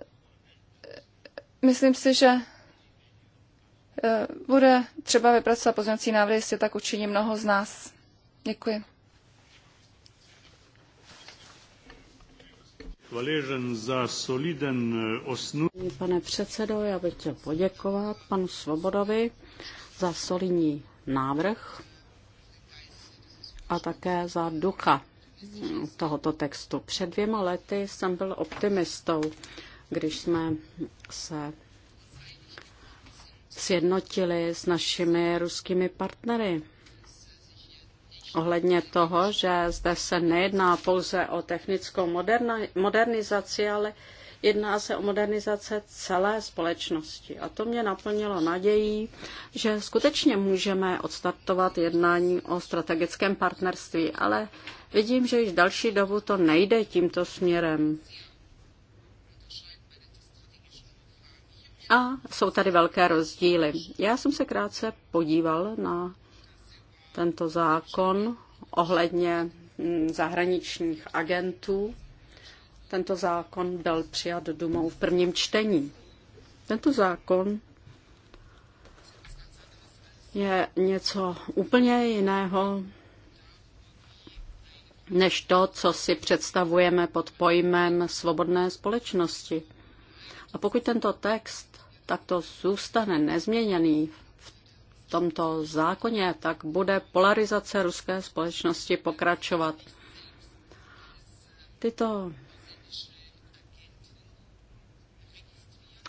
myslím si, že eh, bude třeba vypracovat pozměňovací návrhy, jestli tak učiní mnoho z nás. Děkuji. za soliden osnu. Pane předsedo, já bych chtěl poděkovat panu Svobodovi za solidní návrh a také za ducha tohoto textu. Před dvěma lety jsem byl optimistou, když jsme se sjednotili s našimi ruskými partnery ohledně toho, že zde se nejedná pouze o technickou moderni- modernizaci, ale jedná se o modernizace celé společnosti. A to mě naplnilo nadějí, že skutečně můžeme odstartovat jednání o strategickém partnerství, ale vidím, že již další dobu to nejde tímto směrem. A jsou tady velké rozdíly. Já jsem se krátce podíval na tento zákon ohledně mm, zahraničních agentů. Tento zákon byl přijat Dumou v prvním čtení. Tento zákon je něco úplně jiného než to, co si představujeme pod pojmem svobodné společnosti. A pokud tento text takto zůstane nezměněný tomto zákoně, tak bude polarizace ruské společnosti pokračovat. Tyto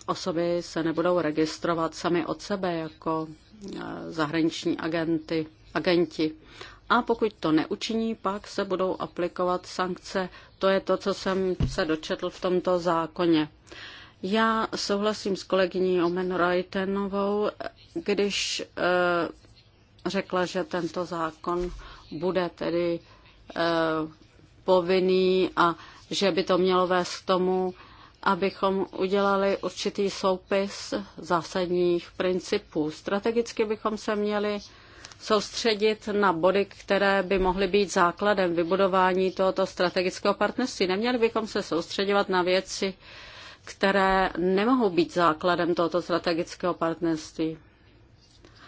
osoby se nebudou registrovat sami od sebe jako eh, zahraniční agenty, agenti. A pokud to neučiní, pak se budou aplikovat sankce. To je to, co jsem se dočetl v tomto zákoně. Já souhlasím s kolegyní Omen Reitenovou, když eh, řekla, že tento zákon bude tedy eh, povinný a že by to mělo vést k tomu, abychom udělali určitý soupis zásadních principů. Strategicky bychom se měli soustředit na body, které by mohly být základem vybudování tohoto strategického partnerství. Neměli bychom se soustředovat na věci, které nemohou být základem tohoto strategického partnerství.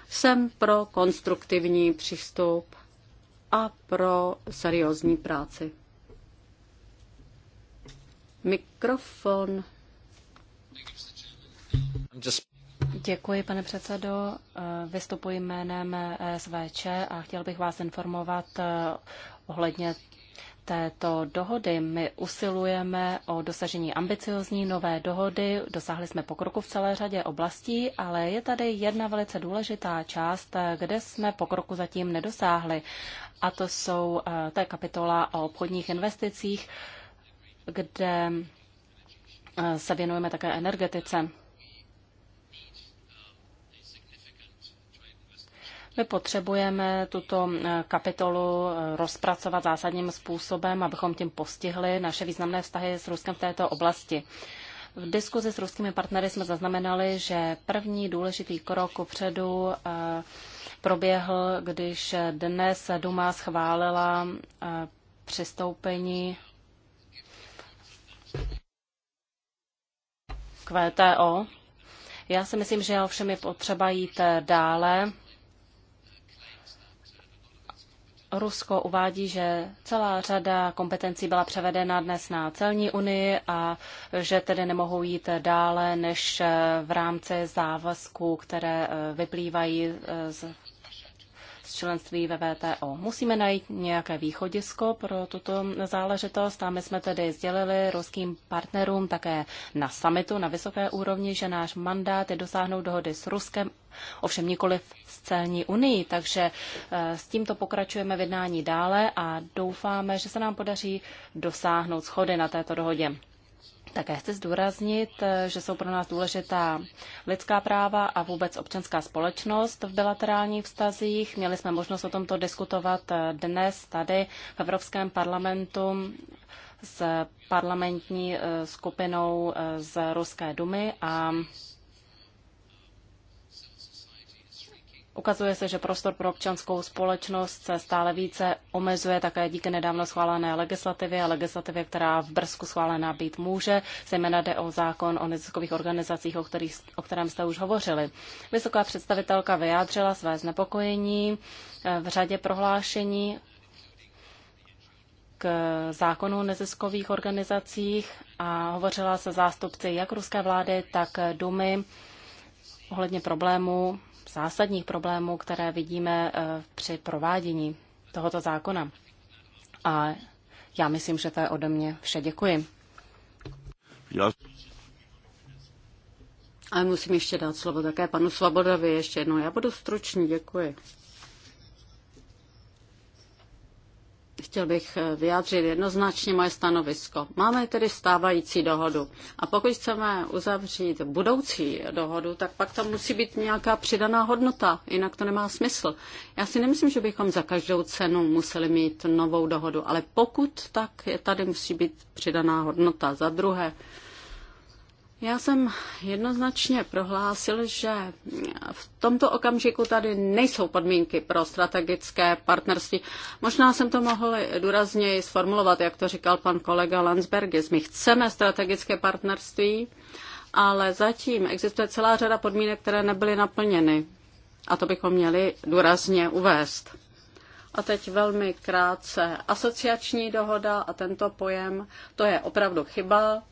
Jsem pro konstruktivní přístup a pro seriózní práci. Mikrofon. Děkuji, pane předsedo. Vystupuji jménem SVČ a chtěl bych vás informovat eh, ohledně této dohody. My usilujeme o dosažení ambiciozní nové dohody, dosáhli jsme pokroku v celé řadě oblastí, ale je tady jedna velice důležitá část, kde jsme pokroku zatím nedosáhli. A to jsou eh, té kapitola o obchodních investicích, kde eh, se věnujeme také energetice. My potřebujeme tuto eh, kapitolu eh, rozpracovat zásadním způsobem, abychom tím postihli naše významné vztahy s Ruskem v této oblasti. V diskuzi s ruskými partnery jsme zaznamenali, že první důležitý krok upředu eh, proběhl, když dnes Duma schválila přistoupení k VTO. Já si myslím, že ovšem je potřeba jít dále Rusko uvádí, že celá řada kompetencí byla převedena dnes na celní unii a že tedy nemohou jít dále než v rámci závazků, které eh, vyplývají eh, z z členství ve VTO. Musíme najít nějaké východisko pro tuto záležitost a my jsme tedy sdělili ruským partnerům také na summitu na vysoké úrovni, že náš mandát je dosáhnout dohody s Ruskem, ovšem nikoli s celní unii, takže eh, s tímto pokračujeme v jednání dále a doufáme, že se nám podaří dosáhnout schody na této dohodě. Také chci zdůraznit, eh, že jsou pro nás důležitá lidská práva a vůbec občanská společnost v bilaterálních vztazích. Měli jsme možnost o tomto diskutovat eh, dnes tady v Evropském parlamentu s parlamentní eh, skupinou z Ruské dumy a Ukazuje se, že prostor pro občanskou společnost se stále více omezuje také díky nedávno schválené legislativě a legislativě, která v Brzku schválená být může. Zejména jde o zákon o neziskových organizacích, o, kterých, o kterém jste už hovořili. Vysoká představitelka vyjádřila své znepokojení eh, v řadě prohlášení k zákonu o neziskových organizacích a hovořila se zástupci jak ruské vlády, tak Dumy ohledně problémů zásadních problémů, které vidíme eh, při provádění tohoto zákona. A já myslím, že to je ode mě vše. Děkuji. Já. Ale musím ještě dát slovo také panu Svobodovi ještě jednou. Já budu stručný, děkuji. Chtěl bych eh, vyjádřit jednoznačně moje stanovisko. Máme tedy stávající dohodu a pokud chceme uzavřít budoucí dohodu, tak pak tam musí být nějaká přidaná hodnota, jinak to nemá smysl. Já si nemyslím, že bychom za každou cenu museli mít novou dohodu, ale pokud, tak je tady musí být přidaná hodnota. Za druhé, já jsem jednoznačně prohlásil, že v tomto okamžiku tady nejsou podmínky pro strategické partnerství. Možná jsem to mohl důrazněji sformulovat, jak to říkal pan kolega Landsbergis. My chceme strategické partnerství, ale zatím existuje celá řada podmínek, které nebyly naplněny. A to bychom měli důrazně uvést. A teď velmi krátce. Asociační dohoda a tento pojem, to je opravdu chyba,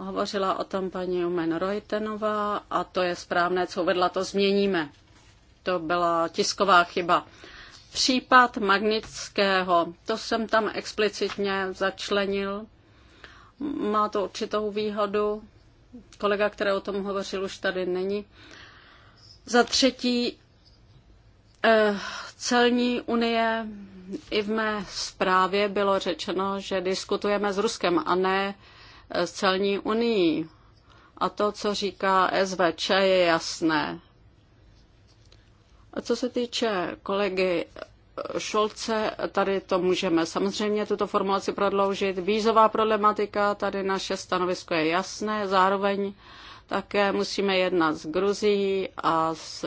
Hovořila o tom paní Umen Rojtenová a to je správné, co uvedla, to změníme. To byla tisková chyba. Případ Magnického, to jsem tam explicitně začlenil. Má to určitou výhodu. Kolega, který o tom hovořil, už tady není. Za třetí, eh, celní unie i v mé zprávě bylo řečeno, že diskutujeme s Ruskem a ne s celní unii. A to, co říká SVČ, je jasné. A co se týče kolegy Šolce, tady to můžeme samozřejmě tuto formulaci prodloužit. Vízová problematika, tady naše stanovisko je jasné, zároveň také musíme jednat s Gruzií a s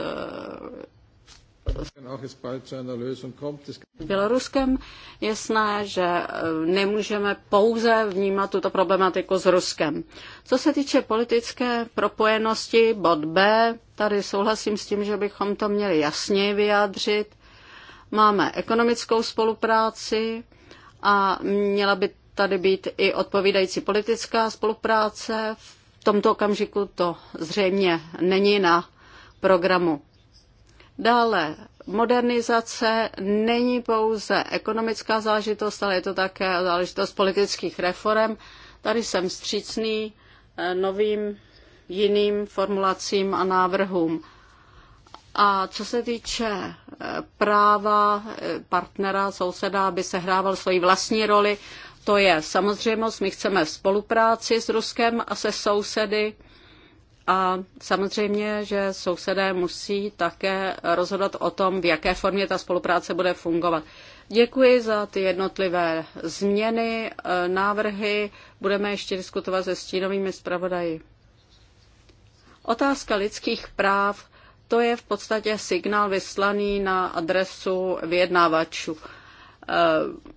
Běloruskem jasné, že eh, nemůžeme pouze vnímat tuto problematiku s Ruskem. Co se týče politické propojenosti, bod B, tady souhlasím s tím, že bychom to měli jasněji vyjádřit. Máme ekonomickou spolupráci a měla by tady být i odpovídající politická spolupráce. V tomto okamžiku to zřejmě není na programu. Dále modernizace není pouze ekonomická záležitost, ale je to také záležitost politických reform. Tady jsem vstřícný eh, novým jiným formulacím a návrhům. A co se týče eh, práva eh, partnera, souseda, aby se hrával svoji vlastní roli, to je samozřejmost. My chceme spolupráci s Ruskem a se sousedy a samozřejmě, že sousedé musí také rozhodovat o tom, v jaké formě ta spolupráce bude fungovat. Děkuji za ty jednotlivé změny, e, návrhy. Budeme ještě diskutovat se stínovými zpravodaji. Otázka lidských práv, to je v podstatě signál vyslaný na adresu vyjednávačů e,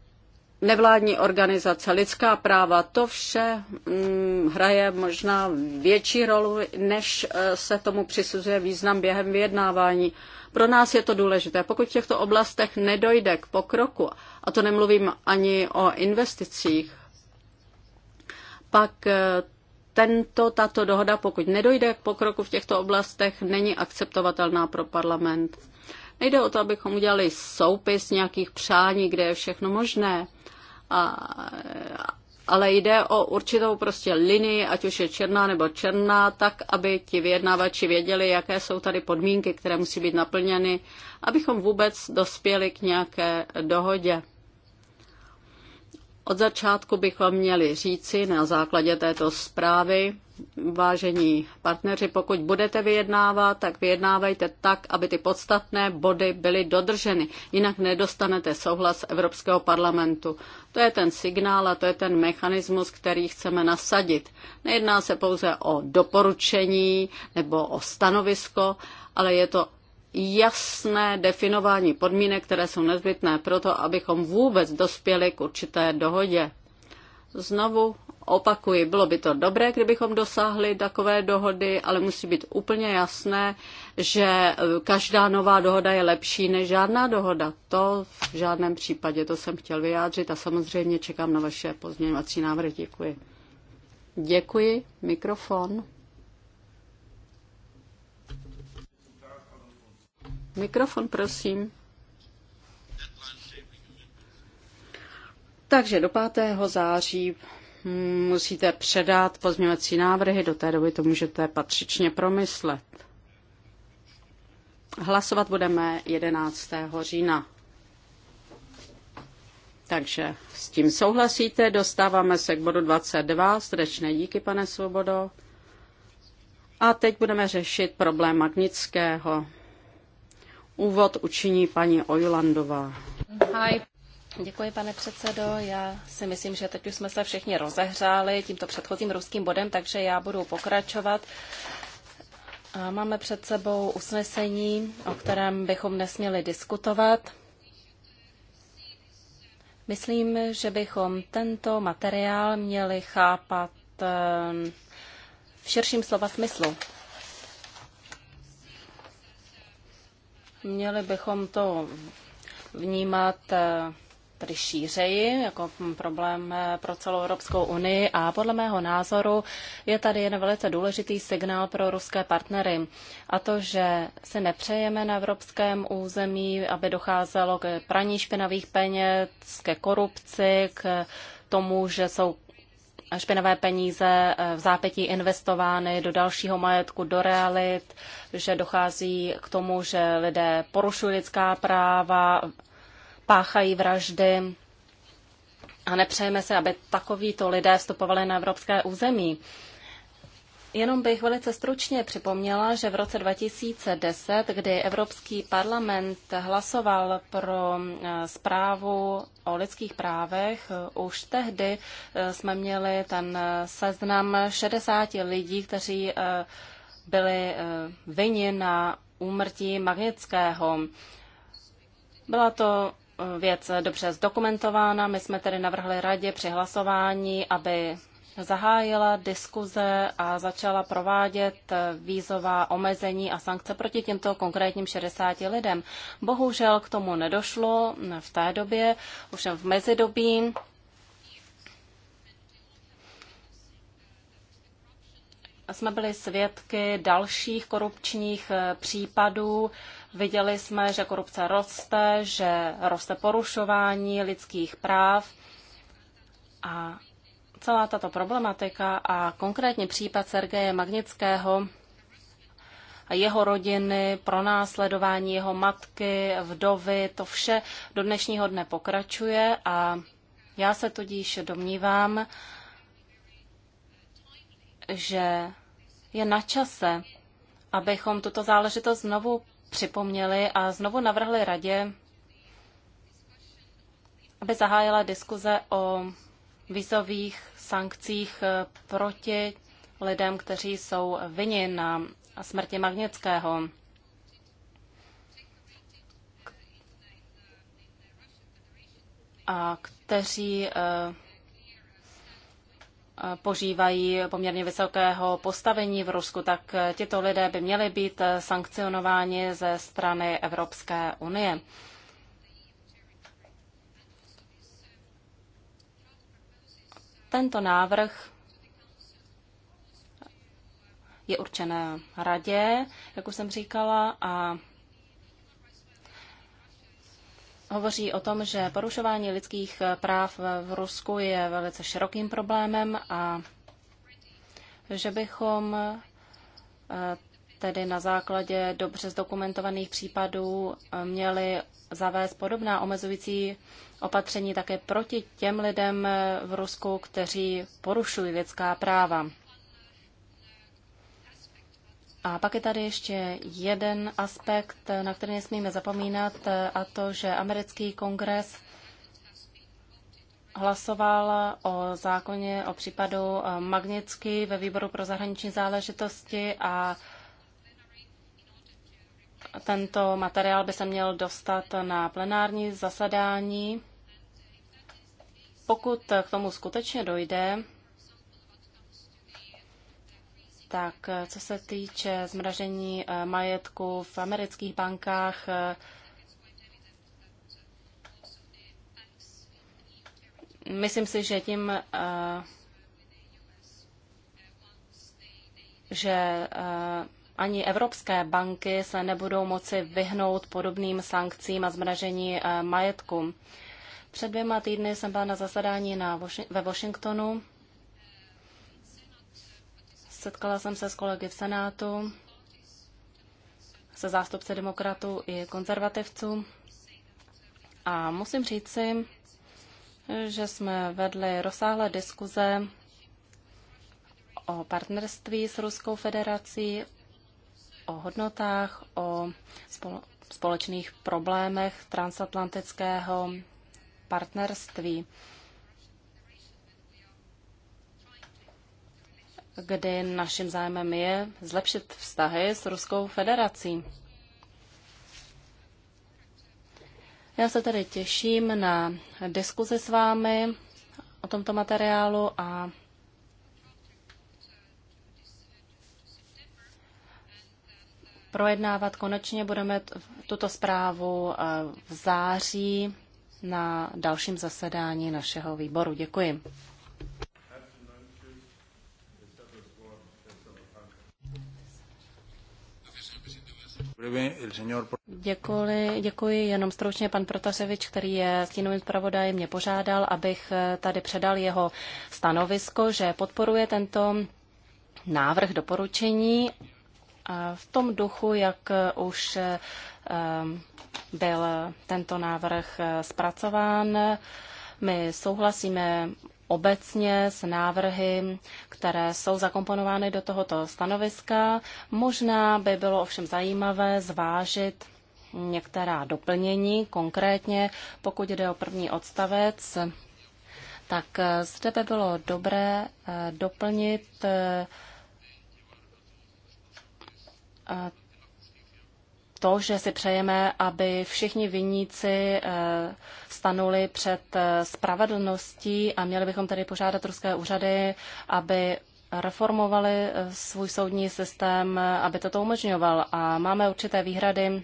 nevládní organizace, lidská práva, to vše hm, hraje možná větší roli, než e, se tomu přisuzuje význam během vyjednávání. Pro nás je to důležité. Pokud v těchto oblastech nedojde k pokroku, a to nemluvím ani o investicích, pak e, tento, tato dohoda, pokud nedojde k pokroku v těchto oblastech, není akceptovatelná pro parlament. Nejde o to, abychom udělali soupis nějakých přání, kde je všechno možné. A, ale jde o určitou prostě linii, ať už je černá nebo černá, tak, aby ti vyjednávači věděli, jaké jsou tady podmínky, které musí být naplněny, abychom vůbec dospěli k nějaké dohodě. Od začátku bychom měli říci na základě této zprávy, vážení partneři, pokud budete vyjednávat, tak vyjednávejte tak, aby ty podstatné body byly dodrženy. Jinak nedostanete souhlas Evropského parlamentu. To je ten signál a to je ten mechanismus, který chceme nasadit. Nejedná se pouze o doporučení nebo o stanovisko, ale je to jasné definování podmínek, které jsou nezbytné pro to, abychom vůbec dospěli k určité dohodě. Znovu opakuji, bylo by to dobré, kdybychom dosáhli takové dohody, ale musí být úplně jasné, že každá nová dohoda je lepší než žádná dohoda. To v žádném případě, to jsem chtěl vyjádřit a samozřejmě čekám na vaše pozměňovací návrhy. Děkuji. Děkuji. Mikrofon. Mikrofon, prosím. Takže do 5. září musíte předat pozměňovací návrhy, do té doby to můžete patřičně promyslet. Hlasovat budeme 11. října. Takže s tím souhlasíte, dostáváme se k bodu 22, srdečné díky, pane Svobodo. A teď budeme řešit problém Magnického. Úvod učiní paní Ojulandová. Hi. Děkuji, pane předsedo. Já si myslím, že teď už jsme se všichni rozehřáli tímto předchozím ruským bodem, takže já budu pokračovat. A máme před sebou usnesení, o kterém bychom dnes měli diskutovat. Myslím, že bychom tento materiál měli chápat ehm, v širším slova smyslu. Měli bychom to vnímat ehm, tedy šířeji jako problém eh, pro celou Evropskou unii a podle mého názoru je tady jeden velice důležitý signál pro ruské partnery a to, že si nepřejeme na evropském území, aby docházelo k praní špinavých peněz, ke korupci, k tomu, že jsou špinavé peníze eh, v zápětí investovány do dalšího majetku, do realit, že dochází k tomu, že lidé porušují lidská práva, páchají vraždy a nepřejeme se, aby takovýto lidé vstupovali na evropské území. Jenom bych velice stručně připomněla, že v roce 2010, kdy Evropský parlament hlasoval pro eh, zprávu o lidských právech, už tehdy eh, jsme měli ten eh, seznam 60 lidí, kteří byli vyni na úmrtí Magnického. Byla to věc dobře zdokumentována. My jsme tedy navrhli radě při hlasování, aby zahájila diskuze a začala provádět vízová omezení a sankce proti těmto konkrétním 60 lidem. Bohužel k tomu nedošlo v té době, už v mezidobí. Jsme byli svědky dalších korupčních případů, Viděli jsme, že korupce roste, že roste porušování lidských práv a celá tato problematika a konkrétně případ Sergeje Magnického a jeho rodiny, pronásledování jeho matky, vdovy, to vše do dnešního dne pokračuje a já se tudíž domnívám, že je na čase, abychom tuto záležitost znovu připomněli a znovu navrhli radě, aby zahájila diskuze o vizových sankcích eh, proti lidem, kteří jsou vyni na smrti Magnického. A kteří eh, požívají poměrně vysokého postavení v Rusku, tak tito lidé by měli být sankcionováni ze strany Evropské unie. Tento návrh je určen radě, jak už jsem říkala, a hovoří o tom, že porušování lidských práv v Rusku je velice širokým problémem a že bychom eh, tedy na základě dobře zdokumentovaných případů eh, měli zavést podobná omezující opatření také proti těm lidem eh, v Rusku, kteří porušují lidská práva. A pak je tady ještě jeden aspekt, na který nesmíme zapomínat, a to, že americký kongres hlasoval o zákoně o případu eh, Magnitsky ve výboru pro zahraniční záležitosti a tento materiál by se měl dostat na plenární zasedání. Pokud k tomu skutečně dojde, tak eh, co se týče zmražení eh, majetku v amerických bankách, eh, myslím si, že tím, že ani evropské banky se nebudou moci vyhnout podobným sankcím a zmražení majetku. Před dvěma týdny jsem byla na zasedání na, ve Washingtonu Setkala jsem se s kolegy v Senátu, se zástupce demokratů i konzervativců a musím říci, že jsme vedli rozsáhlé diskuze o partnerství s Ruskou federací, o hodnotách, o společných problémech transatlantického partnerství. kdy naším zájmem je zlepšit vztahy s Ruskou federací. Já se tedy těším na diskuzi s vámi o tomto materiálu a projednávat konečně budeme tuto zprávu eh, v září na dalším zasedání našeho výboru. Děkuji. Děkuji, děkuji, jenom stručně pan Protasevič, který je stínovým zpravodajem, mě požádal, abych eh, tady předal jeho stanovisko, že podporuje tento návrh doporučení v tom duchu, jak eh, už eh, byl tento návrh zpracován. My souhlasíme obecně s návrhy, které jsou zakomponovány do tohoto stanoviska. Možná by bylo ovšem zajímavé zvážit některá doplnění, konkrétně pokud jde o první odstavec, tak eh, zde by bylo dobré eh, doplnit eh, to, že si přejeme, aby všichni viníci eh, stanuli před eh, spravedlností a měli bychom tedy požádat ruské úřady, aby reformovali eh, svůj soudní systém, aby toto umožňoval. A máme určité výhrady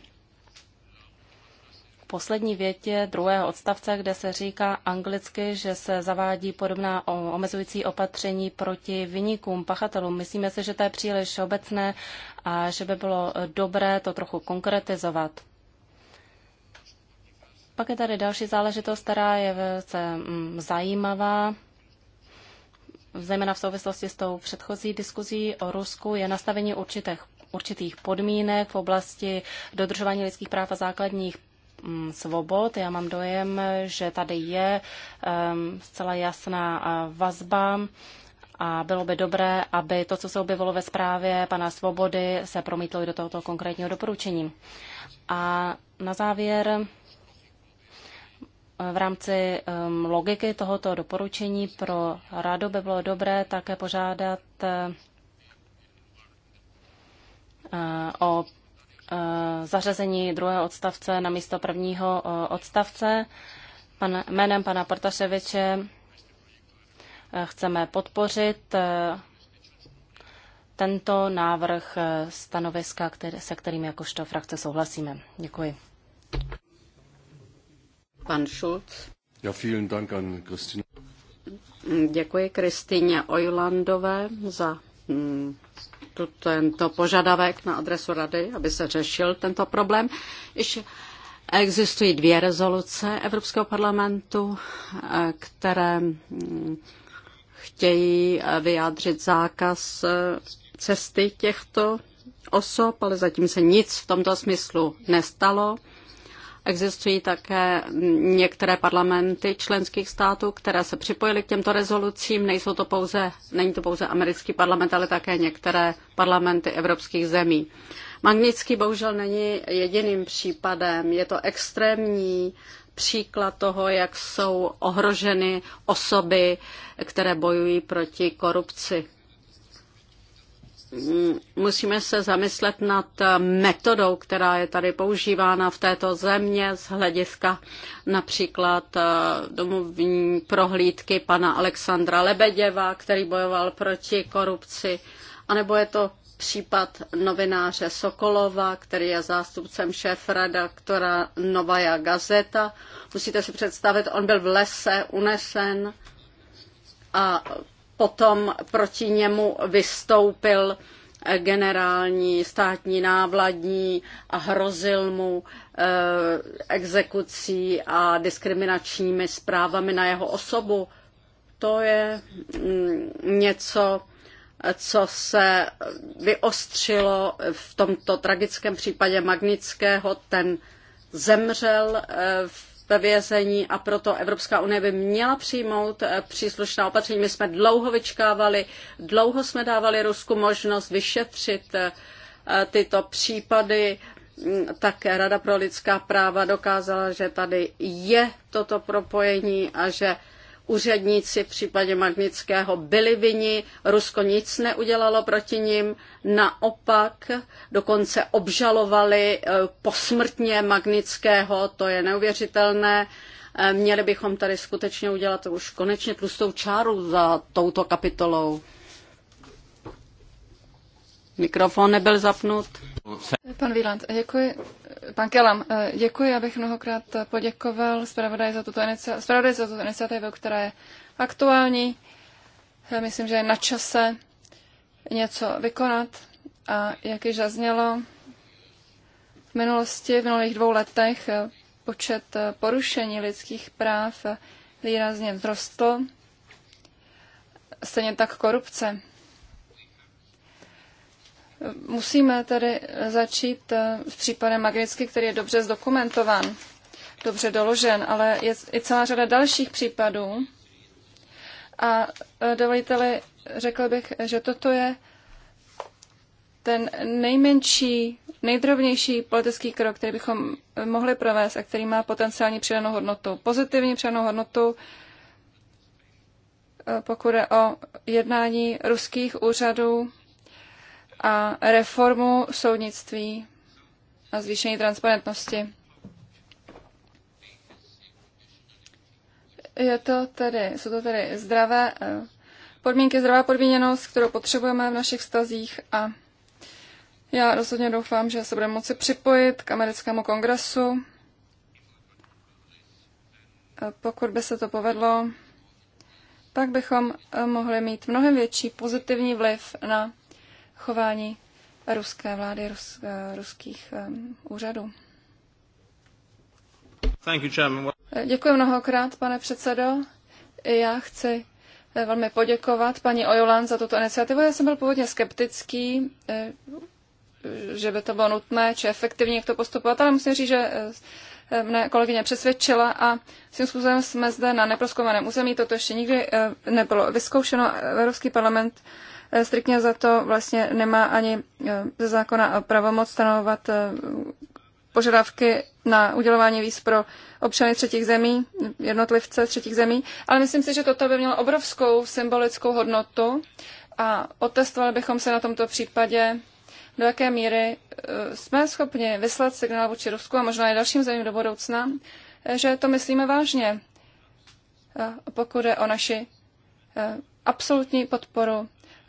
poslední větě druhého odstavce, kde se říká anglicky, že se zavádí podobná omezující opatření proti vynikům, pachatelům. Myslíme si, že to je příliš obecné a že by bylo dobré to trochu konkretizovat. Pak je tady další záležitost, která je velice mm, zajímavá zejména v souvislosti s tou předchozí diskuzí o Rusku, je nastavení určitých, určitých podmínek v oblasti dodržování lidských práv a základních Mm, svobod. Já mám dojem, že tady je zcela jasná vazba a bylo by dobré, aby to, co se objevilo ve zprávě pana Svobody, se promítlo i do tohoto konkrétního doporučení. A na závěr v rámci logiky tohoto doporučení pro radu by bylo dobré také požádat eh, o Eh, zařazení druhého odstavce na místo prvního eh, odstavce. Pan, jménem pana Portaševiče eh, chceme podpořit tento návrh stanoviska, který, se kterým jakožto frakce souhlasíme. Děkuji. Pan Schulz. Ja, vielen Dank an Christine. Děkuji Kristýně Ojlandové za mm, tento požadavek na adresu rady, aby se řešil tento problém. Ještě existují dvě rezoluce Evropského parlamentu, které mm, chtějí vyjádřit zákaz eh, cesty těchto osob, ale zatím se nic v tomto smyslu nestalo. Existují také některé parlamenty členských států, které se připojily k těmto rezolucím. Nejsou to pouze, není to pouze americký parlament, ale také některé parlamenty evropských zemí. Magnický bohužel není jediným případem. Je to extrémní příklad toho, jak jsou ohroženy osoby, které bojují proti korupci musíme se zamyslet nad eh, metodou, která je tady používána v této země z hlediska například eh, domovní prohlídky pana Alexandra Lebeděva, který bojoval proti korupci, anebo je to případ novináře Sokolova, který je zástupcem šéf redaktora Novaja Gazeta. Musíte si představit, on byl v lese unesen a potom proti němu vystoupil eh, generální státní návladní a hrozil mu eh, exekucí a diskriminačními zprávami na jeho osobu. To je mm, něco, co se vyostřilo v tomto tragickém případě Magnického. Ten zemřel eh, v ve vězení a proto Evropská unie by měla přijmout eh, příslušná opatření. My jsme dlouho vyčkávali, dlouho jsme dávali Rusku možnost vyšetřit eh, tyto případy. Mm, tak Rada pro lidská práva dokázala, že tady je toto propojení a že úředníci v případě Magnického byli vini, Rusko nic neudělalo proti nim, naopak dokonce obžalovali eh, posmrtně Magnického, to je neuvěřitelné. Eh, měli bychom tady skutečně udělat už konečně tlustou čáru za touto kapitolou. Mikrofon nebyl zapnut. Pan Víland, děkuji. Pan Kelam, eh, děkuji, abych mnohokrát poděkoval zpravodaj za tuto, inicia- zpravodaj za tuto iniciativu, která je aktuální. Já myslím, že je na čase něco vykonat a jak již zaznělo, v minulosti, v minulých dvou letech, eh, počet eh, porušení lidských práv výrazně vzrostl, stejně tak korupce. Musíme tedy začít eh, s případem Magnitsky, který je dobře zdokumentován, dobře doložen, ale je i celá řada dalších případů. A eh, dovolíte-li, řekl bych, že toto je ten nejmenší, nejdrobnější politický krok, který bychom eh, mohli provést a který má potenciální přidanou hodnotu, pozitivní přidanou hodnotu, pokud je o jednání ruských úřadů a reformu soudnictví a zvýšení transparentnosti. Je to tedy, jsou to tedy zdravé eh, podmínky, zdravá podmíněnost, kterou potřebujeme v našich stazích a já rozhodně doufám, že se budeme moci připojit k americkému kongresu. Pokud by se to povedlo, tak bychom eh, mohli mít mnohem větší pozitivní vliv na chování ruské vlády, rus, eh, ruských um, úřadů. Thank you, eh, Děkuji mnohokrát, pane předsedo. Já chci eh, velmi poděkovat paní Ojolan za tuto iniciativu. Já jsem byl původně skeptický, že by to bylo nutné či efektivní, jak to postupovat, ale musím říct, že mne kolegyně přesvědčila a tím způsobem jsme zde na neproskoumaném území, toto ještě nikdy nebylo vyzkoušeno. Evropský parlament Eh, striktně za to vlastně nemá ani eh, ze zákona eh, pravomoc stanovovat požadavky na udělování víz pro občany třetích zemí, jednotlivce třetích zemí, ale myslím si, že toto by mělo obrovskou symbolickou hodnotu a otestovali bychom se na tomto případě, do jaké míry jsme schopni vyslat signál vůči Rusku a možná i dalším zemím do budoucna, že to myslíme vážně, pokud je o naši absolutní podporu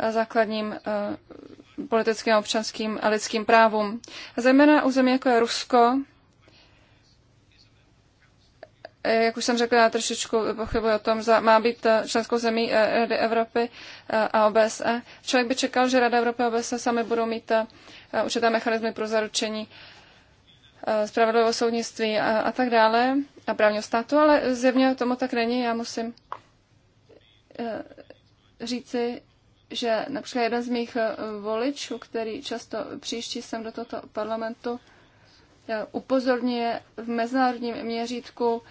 základním eh, politickým, občanským a lidským právům. Zejména u země, jako je Rusko, eh, jak už jsem řekla, já trošičku pochybuji o tom, za, má být eh, členskou zemí Rady Evropy a OBSE. Člověk by čekal, že Rada Evropy a OBSE sami budou mít určité mechanismy pro zaručení spravedlivého soudnictví a, a tak dále a právního státu, ale zjevně tomu tak není. Já musím říci, že například jeden z mých eh, voličů, který často příští sem do tohoto parlamentu, eh, upozorňuje v mezinárodním měřítku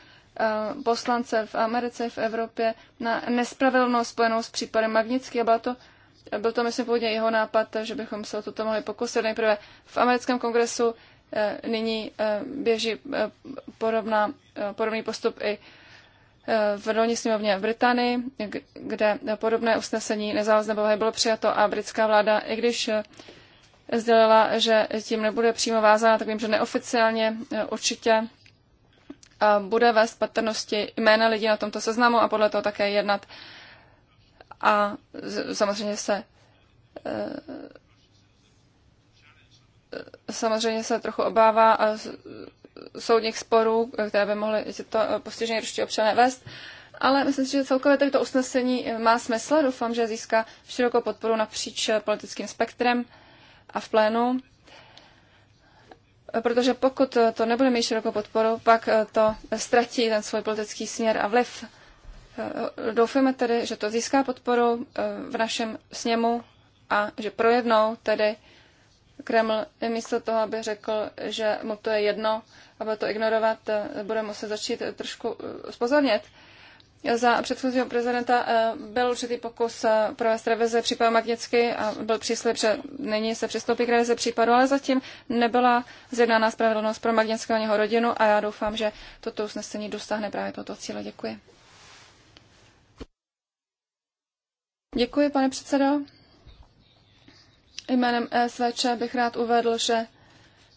eh, poslance v Americe, v Evropě na nespravedlnost spojenou s případem Magnický. A to, byl to, myslím, původně jeho nápad, že bychom se o toto mohli pokusit. Nejprve v americkém kongresu nyní běží podobná, podobný postup i v dolní sněmovně v Británii, kde podobné usnesení nezávazné povahy bylo přijato a britská vláda, i když eh, sdělila, že tím nebude přímo vázána, tak vím, že neoficiálně eh, určitě bude vést patrnosti jména lidí na tomto seznamu a podle toho také jednat. A samozřejmě se eh, samozřejmě se trochu obává a soudních sporů, které by mohly to eh, postižení ruští občané vést. Ale myslím si, že celkově tady to usnesení eh, má smysl. Doufám, že získá širokou podporu napříč eh, politickým spektrem a v plénu. Protože pokud to nebude mít širokou podporu, pak to ztratí ten svůj politický směr a vliv. Doufujeme tedy, že to získá podporu v našem sněmu a že projednou tedy Kreml místo toho, aby řekl, že mu to je jedno a bude to ignorovat, bude muset začít trošku eh, spozornět. Za předchozího prezidenta eh, byl určitý pokus eh, provést revize případu Magnitsky a byl příslip, že nyní se přistoupí k revize případu, ale zatím nebyla zjednána spravedlnost pro Magnického a jeho rodinu a já doufám, že toto usnesení dosáhne právě toto cíle. Děkuji. Děkuji, pane předsedo. Jménem ESVČ bych rád uvedl, že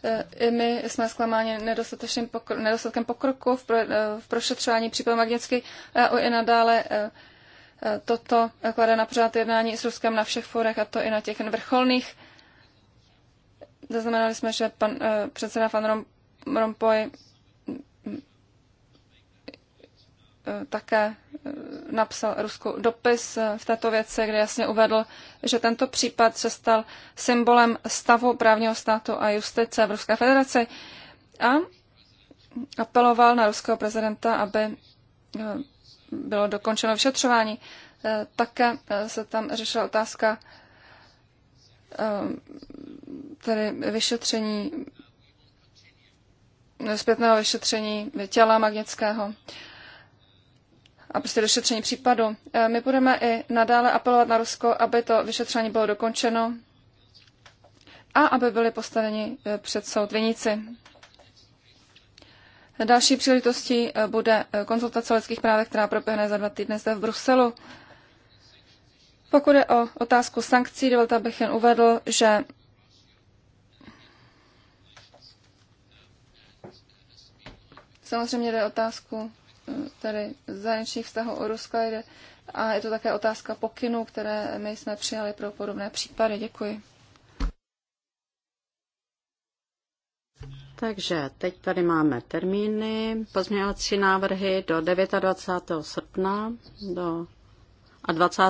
e, i my jsme zklamáni nedostatečným pokro- nedostatkem pokroku v, pro- e, v prošetřování případu Magnicky. A e, i nadále toto klade na pořád jednání s Ruskem na všech forech, a to i na těch vrcholných. Zaznamenali jsme, že pan předseda Van Rompuy Eh, také eh, napsal Rusku dopis eh, v této věci, kde jasně uvedl, že tento případ se stal symbolem stavu právního státu a justice v Ruské federaci a apeloval na ruského prezidenta, aby bylo dokončeno vyšetřování. Také se tam řešila otázka tedy vyšetření, zpětného vyšetření těla magnického a prostě došetření případu. E, my budeme i nadále apelovat na Rusko, aby to vyšetření bylo dokončeno a aby byli postaveni e, před soud viníci. Další příležitostí e, bude konzultace o lidských právech, která proběhne za dva týdny zde v Bruselu. Pokud je o otázku sankcí, dovolte, abych jen uvedl, že samozřejmě jde otázku tedy zahraničních vztahů o Rusko jde. A je to také otázka pokynů, které my jsme přijali pro podobné případy. Děkuji. Takže teď tady máme termíny, pozměňovací návrhy do 29. srpna do a 20.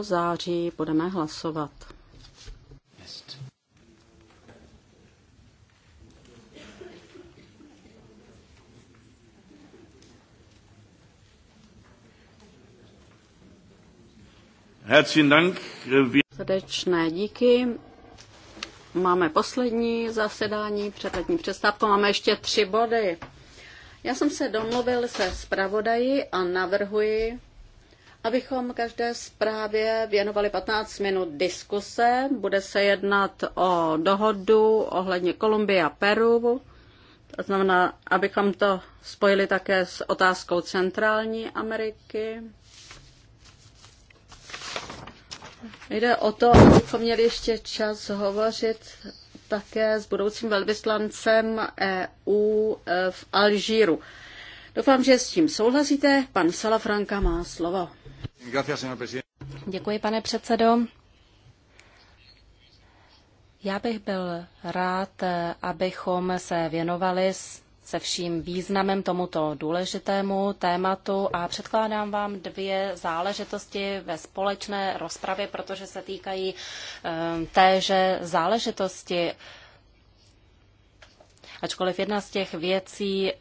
září budeme hlasovat. Srdečné díky. Máme poslední zasedání před letní přestávkou. Máme ještě tři body. Já jsem se domluvil se zpravodají a navrhuji, abychom každé zprávě věnovali 15 minut diskuse. Bude se jednat o dohodu ohledně Kolumbie a Peru. To znamená, abychom to spojili také s otázkou Centrální Ameriky. Jde o to, abychom měli ještě čas hovořit také s budoucím velvyslancem EU e, v Alžíru. Doufám, že s tím souhlasíte. Pan Salafranka má slovo. Děkuji, pane předsedo. Já bych byl rád, abychom se věnovali s se vším významem tomuto důležitému tématu a předkládám vám dvě záležitosti ve společné rozpravě, protože se týkají eh, téže záležitosti. Ačkoliv jedna z těch věcí eh,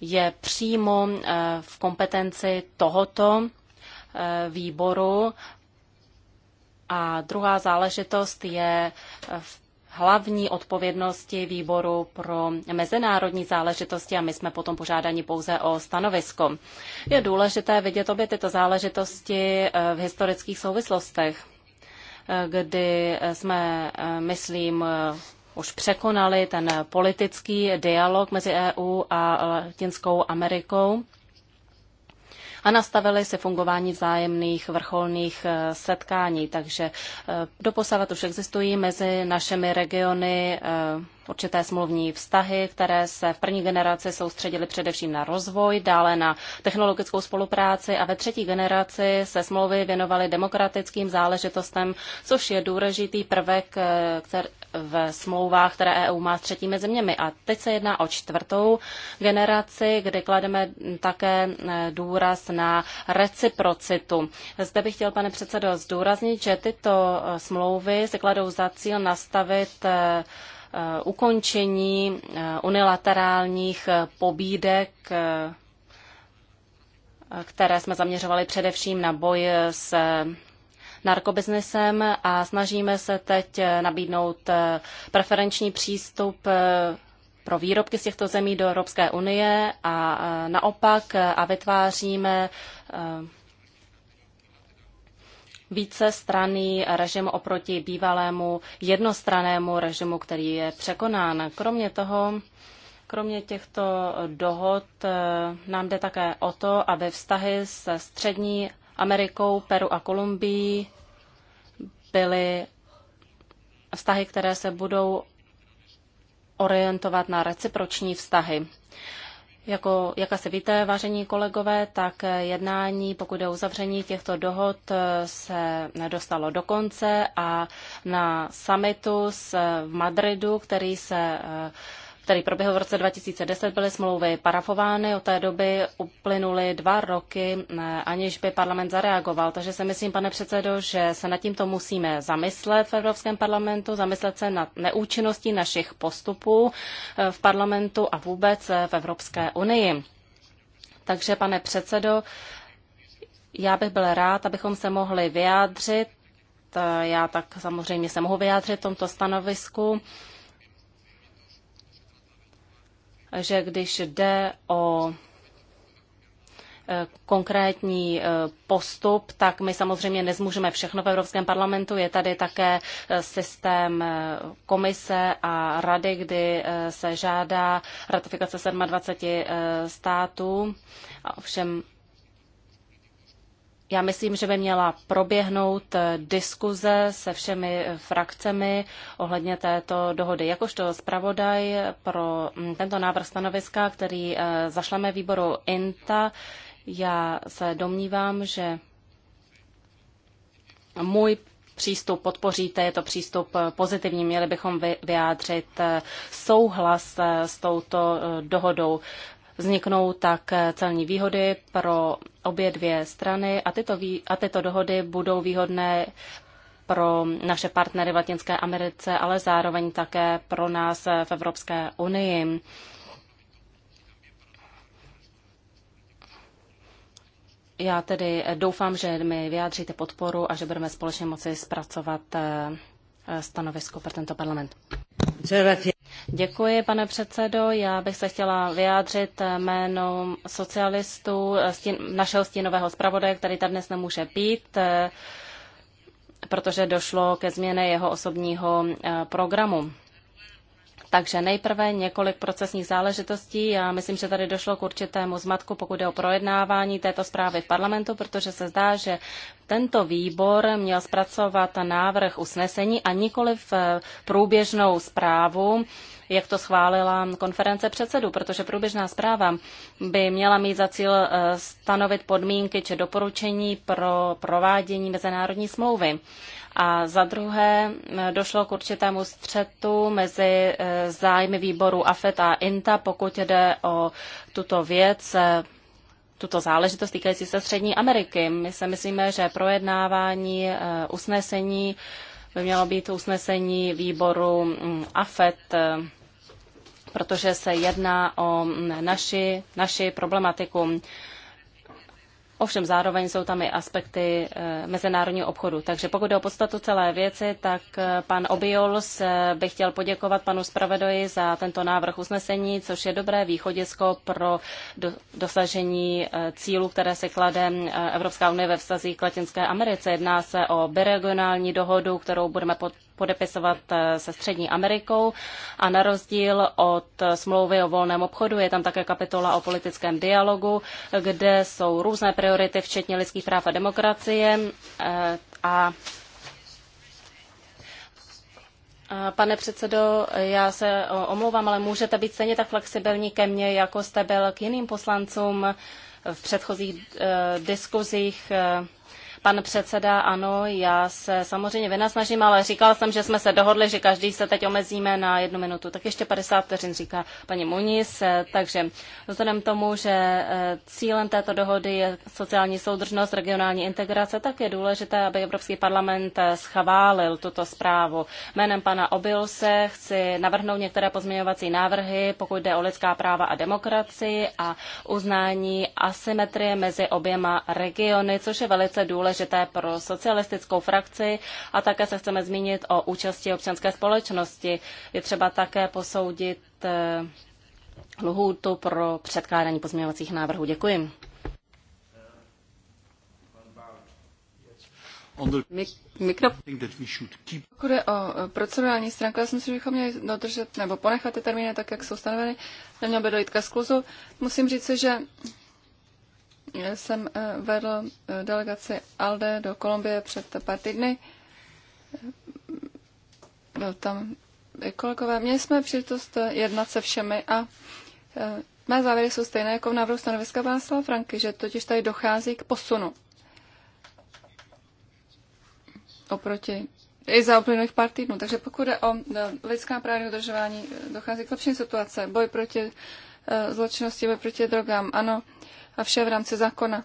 je přímo eh, v kompetenci tohoto výboru, a druhá záležitost je v hlavní odpovědnosti výboru pro mezinárodní záležitosti a my jsme potom požádani pouze o stanovisko. Je důležité vidět obě tyto záležitosti eh, v historických souvislostech, eh, kdy jsme, eh, myslím, už překonali ten politický dialog mezi EU a Latinskou Amerikou a nastavili si fungování vzájemných vrcholných eh, setkání. Takže eh, doposud už existují mezi našimi regiony eh, určité smluvní vztahy, které se v první generaci soustředily především na rozvoj, dále na technologickou spolupráci a ve třetí generaci se smlouvy věnovaly demokratickým záležitostem, což je důležitý prvek eh, který, v smlouvách, které EU má s třetími zeměmi. A teď se jedná o čtvrtou generaci, kde klademe také eh, důraz na reciprocitu. Zde bych chtěl, pane předsedo, zdůraznit, že tyto eh, smlouvy se kladou za cíl nastavit Eh, ukončení eh, unilaterálních eh, pobídek, které jsme zaměřovali především na boj s narkobiznesem a snažíme se teď nabídnout preferenční přístup pro výrobky z těchto zemí do Evropské unie a naopak a vytváříme vícestranný režim oproti bývalému jednostranému režimu, který je překonán. Kromě toho, Kromě těchto dohod eh, nám jde také o to, aby vztahy se Střední Amerikou, Peru a Kolumbií byly vztahy, které se budou orientovat na reciproční vztahy. Jako, jak asi víte, vážení kolegové, tak jednání, pokud je uzavření těchto dohod, se dostalo do konce a na summitu v Madridu, který se který proběhl v roce 2010, byly smlouvy parafovány. Od té doby uplynuly dva roky, aniž by parlament zareagoval. Takže si myslím, pane předsedo, že se nad tímto musíme zamyslet v Evropském parlamentu, zamyslet se nad neúčinností našich postupů eh, v parlamentu a vůbec eh, v Evropské unii. Takže, pane předsedo, já bych byl rád, abychom se mohli vyjádřit. Eh, já tak samozřejmě se mohu vyjádřit v tomto stanovisku že když jde o e, konkrétní e, postup, tak my samozřejmě nezmůžeme všechno v Evropském parlamentu. Je tady také e, systém komise a rady, kdy se žádá ratifikace 27 států. Ovšem já myslím, že by měla proběhnout eh, diskuze se všemi frakcemi ohledně této dohody. Jakožto zpravodaj pro mm, tento návrh stanoviska, který eh, zašleme výboru INTA, já se domnívám, že můj přístup podpoříte, je to přístup eh, pozitivní, měli bychom vyjádřit souhlas s touto dohodou. Vzniknou tak eh, celní výhody pro obě dvě strany a tyto, vý, a tyto dohody budou výhodné pro naše partnery v Latinské Americe, ale zároveň také pro nás eh, v Evropské unii. Já tedy eh, doufám, že mi vyjádříte podporu a že budeme společně moci zpracovat stanovisko pro tento parlament. Děkuji, pane předsedo. Já bych se chtěla vyjádřit jméno socialistů, stín, našeho stínového zpravodaje, který tady dnes nemůže být, eh, protože došlo ke změně jeho osobního eh, programu. Takže nejprve několik procesních záležitostí. Já myslím, že tady došlo k určitému zmatku, pokud je o projednávání této zprávy v parlamentu, protože se zdá, že tento výbor měl zpracovat návrh usnesení a nikoli v eh, průběžnou zprávu, jak to schválila konference předsedů, protože průběžná zpráva by měla mít za cíl eh, stanovit podmínky či doporučení pro provádění mezinárodní smlouvy. A za druhé eh, došlo k určitému střetu mezi eh, zájmy výboru AFET a INTA, pokud jde o tuto věc, eh, tuto záležitost týkající se Střední Ameriky. My se myslíme, že projednávání usnesení by mělo být usnesení výboru mm, AFET, protože se jedná o mm, naši, naši problematiku. Ovšem zároveň jsou tam i aspekty eh, mezinárodního obchodu. Takže pokud jde o podstatu celé věci, tak eh, pan Obiols eh, by chtěl poděkovat panu Spravedoji za tento návrh usnesení, což je dobré východisko pro dosažení cílů, které se klade Evropská unie ve vztazích k Latinské Americe. Jedná se o biregionální dohodu, kterou budeme pod podepisovat eh, se Střední Amerikou a na rozdíl od eh, smlouvy o volném obchodu je tam také kapitola o politickém dialogu, kde jsou různé priority, včetně lidských práv a demokracie eh, a Pane předsedo, já se omlouvám, ale můžete být stejně tak flexibilní ke mně, jako jste byl k jiným poslancům v předchozích diskuzích. Pan předseda, ano, já se samozřejmě vynasnažím, ale říkal jsem, že jsme se dohodli, že každý se teď omezíme na jednu minutu. Tak ještě 50 vteřin říká paní Muniz. Takže vzhledem tomu, že eh, cílem této dohody je sociální soudržnost, regionální integrace, tak je důležité, aby Evropský parlament eh, schválil tuto zprávu. Jménem pana Obilse chci navrhnout některé pozměňovací návrhy, pokud jde o lidská práva a demokracii a uznání asymetrie mezi oběma regiony, což je velice důležité důležité pro socialistickou frakci a také se chceme zmínit o účasti občanské společnosti. Je třeba také posoudit eh, lhůtu pro předkládání pozměňovacích návrhů. Děkuji. Mikro... Pokud je o eh, procedurální stránku, já si myslím, že bychom měli dodržet nebo ponechat ty termíny tak, jak jsou stanoveny. Nemělo by dojít ke skluzu. Musím říct, že jsem eh, vedl eh, delegaci ALDE do Kolumbie před pár týdny. Byl tam i kolegové. Měli jsme příležitost eh, jednat se všemi a mé závěry jsou stejné jako v návrhu stanoviska Václava Franky, že totiž tady dochází k posunu oproti i za uplynulých pár týdnů. Takže pokud jde o lidská právní udržování, dochází k lepší situace. Boj proti zločinnosti, boj proti drogám, ano, a vše v rámci zákona.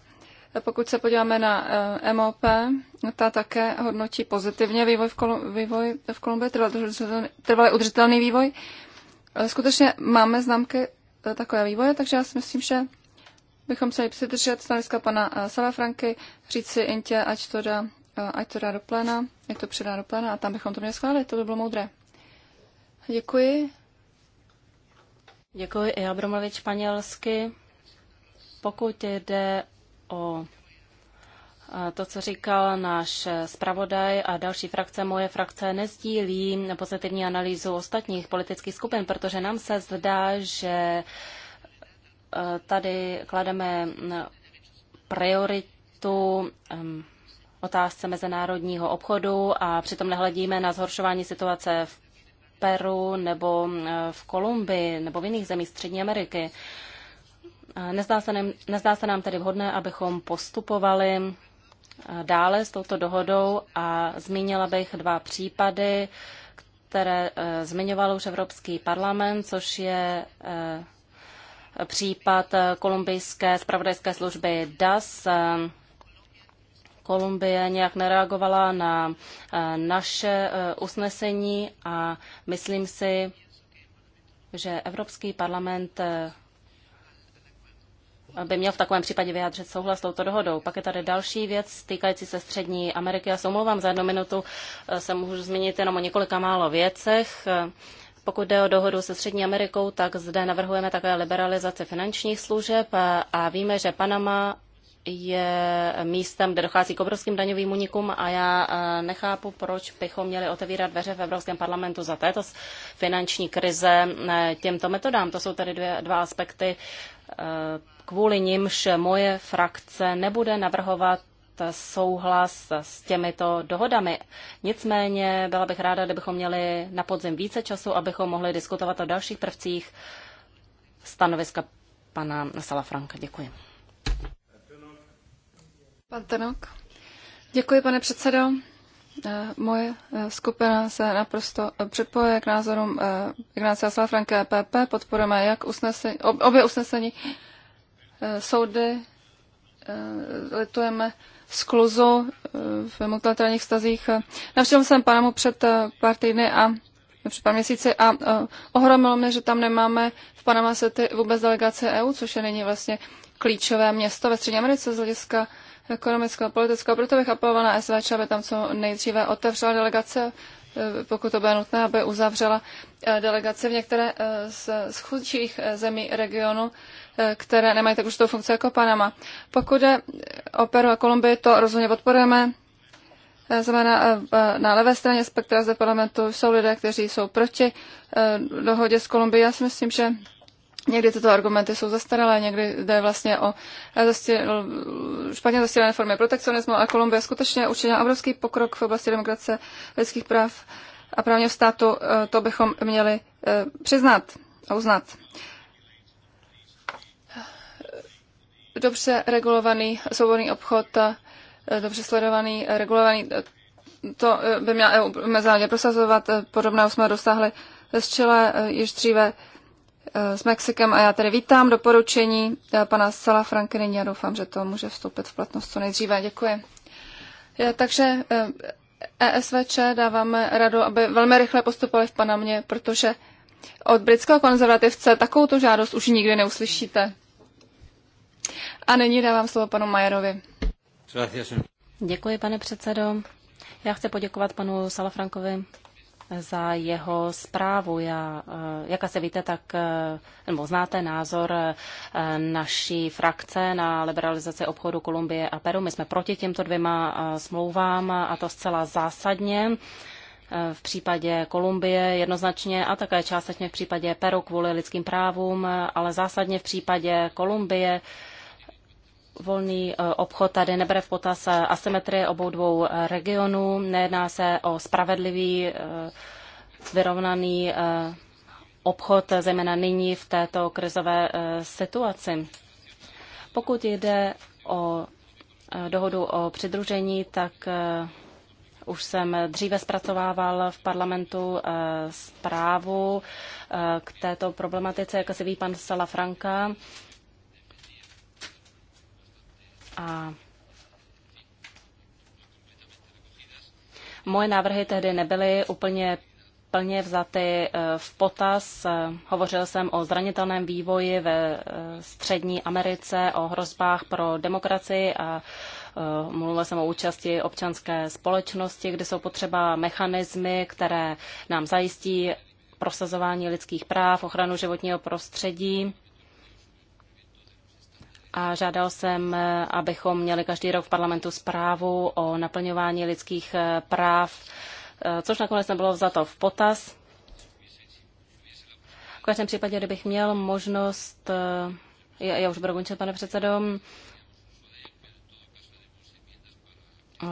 Pokud se podíváme na eh, MOP, ta také hodnotí pozitivně vývoj v, Kolum- vývoj v Kolumbii, trvalý udržitelný vývoj. Skutečně máme známky eh, takové vývoje, takže já si myslím, že bychom se měli přidržet stanoviska pana eh, Franky, říct si Intě, ať to dá, ať to dá do pléna, ať to předá do pléna a tam bychom to měli schválit, to by bylo moudré. Děkuji. Děkuji, já budu mluvit španělsky. Pokud jde o to, co říkal náš zpravodaj a další frakce, moje frakce nezdílí pozitivní analýzu ostatních politických skupin, protože nám se zdá, že e, tady klademe prioritu otázce mezinárodního obchodu a přitom nehledíme na zhoršování situace v Peru nebo e, v Kolumbii nebo v jiných zemích Střední Ameriky. Nezdá se, nám, nezdá se nám tedy vhodné, abychom postupovali e, dále s touto dohodou a zmínila bych dva případy, které e, zmiňoval už Evropský parlament, což je e, případ kolumbijské spravodajské služby DAS. Kolumbie nějak nereagovala na naše usnesení a myslím si, že Evropský parlament by měl v takovém případě vyjádřit souhlas s touto dohodou. Pak je tady další věc týkající se Střední Ameriky. Já se omlouvám, za jednu minutu eh, se můžu zmínit jenom o několika málo věcech. Eh, pokud jde o dohodu se Střední Amerikou, tak zde navrhujeme také liberalizaci finančních služeb a víme, že Panama je místem, kde dochází k obrovským daňovým unikům a já eh, nechápu, proč bychom měli otevírat dveře v Evropském parlamentu za této finanční krize těmto metodám. To jsou tedy dvě, dva aspekty kvůli nimž moje frakce nebude navrhovat souhlas s těmito dohodami. Nicméně byla bych ráda, kdybychom měli na podzim více času, abychom mohli diskutovat o dalších prvcích stanoviska pana Salafranka. Děkuji. Pan Tenok. Děkuji, pane předsedo. Eh, moje eh, skupina se naprosto eh, připojuje k názorům Ignácia Salafranka a PP. Podporujeme jak usnesení, obě usnesení Eh, soudy eh, litujeme skluzu eh, v multilaterálních stazích. Navštívil jsem Panamu před pár týdny a před pár měsíci a ohromilo mě, že tam nemáme v Panama City vůbec delegace EU, což je nyní vlastně klíčové město ve Střední Americe z hlediska ekonomického a politického. Proto bych apeloval na SVČ, aby tam co nejdříve otevřela delegace, pokud to bude nutné, aby uzavřela delegace v některé z chudších zemí regionu, Eh, které nemají tak tou funkci jako Panama. Pokud je o Peru a Kolumbii, to rozhodně podporujeme. Eh, Znamená, eh, na levé straně spektra zde parlamentu jsou lidé, kteří jsou proti dohodě s Kolumbií. Já si myslím, že Někdy tyto argumenty jsou zastaralé, někdy jde vlastně o špatně zastírané formy protekcionismu a Kolumbie skutečně učinila obrovský pokrok v oblasti demokracie, lidských práv a právního státu. To bychom měli přiznat a uznat. dobře regulovaný svobodný obchod, eh, dobře sledovaný, eh, regulovaný, eh, to by měla EU mezinárodně prosazovat. Podobného jsme dosáhli z Chile již dříve s Mexikem a já tedy vítám doporučení pana Sala Frankeny a doufám, že to může vstoupit v platnost co nejdříve. Děkuji. Takže ESVČ e dáváme radu, aby velmi rychle postupovali v Panamě, protože od britského konzervativce takovou tu žádost už nikdy neuslyšíte. A nyní dávám slovo panu Majerovi. Děkuji, pane předsedo. Já chci poděkovat panu Salafrankovi za jeho zprávu. Já, eh, jak asi víte, tak eh, nebo znáte názor eh, naší frakce na liberalizaci obchodu Kolumbie a Peru. My jsme proti těmto dvěma smlouvám a to zcela zásadně. V případě Kolumbie jednoznačně a také částečně v případě Peru kvůli lidským právům, ale zásadně v případě Kolumbie volný eh, obchod tady nebere v potaz eh, asymetrie obou dvou eh, regionů. Nejedná se o spravedlivý, vyrovnaný obchod, zejména nyní v této krizové situaci. Pokud jde o dohodu o přidružení, tak už jsem dříve zpracovával v parlamentu zprávu k této problematice, jak asi ví pan Salafranka. Franka. A moje návrhy tehdy nebyly úplně plně vzaty eh, v potaz. Hovořil jsem o zranitelném vývoji ve eh, střední Americe, o hrozbách pro demokracii a eh, mluvil jsem o účasti občanské společnosti, kde jsou potřeba mechanismy, které nám zajistí prosazování lidských práv, ochranu životního prostředí a žádal jsem, abychom měli každý rok v parlamentu zprávu o naplňování lidských eh, práv, eh, což nakonec nebylo vzato v potaz. V každém případě, kdybych měl možnost, eh, já, já už budu končit, pane předsedo,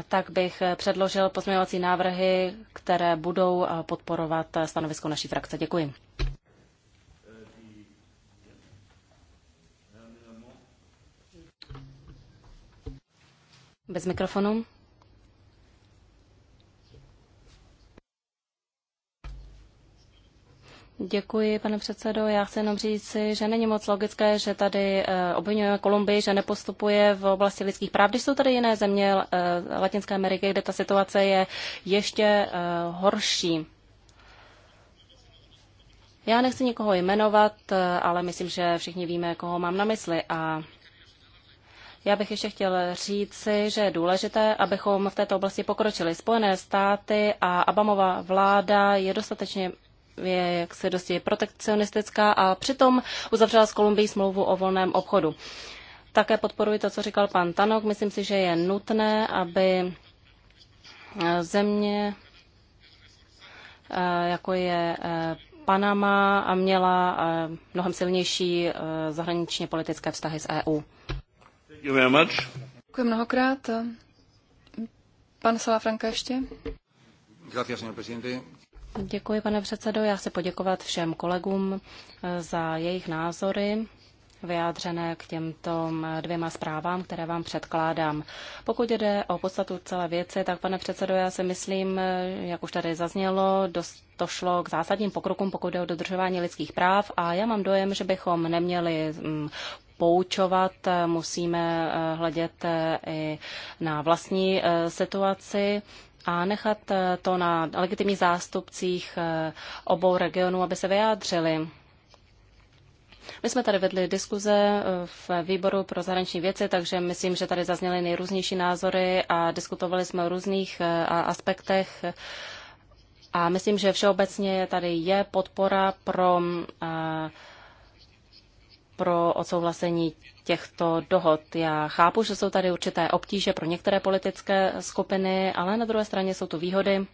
tak bych předložil pozměňovací návrhy, které budou podporovat stanovisko naší frakce. Děkuji. Bez mikrofonu. Děkuji, pane předsedo. Já chci jenom říci, že není moc logické, že tady eh, obvinujeme Kolumbii, že nepostupuje v oblasti lidských práv, když jsou tady jiné země eh, Latinské Ameriky, kde ta situace je ještě eh, horší. Já nechci nikoho jmenovat, ale myslím, že všichni víme, koho mám na mysli. A já bych ještě chtěl říci, že je důležité, abychom v této oblasti pokročili. Spojené státy a Abamova vláda je dostatečně je jaksi dosti protekcionistická a přitom uzavřela s Kolumbií smlouvu o volném obchodu. Také podporuji to, co říkal pan Tanok. Myslím si, že je nutné, aby země, eh, jako je eh, Panama, měla eh, mnohem silnější zahraničně politické vztahy s EU. Děkuji mnohokrát. Pan Salafranka ještě. Děkuji, pane předsedo. Já chci poděkovat všem kolegům eh, za jejich názory vyjádřené k těmto mm, dvěma zprávám, které vám předkládám. Pokud jde o podstatu celé věci, tak pane předsedo, já si myslím, eh, jak už tady zaznělo, dost to šlo k zásadním pokrokům, pokud jde o dodržování lidských práv a já mám dojem, že bychom neměli mm, poučovat, musíme eh, hledět eh, i na vlastní eh, situaci a nechat to na legitimních zástupcích obou regionů, aby se vyjádřili. My jsme tady vedli diskuze v výboru pro zahraniční věci, takže myslím, že tady zazněly nejrůznější názory a diskutovali jsme o různých aspektech. A myslím, že všeobecně tady je podpora pro pro odsouhlasení těchto dohod. Já chápu, že jsou tady určité obtíže pro některé politické skupiny, ale na druhé straně jsou tu výhody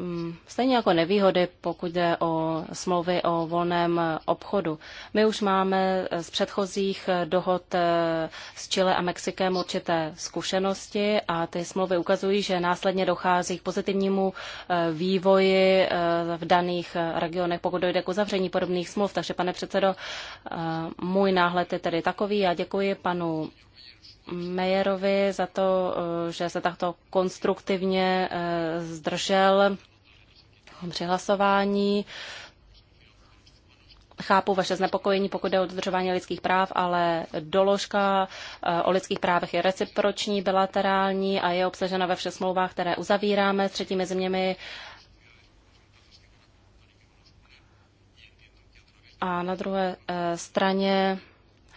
Mm, stejně jako nevýhody, pokud jde o smlouvy o volném obchodu. My už máme z předchozích dohod eh, s Chile a Mexikem určité zkušenosti a ty smlouvy ukazují, že následně dochází k pozitivnímu eh, vývoji eh, v daných regionech, pokud dojde k uzavření podobných smluv. Takže, pane předsedo, můj náhled je tedy takový. Já děkuji panu Mejerovi za to, že se takto konstruktivně zdržel při hlasování. Chápu vaše znepokojení, pokud jde o dodržování lidských práv, ale doložka eh, o lidských právech je reciproční, bilaterální a je obsažena ve všech smlouvách, které uzavíráme s třetími zeměmi. A na druhé eh, straně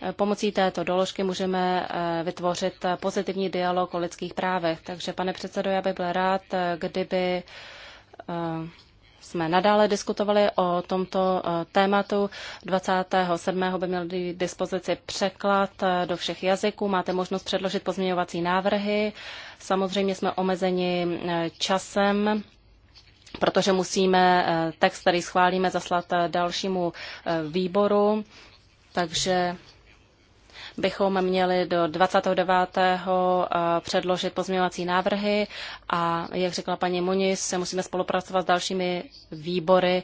eh, Pomocí této doložky můžeme vytvořit pozitivní dialog o lidských právech. Takže, pane předsedo, já bych byl rád, kdyby jsme nadále diskutovali o tomto eh, tématu. 27. by měl být dispozici překlad eh, do všech jazyků. Máte možnost předložit pozměňovací návrhy. Samozřejmě jsme omezeni eh, časem protože musíme text, který schválíme, zaslat dalšímu výboru. Takže bychom měli do 29. Eh, předložit pozměňovací návrhy a, jak řekla paní Munis, se musíme spolupracovat s dalšími výbory,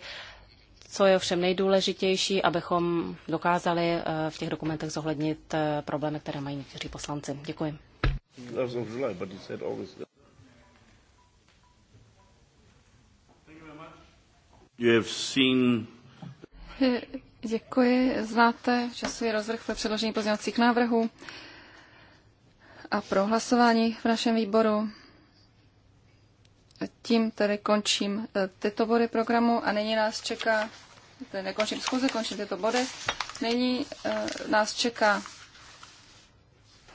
co je ovšem nejdůležitější, abychom dokázali eh, v těch dokumentech zohlednit eh, problémy, které mají někteří poslanci. Děkuji. You have seen Děkuji. Znáte časový rozvrh pro předložení pozměňovacích návrhů a pro hlasování v našem výboru. Tím tedy končím eh, tyto body programu a nyní nás čeká, tedy nekončím schůze, končím tyto body. Nyní eh, nás čeká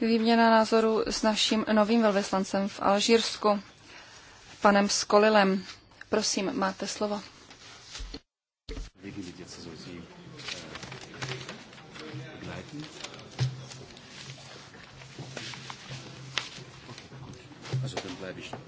výměna názoru s naším novým velvyslancem v Alžírsku, panem Skolilem. Prosím, máte slovo. Děkuji. a dann bleibe